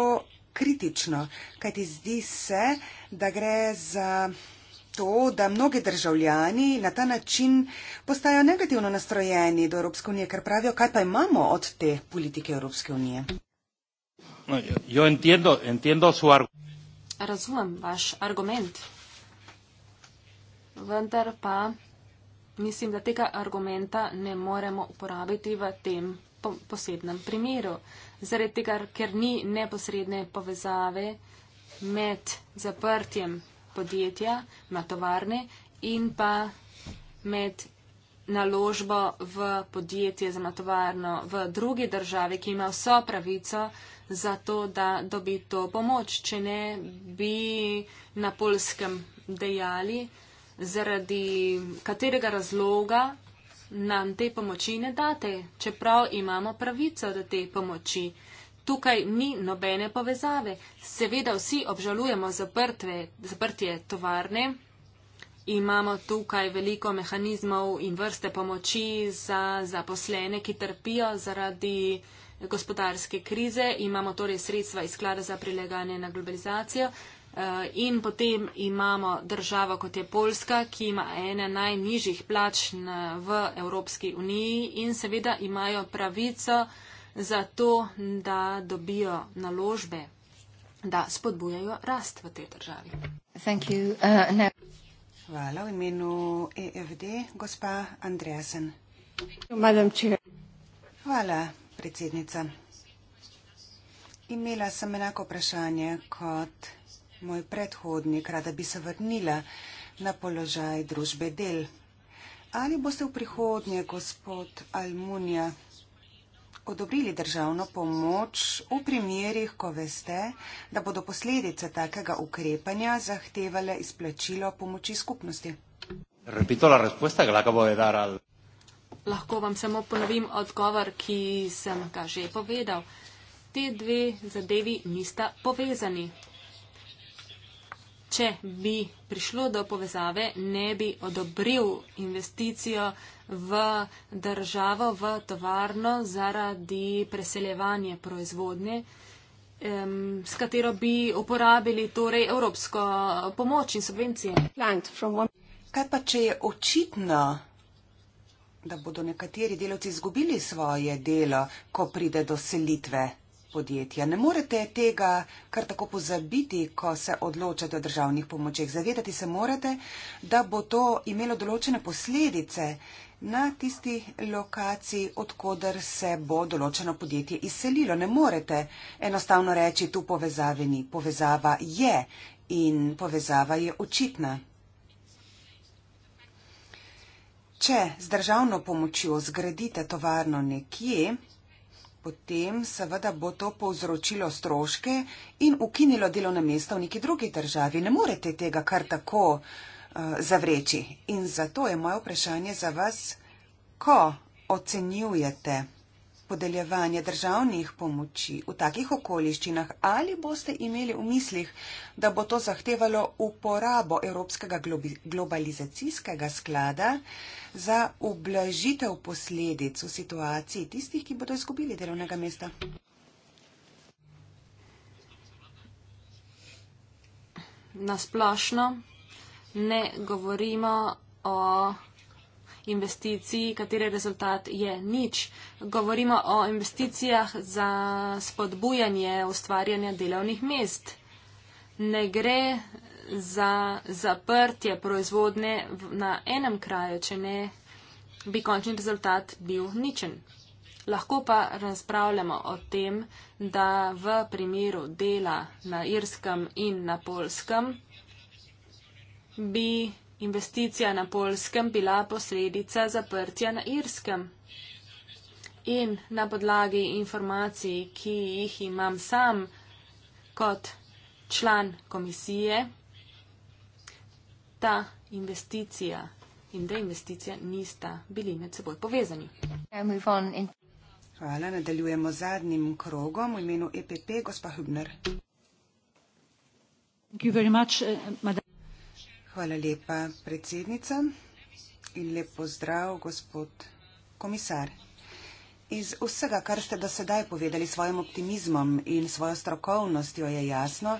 kritično, kajti zdi se, da gre za to, da mnogi državljani na ta način postajajo negativno nastrojeni do Evropske unije, ker pravijo, kaj pa imamo od te politike Evropske unije. No, yo entiendo, entiendo su argumento razumem vaš argument, vendar pa mislim, da tega argumenta ne moremo uporabiti v tem posebnem primeru, zaradi tega, ker ni neposredne povezave med zaprtjem podjetja, med tovarne in pa med naložbo v podjetje, za natovarno v drugi državi, ki ima vso pravico za to, da dobi to pomoč. Če ne bi na polskem dejali, zaradi katerega razloga nam te pomoči ne date, čeprav imamo pravico do te pomoči. Tukaj ni nobene povezave. Seveda vsi obžalujemo zaprtve, zaprtje tovarne imamo tukaj veliko mehanizmov in vrste pomoči za zaposlene, ki trpijo zaradi gospodarske krize. Imamo torej sredstva iz sklada za prileganje na globalizacijo. Eh, in potem imamo državo, kot je Poljska, ki ima ene najnižjih plač v Evropski uniji in seveda imajo pravico za to, da dobijo naložbe, da spodbujajo rast v tej državi. Uh, no. Hvala. V imenu EFD, gospa Andreasen. Hvala, predsednica. Imela sem enako vprašanje kot moj predhodnik, rada bi se vrnila na položaj družbe del. Ali boste v prihodnje, gospod Almunija, odobrili državno pomoč v primerjih, ko veste, da bodo posledice takega ukrepanja zahtevale izplačilo pomoči skupnosti? Repito, la respuesta, que la acabo de dar al... Lahko vam samo ponovim odgovor, ki sem ga že povedal. Te dve zadevi nista povezani če bi prišlo do povezave, ne bi odobril investicijo v državo, v tovarno zaradi preseljevanja proizvodnje, um, s katero bi uporabili torej evropsko pomoč in subvencije. Kaj pa, če je očitno, da bodo nekateri delavci izgubili svoje delo, ko pride do selitve? podjetja. Ne morete tega kar tako pozabiti, ko se odločate o državnih pomočeh. Zavedati se morate, da bo to imelo določene posledice na tisti lokaciji, odkudar se bo določeno podjetje izselilo. Ne morete enostavno reči, tu povezave ni. Povezava je in povezava je očitna. Če z državno pomočjo zgradite tovarno nekje, potem seveda bo to povzročilo stroške in ukinilo delovna mesta v neki drugi državi. Ne morete tega kar tako uh, zavreči. In zato je moje vprašanje za vas, ko ocenjujete podeljevanje državnih pomoči v takih okoliščinah ali boste imeli v mislih, da bo to zahtevalo uporabo Evropskega globalizacijskega sklada za ublažitev posledic v situaciji tistih, ki bodo izgubili delovnega mesta? Nasplošno ne govorimo o investiciji, katere rezultat je nič. Govorimo o investicijah za spodbujanje ustvarjanja delovnih mest. Ne gre za zaprtje proizvodne na enem kraju, če ne bi končni rezultat bil ničen. Lahko pa razpravljamo o tem, da v primeru dela na Irskem in na Polskem bi investicija na polskem bila posledica zaprtja na irskem. In na podlagi informacij, ki jih imam sam kot član komisije, ta investicija in da investicija nista bili med seboj povezani. Hvala. Nadaljujemo z zadnjim krogom v imenu EPP, gospa Hübner. Thank you very much, uh, madam. Hvala lepa, predsednica. In lep pozdrav, gospod komisar. Iz vsega, kar ste do sedaj povedali svojim optimizmom in svojo strokovnostjo, je jasno,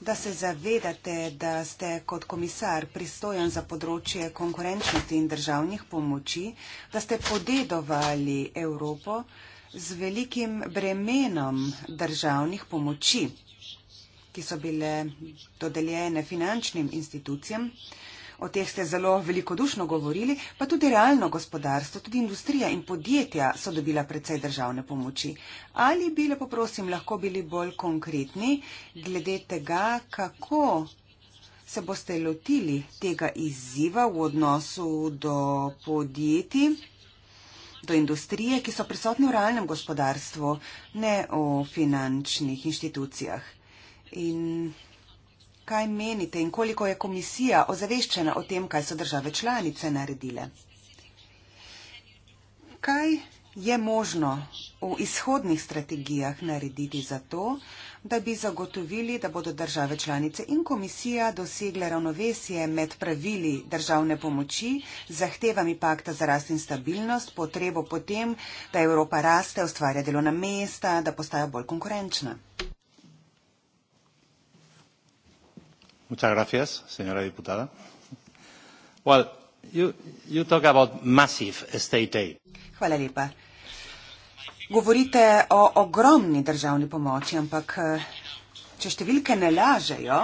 da se zavedate, da ste kot komisar pristojen za področje konkurenčnosti in državnih pomoči, da ste podedovali Evropo z velikim bremenom državnih pomoči ki so bile dodeljene finančnim institucijam. O teh ste zelo velikodušno govorili, pa tudi realno gospodarstvo, tudi industrija in podjetja so dobila precej državne pomoči. Ali bi lepo prosim lahko bili bolj konkretni glede tega, kako se boste lotili tega izziva v odnosu do podjetij, do industrije, ki so prisotni v realnem gospodarstvu, ne v finančnih inštitucijah. In kaj menite in koliko je komisija ozaveščena o tem, kaj so države članice naredile? Kaj je možno v izhodnih strategijah narediti za to, da bi zagotovili, da bodo države članice in komisija dosegle ravnovesje med pravili državne pomoči, zahtevami pakta za rast in stabilnost, potrebo potem, da Evropa raste, ustvarja delovna mesta, da postaja bolj konkurenčna? Muchas gracias, señora diputada. Well, you, you talk about massive state aid. Hvala lepa. Govorite o ogromni državni pomoči, ampak eh, če številke ne lažejo,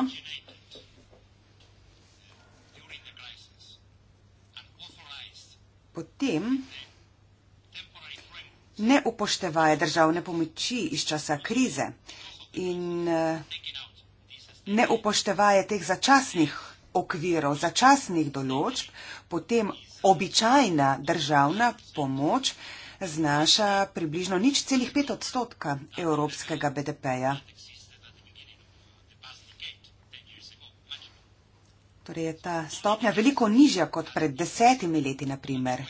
potem ne upoštevaje državne pomoči iz časa krize in uh, ne upoštevaje teh začasnih okvirov, začasnih določb, potem običajna državna pomoč znaša približno nič celih pet odstotka evropskega BDP-ja. Torej je ta stopnja veliko nižja kot pred desetimi leti, na primer.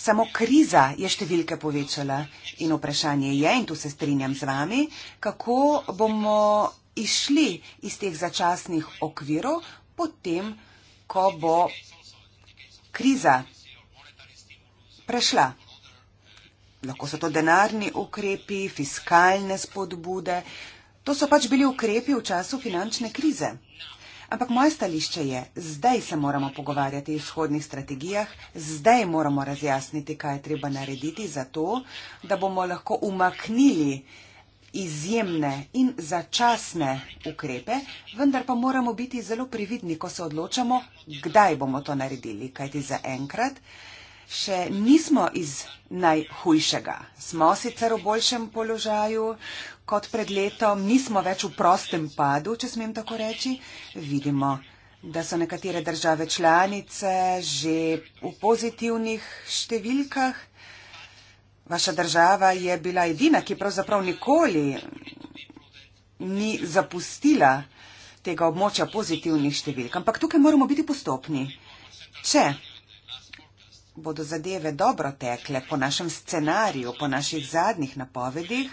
Samo kriza je številke povečala in vprašanje je, in tu se strinjam z vami, kako bomo izšli iz teh začasnih okvirov, potem, ko bo kriza prešla. Lahko so to denarni ukrepi, fiskalne spodbude, to so pač bili ukrepi v času finančne krize. Ampak moje stališče je, zdaj se moramo pogovarjati o izhodnih strategijah, zdaj moramo razjasniti, kaj je treba narediti za to, da bomo lahko umaknili izjemne in začasne ukrepe, vendar pa moramo biti zelo prividni, ko se odločamo, kdaj bomo to naredili, kajti zaenkrat še nismo iz najhujšega. Smo sicer v boljšem položaju kot pred letom, nismo več v prostem padu, če smem tako reči. Vidimo, da so nekatere države članice že v pozitivnih številkah, Vaša država je bila edina, ki pravzaprav nikoli ni zapustila tega območja pozitivnih številk. Ampak tukaj moramo biti postopni. Če bodo zadeve dobro tekle po našem scenariju, po naših zadnjih napovedih,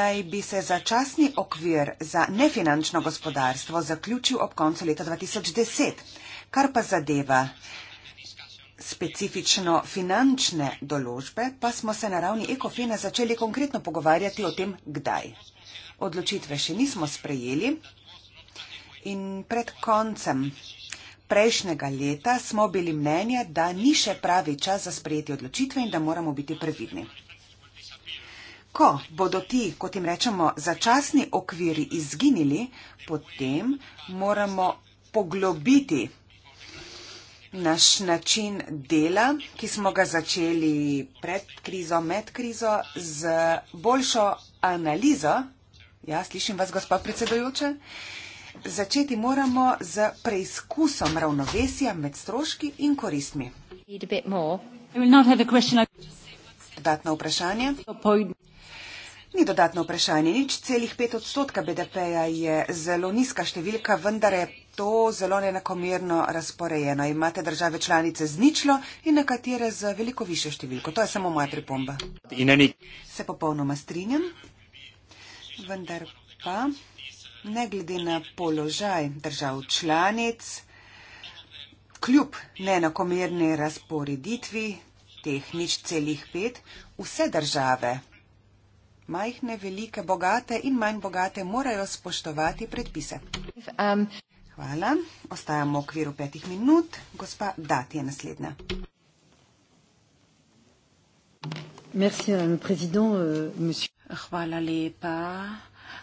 naj bi se začasni okvir za nefinančno gospodarstvo zaključil ob koncu leta 2010. Kar pa zadeva specifično finančne določbe, pa smo se na ravni ekofina začeli konkretno pogovarjati o tem, kdaj. Odločitve še nismo sprejeli in pred koncem prejšnjega leta smo bili mnenja, da ni še pravi čas za sprejeti odločitve in da moramo biti previdni. Ko bodo ti, kot jim rečemo, začasni okviri izginili, potem moramo poglobiti naš način dela, ki smo ga začeli pred krizo, med krizo, z boljšo analizo. Ja, slišim vas, gospod predsedujoče. Začeti moramo z preizkusom ravnovesja med stroški in koristmi. Dodatno vprašanje. Ni dodatno vprašanje. Nič celih pet odstotka BDP-ja je zelo nizka številka, vendar je to zelo neenakomerno razporejeno. Imate države članice z ničlo in nekatere z veliko više številko. To je samo moja pripomba. Se popolnoma strinjam, vendar pa ne glede na položaj držav članic, kljub neenakomerni razporeditvi teh nič celih pet, vse države. Majhne, velike, bogate in manj bogate morajo spoštovati predpise. Um. Hvala. Ostajamo v okviru petih minut. Gospa Dati je naslednja. Merci, euh, Hvala lepa,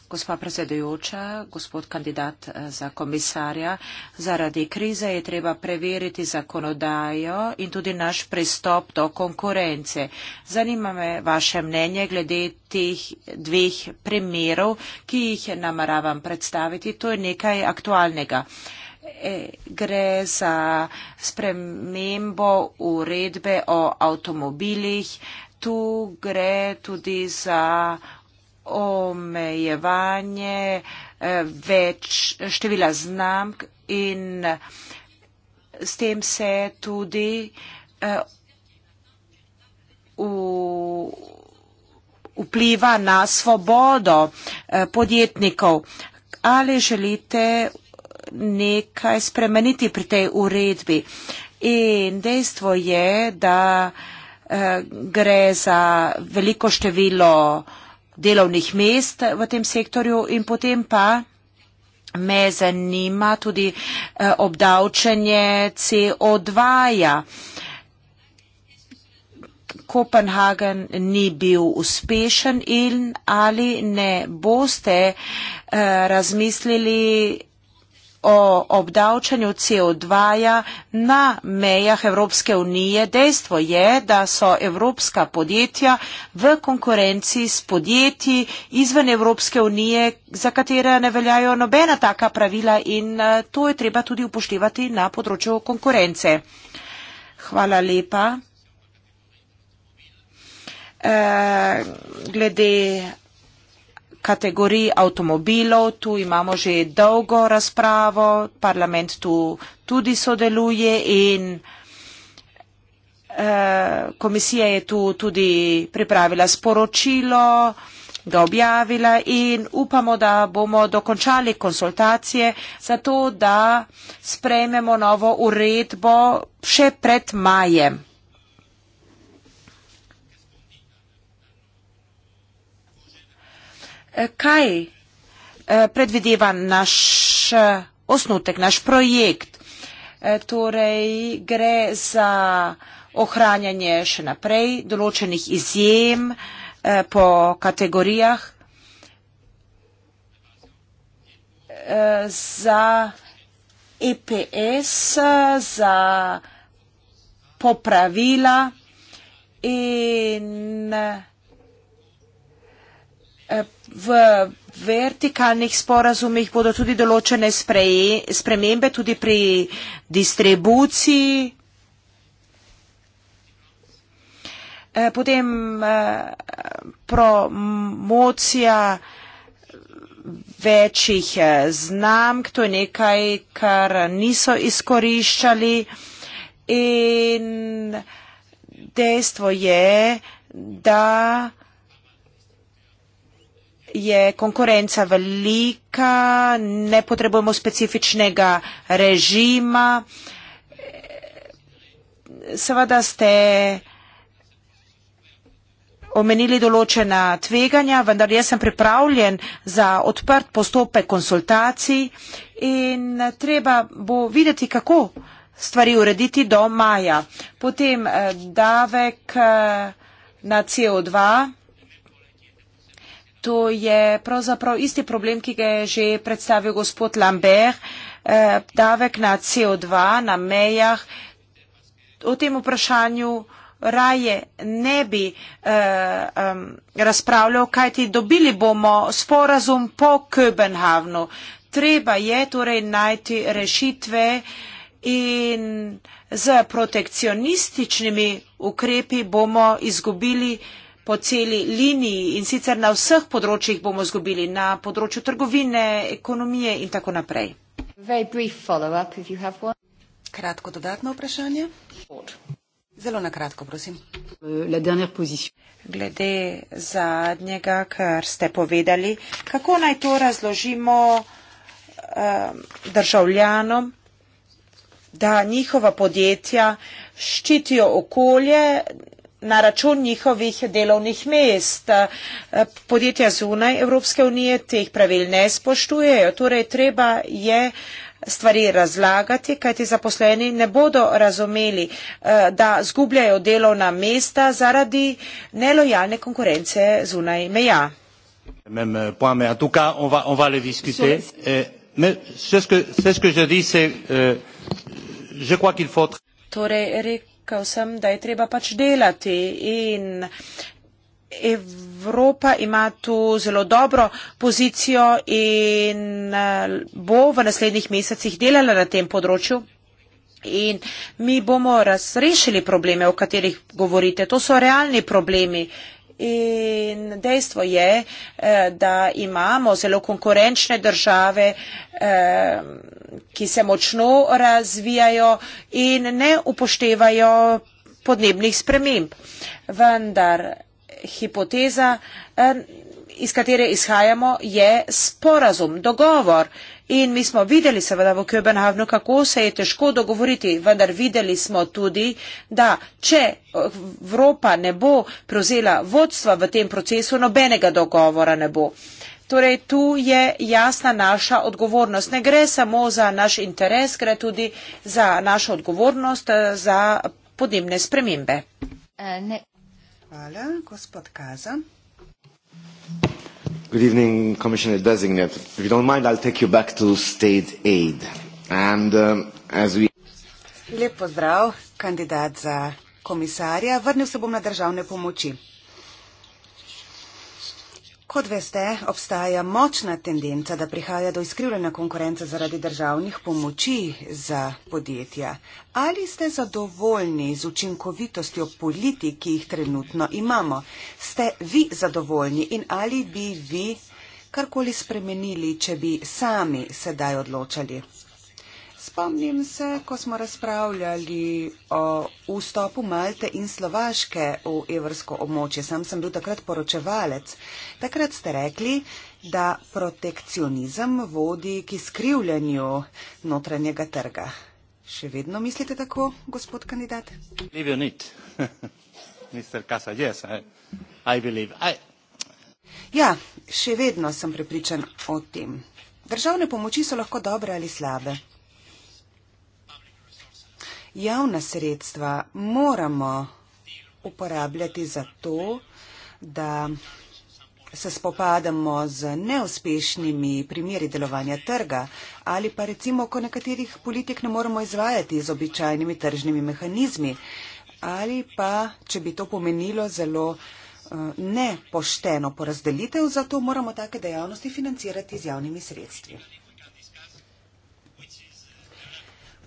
Gospa predsedujoča, gospod kandidat eh, za komisarja, zaradi krize je treba preveriti zakonodajo in tudi naš pristop do konkurence. Zanima me vaše mnenje glede teh dveh primerov, ki jih nameravam predstaviti. To je nekaj aktualnega. E, gre za spremembo uredbe o avtomobilih. Tu gre tudi za omejevanje eh, več števila znamk in eh, s tem se tudi eh, vpliva na svobodo podjetnikov. Ali želite nekaj spremeniti pri tej uredbi? In dejstvo je, da gre za veliko število uh, delovnih mest v tem sektorju in potem pa me zanima tudi eh, obdavčenje CO2-ja. Kopenhagen ni bil uspešen in ali ne boste eh, razmislili o obdavčanju CO2-ja na mejah Evropske unije. Dejstvo je, da so evropska podjetja v konkurenci s podjetji izven Evropske unije, za katere ne veljajo nobena taka pravila in eh, to je treba tudi upoštevati na področju konkurence. Hvala lepa. Uh, glede kategorij avtomobilov, tu imamo že dolgo razpravo, parlament tu tudi sodeluje in eh, komisija je tu tudi pripravila sporočilo, ga objavila in upamo, da bomo dokončali konsultacije za to, da sprejmemo novo uredbo še pred majem. kaj eh, predvideva naš eh, osnutek, naš projekt. Eh, torej, gre za ohranjanje še naprej določenih izjem po kategorijah za EPS, za popravila in Eh, v vertikalnih sporazumih bodo tudi določene spremembe tudi pri distribuciji. Eh, potem eh, promocija večjih znamk, to je nekaj, kar niso izkoriščali in dejstvo je, da je konkurenca velika, ne potrebujemo specifičnega režima. Seveda ste omenili določena tveganja, vendar jaz sem pripravljen za odprt postopek konsultacij in treba bo videti, kako stvari urediti do maja. Potem eh, davek eh, na CO2 to je pravzaprav isti problem, ki ga je že predstavil gospod Lambert, eh, davek na CO2 na mejah. O tem vprašanju raje ne bi eh, um, razpravljal, kajti dobili bomo sporazum po Köbenhavnu. Treba je torej najti rešitve in z protekcionističnimi ukrepi bomo izgubili po celi liniji in sicer na vseh področjih bomo zgubili, na področju trgovine, ekonomije in tako naprej. Kratko dodatno vprašanje. Zelo na kratko, prosim. Glede zadnjega, kar ste povedali, kako naj to razložimo um, državljanom, da njihova podjetja ščitijo okolje, na račun njihovih delovnih mest. Podjetja zunaj Evropske unije teh pravil ne spoštujejo, torej treba je stvari razlagati, kajti zaposleni ne bodo razumeli, eh, da zgubljajo delovna mesta zaradi nelojalne konkurence zunaj meja. Torej, rekel, rekel sem, da je treba pač delati in Evropa ima tu zelo dobro pozicijo in eh, bo v naslednjih mesecih delala na tem področju. In mi bomo razrešili probleme, o katerih govorite. To so realni problemi. In dejstvo je, eh, da imamo zelo konkurenčne države, eh, ki se močno razvijajo in ne upoštevajo podnebnih sprememb. Vendar hipoteza, eh, iz katere izhajamo, je sporazum, dogovor. In mi smo videli seveda v Köbenhavnu, kako se je težko dogovoriti, vendar videli smo tudi, da če Evropa ne bo prevzela vodstva v tem procesu, nobenega dogovora ne bo. Torej, tu je jasna naša odgovornost. Ne gre samo za naš interes, gre tudi za našo odgovornost eh, za podnebne spremembe. E, Hvala, gospod Kazan. Good evening, Commissioner Designate. If you don't mind, I'll take you back to state aid. And um, as we. Lep pozdrav, kandidat za komisarja. Vrnil se bom na državne pomoči. Kot veste, obstaja močna tendenca, da prihaja do izkrivljena konkurenca zaradi državnih pomoči za podjetja. Ali ste zadovoljni z učinkovitostjo politik, ki jih trenutno imamo? Ste vi zadovoljni in ali bi vi karkoli spremenili, če bi sami sedaj odločali? Spomnim se, ko smo razpravljali o vstopu Malte in Slovaške v evrsko območje. Sam sem bil takrat poročevalec. Takrat ste rekli, da protekcionizem vodi k skrivljanju notranjega trga. Še vedno mislite tako, gospod kandidat? Ja, še vedno sem prepričan o tem. Državne pomoči so lahko dobre ali slabe javna sredstva moramo uporabljati za to, da se spopadamo z neuspešnimi primeri delovanja trga ali pa recimo, ko nekaterih politik ne moremo izvajati z običajnimi tržnimi mehanizmi ali pa, če bi to pomenilo zelo eh, nepošteno porazdelitev, zato moramo take dejavnosti financirati z javnimi sredstvi.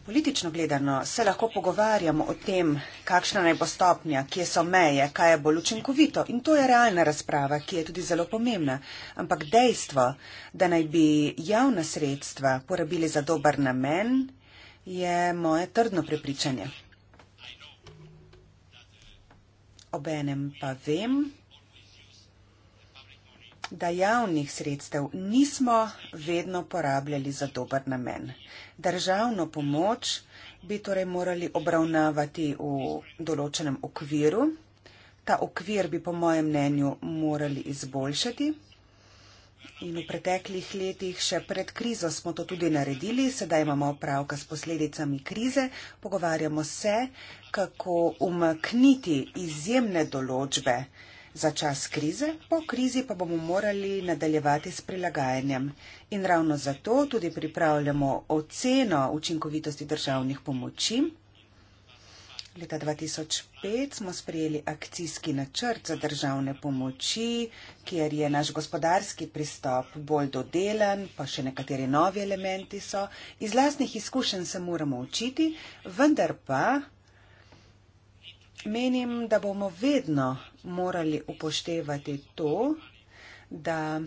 Politično gledano se lahko pogovarjamo o tem, kakšna naj bo stopnja, kje so meje, kaj je bolj učinkovito in to je realna razprava, ki je tudi zelo pomembna. Ampak dejstvo, da naj bi javna sredstva porabili za dober namen, je moje trdno prepričanje. Obenem pa vem, da javnih sredstev nismo vedno porabljali za dober namen. Državno pomoč bi torej morali obravnavati v določenem okviru. Ta okvir bi po mojem mnenju morali izboljšati. In v preteklih letih, še pred krizo, smo to tudi naredili, sedaj imamo opravka s posledicami krize, pogovarjamo se, kako umakniti izjemne določbe, eh, Za čas krize, po krizi pa bomo morali nadaljevati s prilagajanjem. In ravno zato tudi pripravljamo oceno učinkovitosti državnih pomoči. Leta 2005 smo sprejeli akcijski načrt za državne pomoči, kjer je naš gospodarski pristop bolj dodelan, pa še nekateri novi elementi so. Iz lastnih izkušenj se moramo učiti, vendar pa menim, da bomo vedno morali upoštevati to, da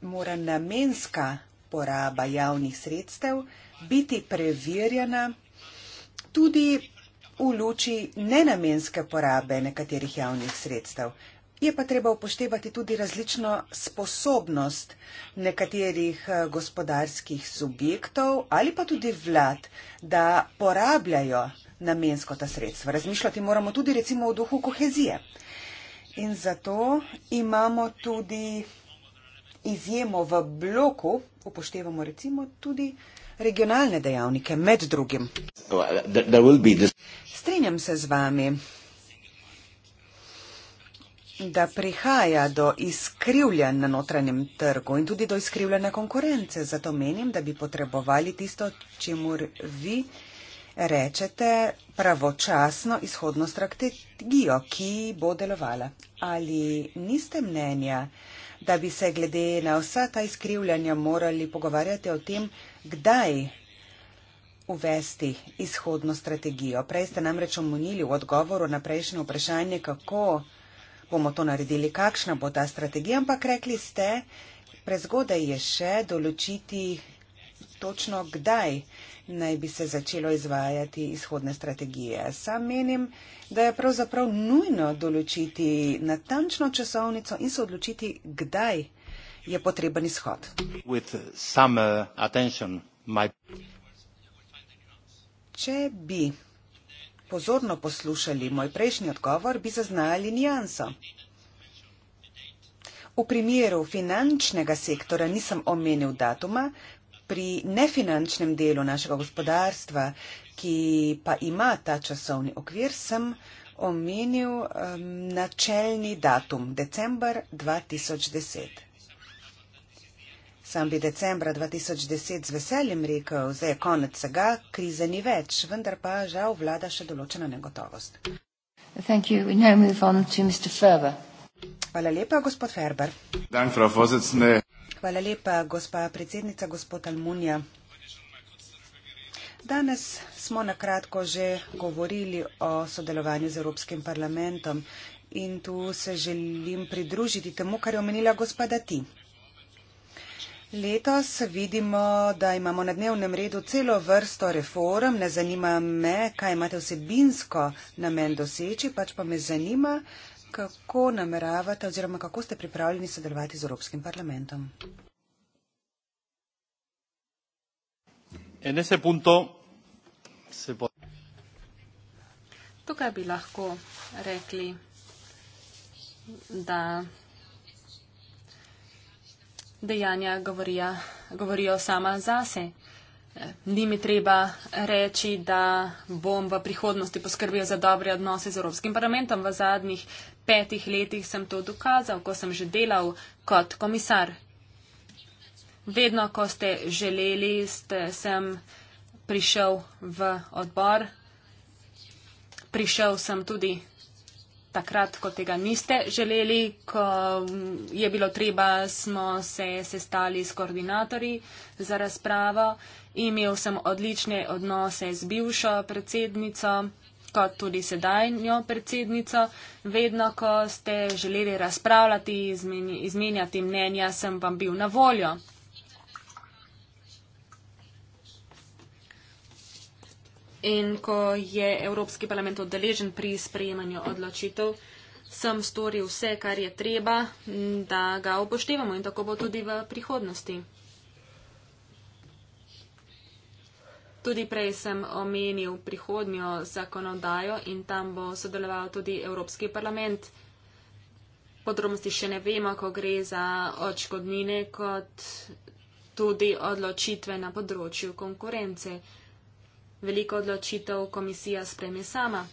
mora namenska poraba javnih sredstev biti preverjena tudi v luči nenamenske porabe nekaterih javnih sredstev. Je pa treba upoštevati tudi različno sposobnost nekaterih eh, gospodarskih subjektov ali pa tudi vlad, da porabljajo namensko ta sredstva. Razmišljati moramo tudi recimo v duhu kohezije. In zato imamo tudi izjemo v bloku, upoštevamo recimo tudi regionalne dejavnike med drugim. Strinjam se z vami, da prihaja do izkrivljanja na notranjem trgu in tudi do izkrivljanja konkurence. Zato menim, da bi potrebovali tisto, čemu vi rečete pravočasno izhodno strategijo, ki bo delovala. Ali niste mnenja, da bi se glede na vsa ta izkrivljanja morali pogovarjati o tem, kdaj uvesti izhodno strategijo? Prej ste namreč omenili v odgovoru na prejšnje vprašanje, kako bomo to naredili, kakšna bo ta strategija, ampak rekli ste, prezgodaj je še določiti točno, kdaj naj bi se začelo izvajati izhodne strategije. Sam menim, da je pravzaprav nujno določiti natančno časovnico in se odločiti, kdaj je potreben izhod. Uh, Če bi pozorno poslušali moj prejšnji odgovor, bi zaznali nijanso. V primeru finančnega sektora nisem omenil datuma, pri nefinančnem delu našega gospodarstva, ki pa ima ta časovni okvir, sem omenil um, načelni datum, decembar 2010. Sam bi decembra 2010 z veseljem rekel, zdaj je konec vsega, krize ni več, vendar pa žal vlada še določena negotovost. Hvala lepa, gospod Ferber. Dan, Hvala lepa, gospa predsednica, gospod Almunija. Danes smo nakratko že govorili o sodelovanju z Evropskim parlamentom in tu se želim pridružiti temu, kar je omenila gospoda Ti. Letos vidimo, da imamo na dnevnem redu celo vrsto reform. Ne zanima me, kaj imate vsebinsko namen doseči, pač pa me zanima, Kako nameravate oziroma kako ste pripravljeni sodelovati z Evropskim parlamentom? Tukaj bi lahko rekli, da dejanja govorijo, govorijo sama zase. Eh, ni mi treba reči, da bom v prihodnosti poskrbel za dobre odnose z Evropskim parlamentom. V zadnjih petih letih sem to dokazal, ko sem že delal kot komisar. Vedno, ko ste želeli, ste, sem prišel v odbor. Prišel sem tudi takrat, ko tega niste želeli, ko mm, je bilo treba, smo se sestali s koordinatorji za razpravo. Imel sem odlične odnose z bivšo predsednico kot tudi sedajnjo predsednico, vedno, ko ste želeli razpravljati, izmenjati mnenja, sem vam bil na voljo. In ko je Evropski parlament odeležen pri sprejemanju odločitev, sem storil vse, kar je treba, da ga upoštevamo in tako bo tudi v prihodnosti. Tudi prej sem omenil prihodnjo zakonodajo in tam bo sodeloval tudi Evropski parlament. Podrobnosti še ne vemo, ko gre za očkodnine, kot tudi odločitve na področju konkurence. Veliko odločitev komisija spreme sama.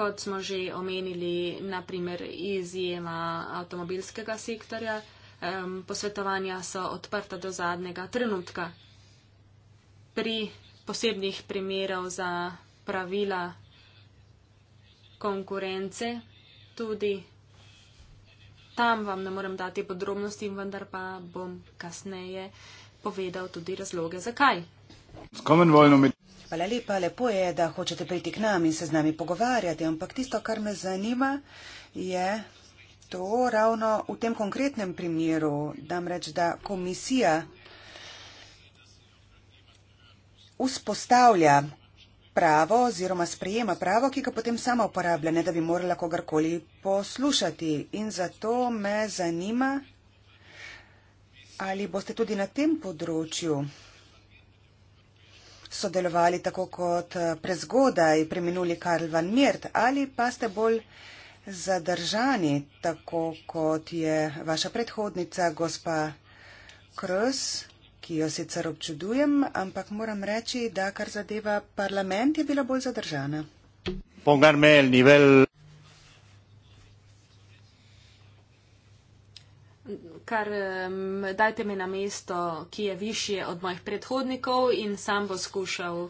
kot smo že omenili, naprimer izjema avtomobilskega sektorja. Um, posvetovanja so odprta do zadnjega trenutka. Pri posebnih primerov za pravila konkurence tudi. Tam vam ne morem dati podrobnosti, vendar pa bom kasneje povedal tudi razloge, zakaj. S komen voljno med Hvala lepa, lepo je, da hočete priti k nam in se z nami pogovarjati, ampak tisto, kar me zanima, je to ravno v tem konkretnem primeru, dam reč, da komisija vzpostavlja pravo oziroma sprejema pravo, ki ga potem sama uporablja, ne da bi morala kogarkoli poslušati. In zato me zanima, ali boste tudi na tem področju sodelovali tako kot eh, prezgodaj, preminuli Karl van Mirt, ali pa ste bolj zadržani, tako kot je vaša predhodnica, gospa Kros, ki jo sicer občudujem, ampak moram reči, da kar zadeva parlament, je bila bolj zadržana. Pongarme el nivel. kar um, dajte mi na mesto, ki je višje od mojih predhodnikov in sam bo skušal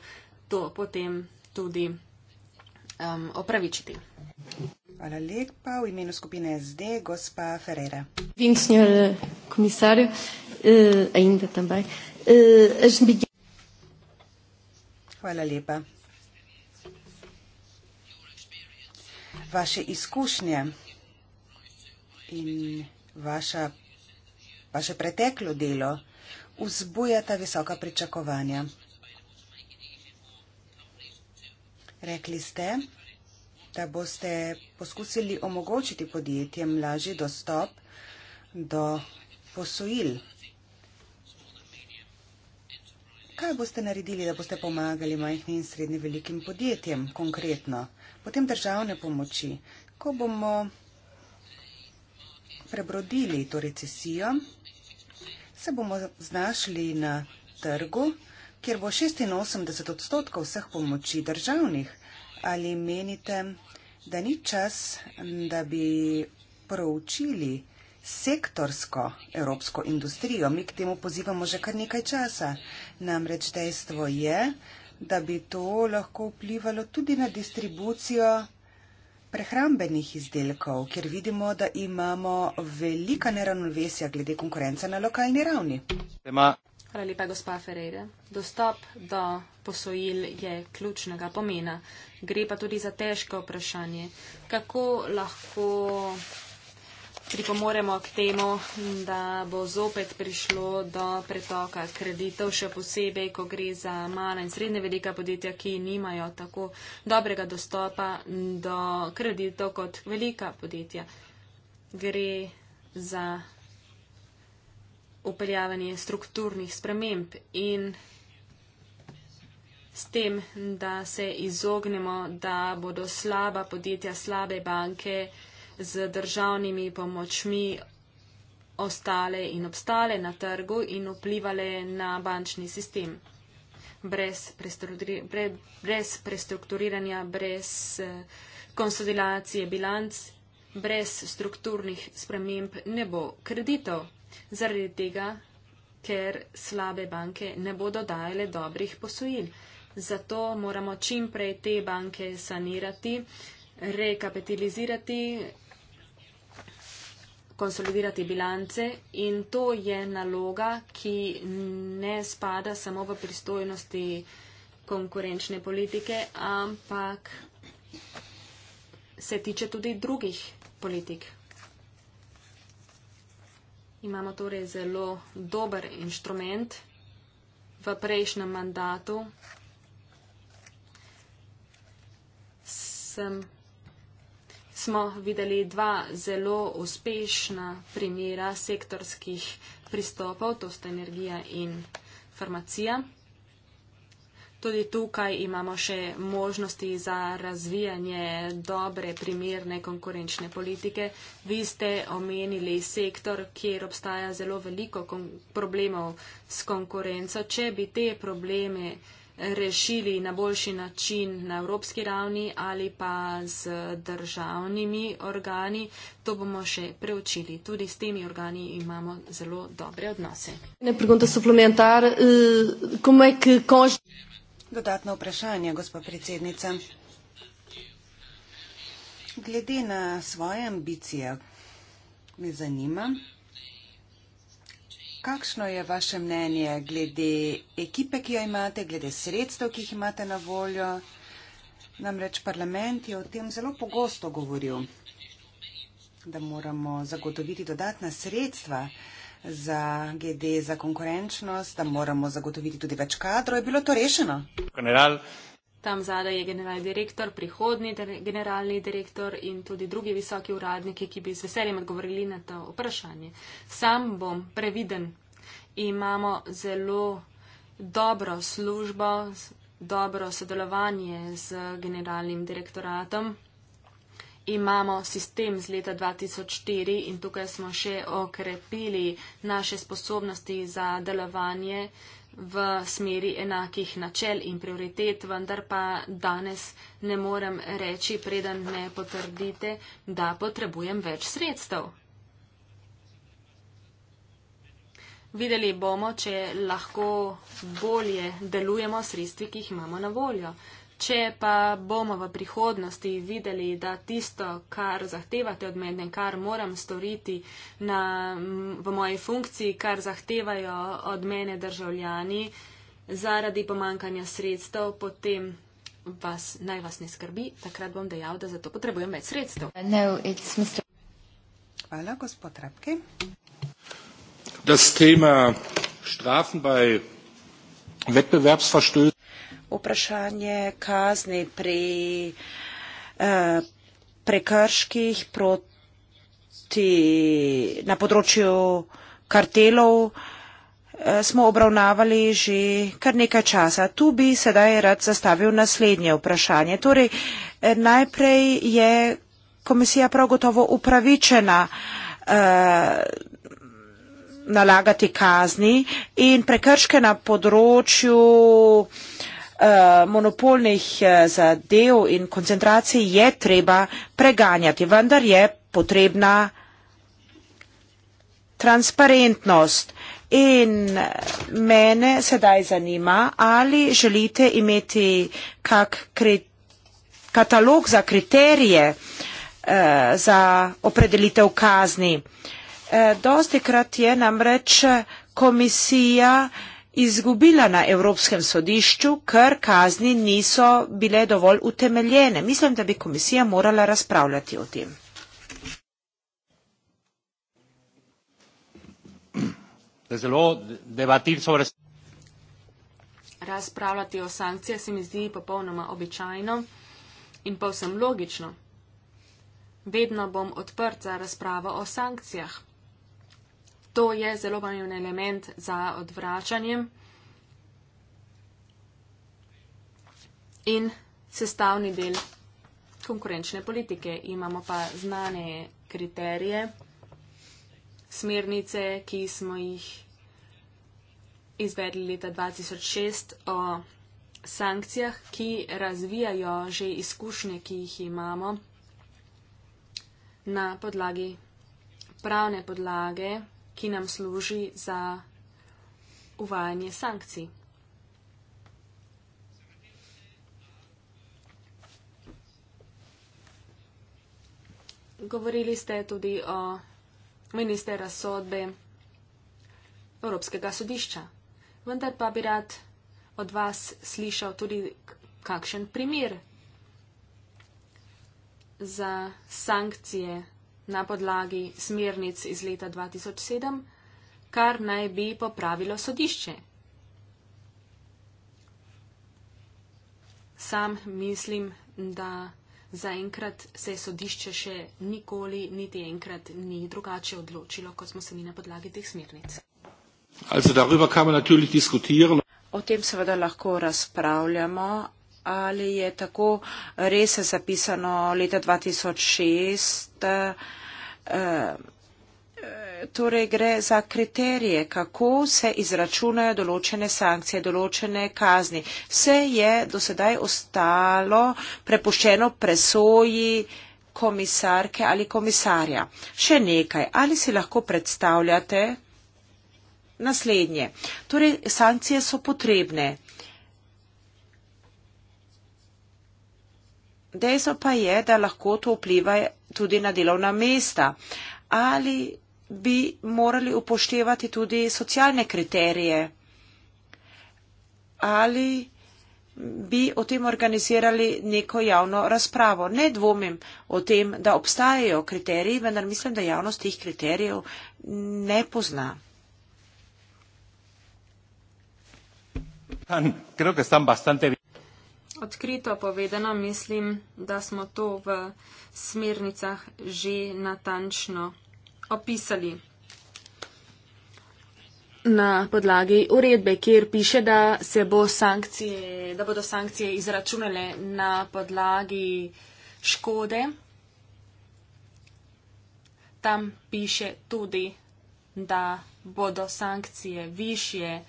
to potem tudi um, opravičiti. Hvala lepa v imenu skupine SD, gospa Ferreira. Vem, gospod komisar, in da tam baj. Hvala lepa. Vaše izkušnje in vaša pa še preteklo delo, vzbujata visoka pričakovanja. Rekli ste, da boste poskusili omogočiti podjetjem lažji dostop do posojil. Kaj boste naredili, da boste pomagali majhnim in srednji velikim podjetjem konkretno? Potem državne pomoči. Ko bomo prebrodili to recesijo, se bomo znašli na trgu, kjer bo 86 odstotkov vseh pomoči državnih. Ali menite, da ni čas, da bi proučili sektorsko evropsko industrijo? Mi k temu pozivamo že kar nekaj časa. Namreč dejstvo je, da bi to lahko vplivalo tudi na distribucijo prehrambenih izdelkov, kjer vidimo, da imamo velika neravnovesja glede konkurence na lokalni ravni. Hvala lepa, gospa Ferreira. Dostop do posojil je ključnega pomena. Gre pa tudi za težko vprašanje, kako lahko pripomoremo k temu, da bo zopet prišlo do pretoka kreditov, še posebej, ko gre za mala in srednje velika podjetja, ki nimajo tako dobrega dostopa do kreditov kot velika podjetja. Gre za upeljavanje strukturnih sprememb in s tem, da se izognemo, da bodo slaba podjetja, slabe banke, z državnimi pomočmi ostale in obstale na trgu in vplivale na bančni sistem. Brez, prestrukturir brez prestrukturiranja, brez eh, konsolidacije bilanc, brez strukturnih sprememb ne bo kreditov. Zaradi tega, ker slabe banke ne bodo dajale dobrih posojil. Zato moramo čim prej te banke sanirati, rekapitalizirati konsolidirati bilance in to je naloga, ki ne spada samo v pristojnosti konkurenčne politike, ampak se tiče tudi drugih politik. Imamo torej zelo dober inštrument v prejšnjem mandatu. Sem smo videli dva zelo uspešna primera sektorskih pristopov, to sta energija in farmacija. Tudi tukaj imamo še možnosti za razvijanje dobre, primerne konkurenčne politike. Vi ste omenili sektor, kjer obstaja zelo veliko problemov s konkurenco. Če bi te probleme rešili na boljši način na evropski ravni ali pa z državnimi organi. To bomo še preučili. Tudi s temi organi imamo zelo dobre odnose. Eh, Dodatno vprašanje, gospod predsednica. Glede na svoje ambicije, me zanima. Kakšno je vaše mnenje glede ekipe, ki jo imate, glede sredstev, ki jih imate na voljo? Namreč parlament je o tem zelo pogosto govoril, da moramo zagotoviti dodatna sredstva za GD, za konkurenčnost, da moramo zagotoviti tudi več kadrov. Je bilo to rešeno? General, Tam zadaj je generalni direktor, prihodni generalni direktor in tudi drugi visoki uradniki, ki bi z veseljem odgovorili na to vprašanje. Sam bom previden. Imamo zelo dobro službo, dobro sodelovanje z generalnim direktoratom. Imamo sistem z leta 2004 in tukaj smo še okrepili naše sposobnosti za delovanje v smeri enakih načel in prioritet, vendar pa danes ne morem reči, preden ne potrdite, da potrebujem več sredstev. Videli bomo, če lahko bolje delujemo sredstvi, ki jih imamo na voljo. Če pa bomo v prihodnosti videli, da tisto, kar zahtevate od mene, kar moram storiti na, v moji funkciji, kar zahtevajo od mene državljani zaradi pomankanja sredstev, potem vas, naj vas ne skrbi, takrat bom dejal, da za to potrebujem več sredstev. No, Hvala, gospod Rabke. Das Thema Strafen bei Wettbewerbsverstößen vprašanje kazni pri eh, prekrških proti, na področju kartelov eh, smo obravnavali že kar nekaj časa. Tu bi sedaj rad zastavil naslednje vprašanje. Torej, eh, najprej je komisija prav gotovo upravičena eh, nalagati kazni in prekrške na področju eh, Eh, monopolnih eh, zadev in koncentracij je treba preganjati, vendar je potrebna transparentnost. In eh, mene sedaj zanima, ali želite imeti kak katalog za kriterije za opredelitev kazni. Dosti krat je namreč komisija izgubila na Evropskem sodišču, ker kazni niso bile dovolj utemeljene. Mislim, da bi komisija morala razpravljati o tem. Razpravljati o sankcijah se mi zdi popolnoma običajno in povsem logično. Vedno bom odprt za razpravo o sankcijah to je zelo pomemben element za odvračanje in sestavni del konkurenčne politike. Imamo pa znane kriterije, smernice, ki smo jih izvedli leta 2006 o sankcijah, ki razvijajo že izkušnje, ki jih imamo na podlagi pravne podlage ki nam služi za uvajanje sankcij. Govorili ste tudi o ministre razsodbe Evropskega sodišča. Vendar pa bi rad od vas slišal tudi kakšen primer za sankcije na podlagi smernic iz leta 2007, kar naj bi popravilo sodišče. Sam mislim, da zaenkrat se sodišče še nikoli, niti enkrat ni drugače odločilo, kot smo se mi na podlagi teh smernic. O tem seveda lahko razpravljamo, ali je tako res zapisano leta 2006. Eh, torej gre za kriterije, kako se izračunajo določene sankcije, določene kazni. Vse je dosedaj ostalo prepuščeno presoji komisarke ali komisarja. Še nekaj, ali si lahko predstavljate naslednje. Torej, sankcije so potrebne. Dejstvo pa je, da lahko to vplivajo tudi na delovna mesta? Ali bi morali upoštevati tudi socialne kriterije? Ali bi o tem organizirali neko javno razpravo? Ne dvomim o tem, da obstajajo kriteriji, vendar mislim, da javnost teh kriterijev ne pozna. Creo que están bastante bien. Odkrito povedano mislim, da smo to v smernicah že natančno opisali. Na podlagi uredbe, kjer piše, da, se bo sankcije, da bodo sankcije izračunale na podlagi škode, tam piše tudi, da bodo sankcije višje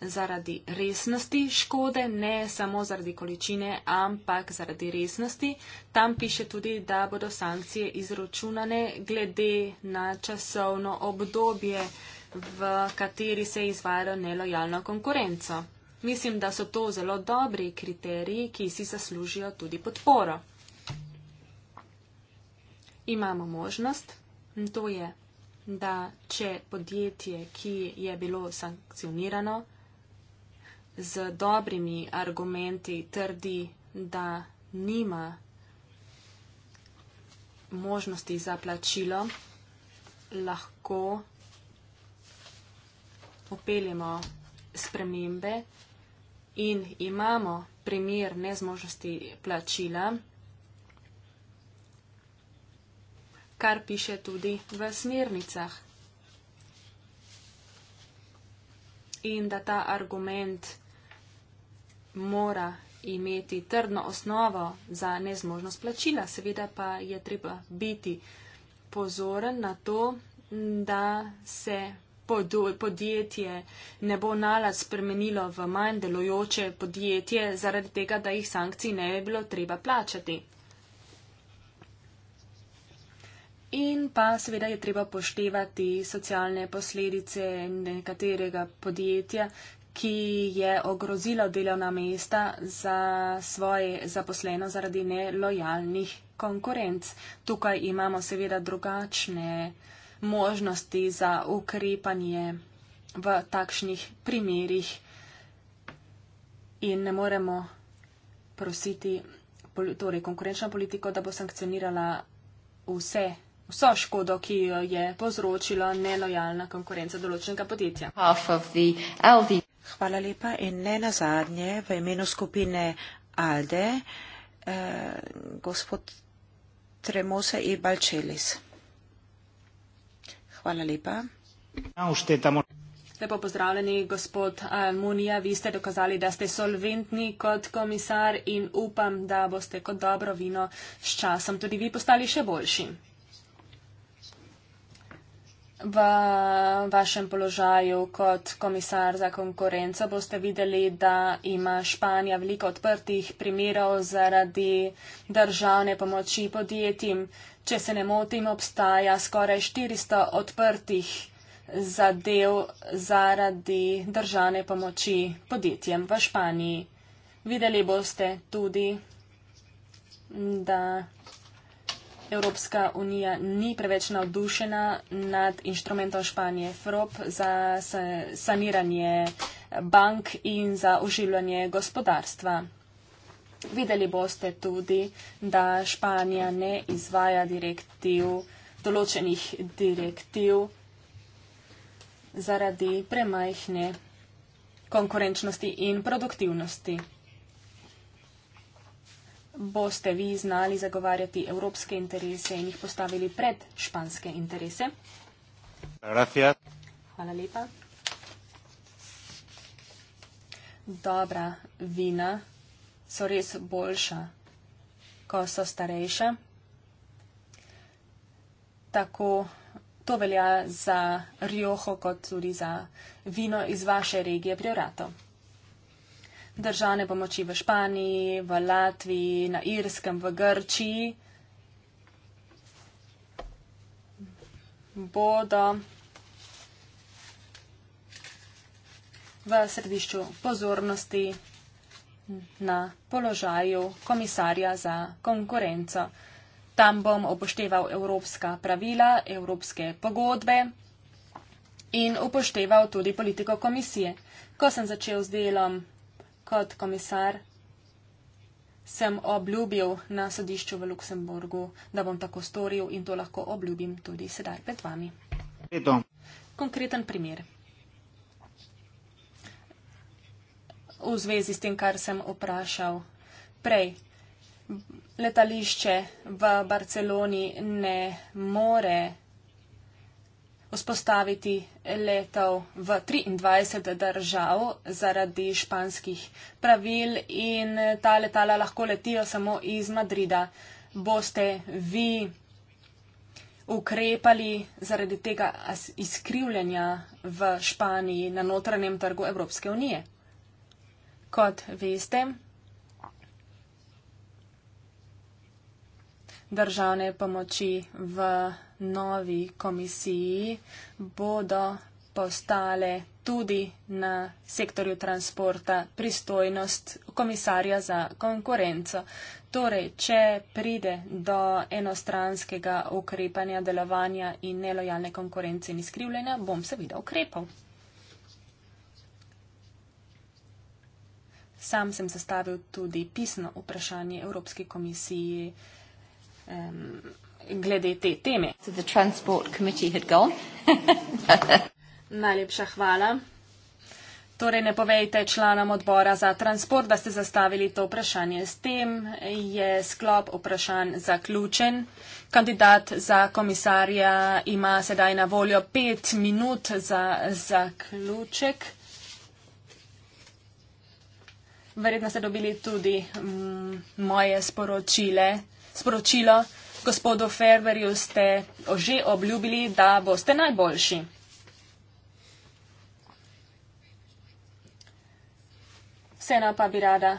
zaradi resnosti škode, ne samo zaradi količine, ampak zaradi resnosti. Tam piše tudi, da bodo sankcije izračunane glede na časovno obdobje, v kateri se izvajajo nelojalno konkurenco. Mislim, da so to zelo dobri kriteriji, ki si zaslužijo tudi podporo. Imamo možnost, to je, da če podjetje, ki je bilo sankcionirano, z dobrimi argumenti trdi, da nima možnosti za plačilo, lahko upeljemo spremembe in imamo primer nezmožnosti plačila, kar piše tudi v smernicah. In da ta argument mora imeti trdno osnovo za nezmožnost plačila. Seveda pa je treba biti pozoren na to, da se podjetje ne bo nalad spremenilo v manj delojoče podjetje zaradi tega, da jih sankcij ne bi bilo treba plačati. In pa seveda je treba poštevati socialne posledice nekaterega podjetja, ki je ogrozilo delovna mesta za svoje zaposleno zaradi nelojalnih konkurenc. Tukaj imamo seveda drugačne možnosti za ukrepanje v takšnih primerih in ne moremo prositi torej, konkurenčno politiko, da bo sankcionirala vse. Vso škodo, ki jo je povzročila nelojalna konkurenca določenega podjetja. Hvala lepa in ne na zadnje v imenu skupine ALDE, eh, gospod Tremose i Balčelis. Hvala lepa. Lepo pozdravljeni, gospod Almunija. Eh, vi ste dokazali, da ste solventni kot komisar in upam, da boste kot dobro vino s časom tudi vi postali še boljši. V vašem položaju kot komisar za konkurenco boste videli, da ima Španija veliko odprtih primerov zaradi državne pomoči podjetjem. Če se ne motim, obstaja skoraj 400 odprtih zadev zaradi državne pomoči podjetjem v Španiji. Videli boste tudi, da Evropska unija ni preveč navdušena nad inštrumentom Španije FROP za saniranje bank in za oživljanje gospodarstva. Videli boste tudi, da Španija ne izvaja direktiv, določenih direktiv zaradi premajhne konkurenčnosti in produktivnosti boste vi znali zagovarjati evropske interese in jih postavili pred španske interese? Gracias. Hvala lepa. Dobra vina so res boljša, ko so starejša. Tako to velja za Rjoho, kot tudi za vino iz vaše regije Prioratov državne pomoči v Španiji, v Latviji, na Irskem, v Grčiji bodo v središču pozornosti na položaju komisarja za konkurenco. Tam bom upošteval evropska pravila, evropske pogodbe in upošteval tudi politiko komisije. Ko sem začel z delom kot komisar sem obljubil na sodišču v Luksemburgu, da bom tako storil in to lahko obljubim tudi sedaj pred vami. Eto. Konkreten primer. V zvezi s tem, kar sem vprašal prej, letališče v Barceloni ne more vzpostaviti letov v 23 držav zaradi španskih pravil in ta letala lahko letijo samo iz Madrida. Boste vi ukrepali zaradi tega izkrivljanja v Španiji na notranjem trgu Evropske unije? Kot veste, državne pomoči v novi komisiji bodo postale tudi na sektorju transporta pristojnost komisarja za konkurenco. Torej, če pride do enostranskega ukrepanja, delovanja in nelojalne konkurence in izkrivljenja, bom seveda ukrepal. Sam sem zastavil tudi pisno vprašanje Evropski komisiji um, glede te teme. Najlepša hvala. Torej, ne povejte članom odbora za transport, da ste zastavili to vprašanje. S tem je sklop vprašanj zaključen. Kandidat za komisarja ima sedaj na voljo pet minut za zaključek. Verjetno ste dobili tudi m, mm, moje sporočile sporočilo. Gospodu Ferverju ste že obljubili, da boste najboljši. Vseeno pa bi rada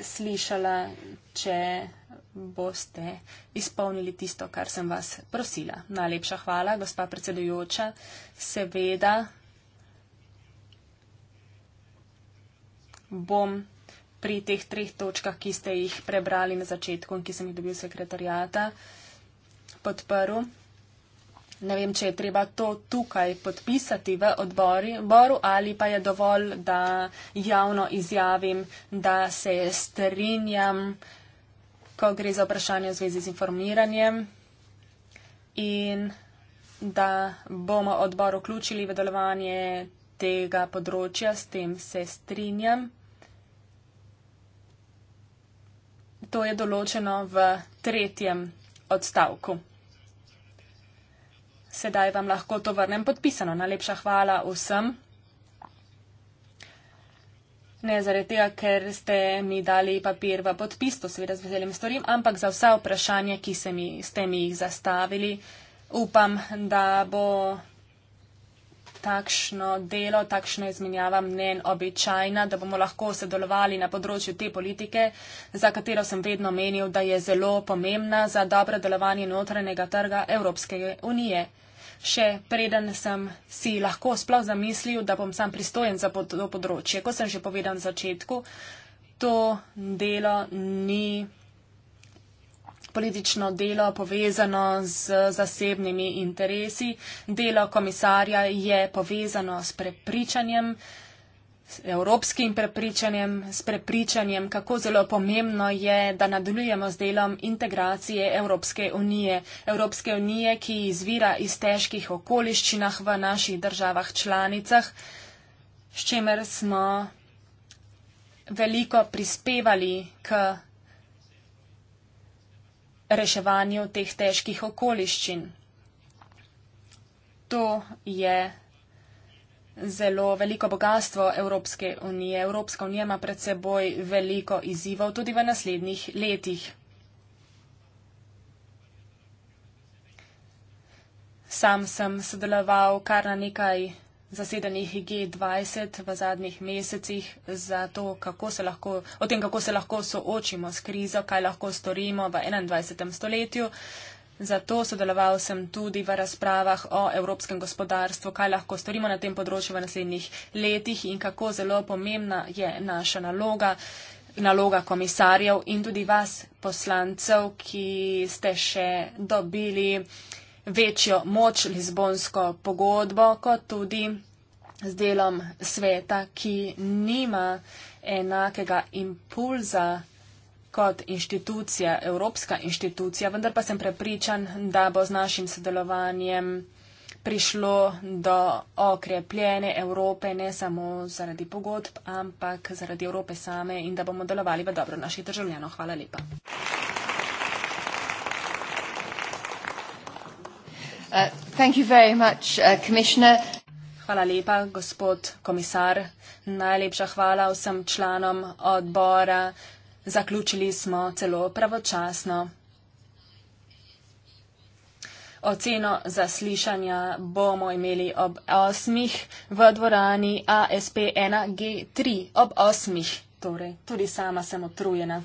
slišala, če boste izpolnili tisto, kar sem vas prosila. Najlepša hvala, gospa predsedujoča. Seveda bom pri teh treh točkah, ki ste jih prebrali na začetku in ki sem jih dobil sekretarjata, podprl. Ne vem, če je treba to tukaj podpisati v odboru ali pa je dovolj, da javno izjavim, da se strinjam, ko gre za vprašanje v zvezi z informiranjem in da bomo odbor vključili v delovanje tega področja, s tem se strinjam. to je določeno v tretjem odstavku. Sedaj vam lahko to vrnem podpisano. Najlepša hvala vsem. Ne zaradi tega, ker ste mi dali papir v podpis, to seveda z veseljem storim, ampak za vsa vprašanja, ki mi, ste mi jih zastavili, upam, da bo takšno delo, takšno izmenjava mnen običajna, da bomo lahko sodelovali na področju te politike, za katero sem vedno menil, da je zelo pomembna za dobro delovanje notranjega trga Evropske unije. Še preden sem si lahko sploh zamislil, da bom sam pristojen za to področje. Ko sem že povedal na začetku, to delo ni politično delo povezano z zasebnimi interesi. Delo komisarja je povezano s prepričanjem, s evropskim prepričanjem, s prepričanjem, kako zelo pomembno je, da nadaljujemo z delom integracije Evropske unije. Evropske unije, ki izvira iz težkih okoliščinah v naših državah članicah, s čemer smo veliko prispevali k reševanju teh težkih okoliščin. To je zelo veliko bogatstvo Evropske unije. Evropska unija ima pred seboj veliko izzivov tudi v naslednjih letih. Sam sem sodeloval kar na nekaj zasedanjih G20 v zadnjih mesecih za to, kako se lahko, o tem, kako se lahko soočimo s krizo, kaj lahko storimo v 21. stoletju. Zato sodeloval sem tudi v razpravah o evropskem gospodarstvu, kaj lahko storimo na tem področju v naslednjih letih in kako zelo pomembna je naša naloga, naloga komisarjev in tudi vas, poslancev, ki ste še dobili uh, večjo moč Lizbonsko pogodbo, kot tudi z delom sveta, ki nima enakega impulza kot inštitucija, evropska inštitucija, vendar pa sem prepričan, da bo z našim sodelovanjem prišlo do okrepljene Evrope, ne samo zaradi pogodb, ampak zaradi Evrope same in da bomo delovali v dobro naših državljanov. Hvala lepa. Uh, uh, hvala lepa, gospod komisar. Najlepša hvala vsem članom odbora. Zaključili smo celo pravočasno. Oceno zaslišanja bomo imeli ob osmih v dvorani ASP1G3. Ob osmih, torej. Tudi sama sem otrujena.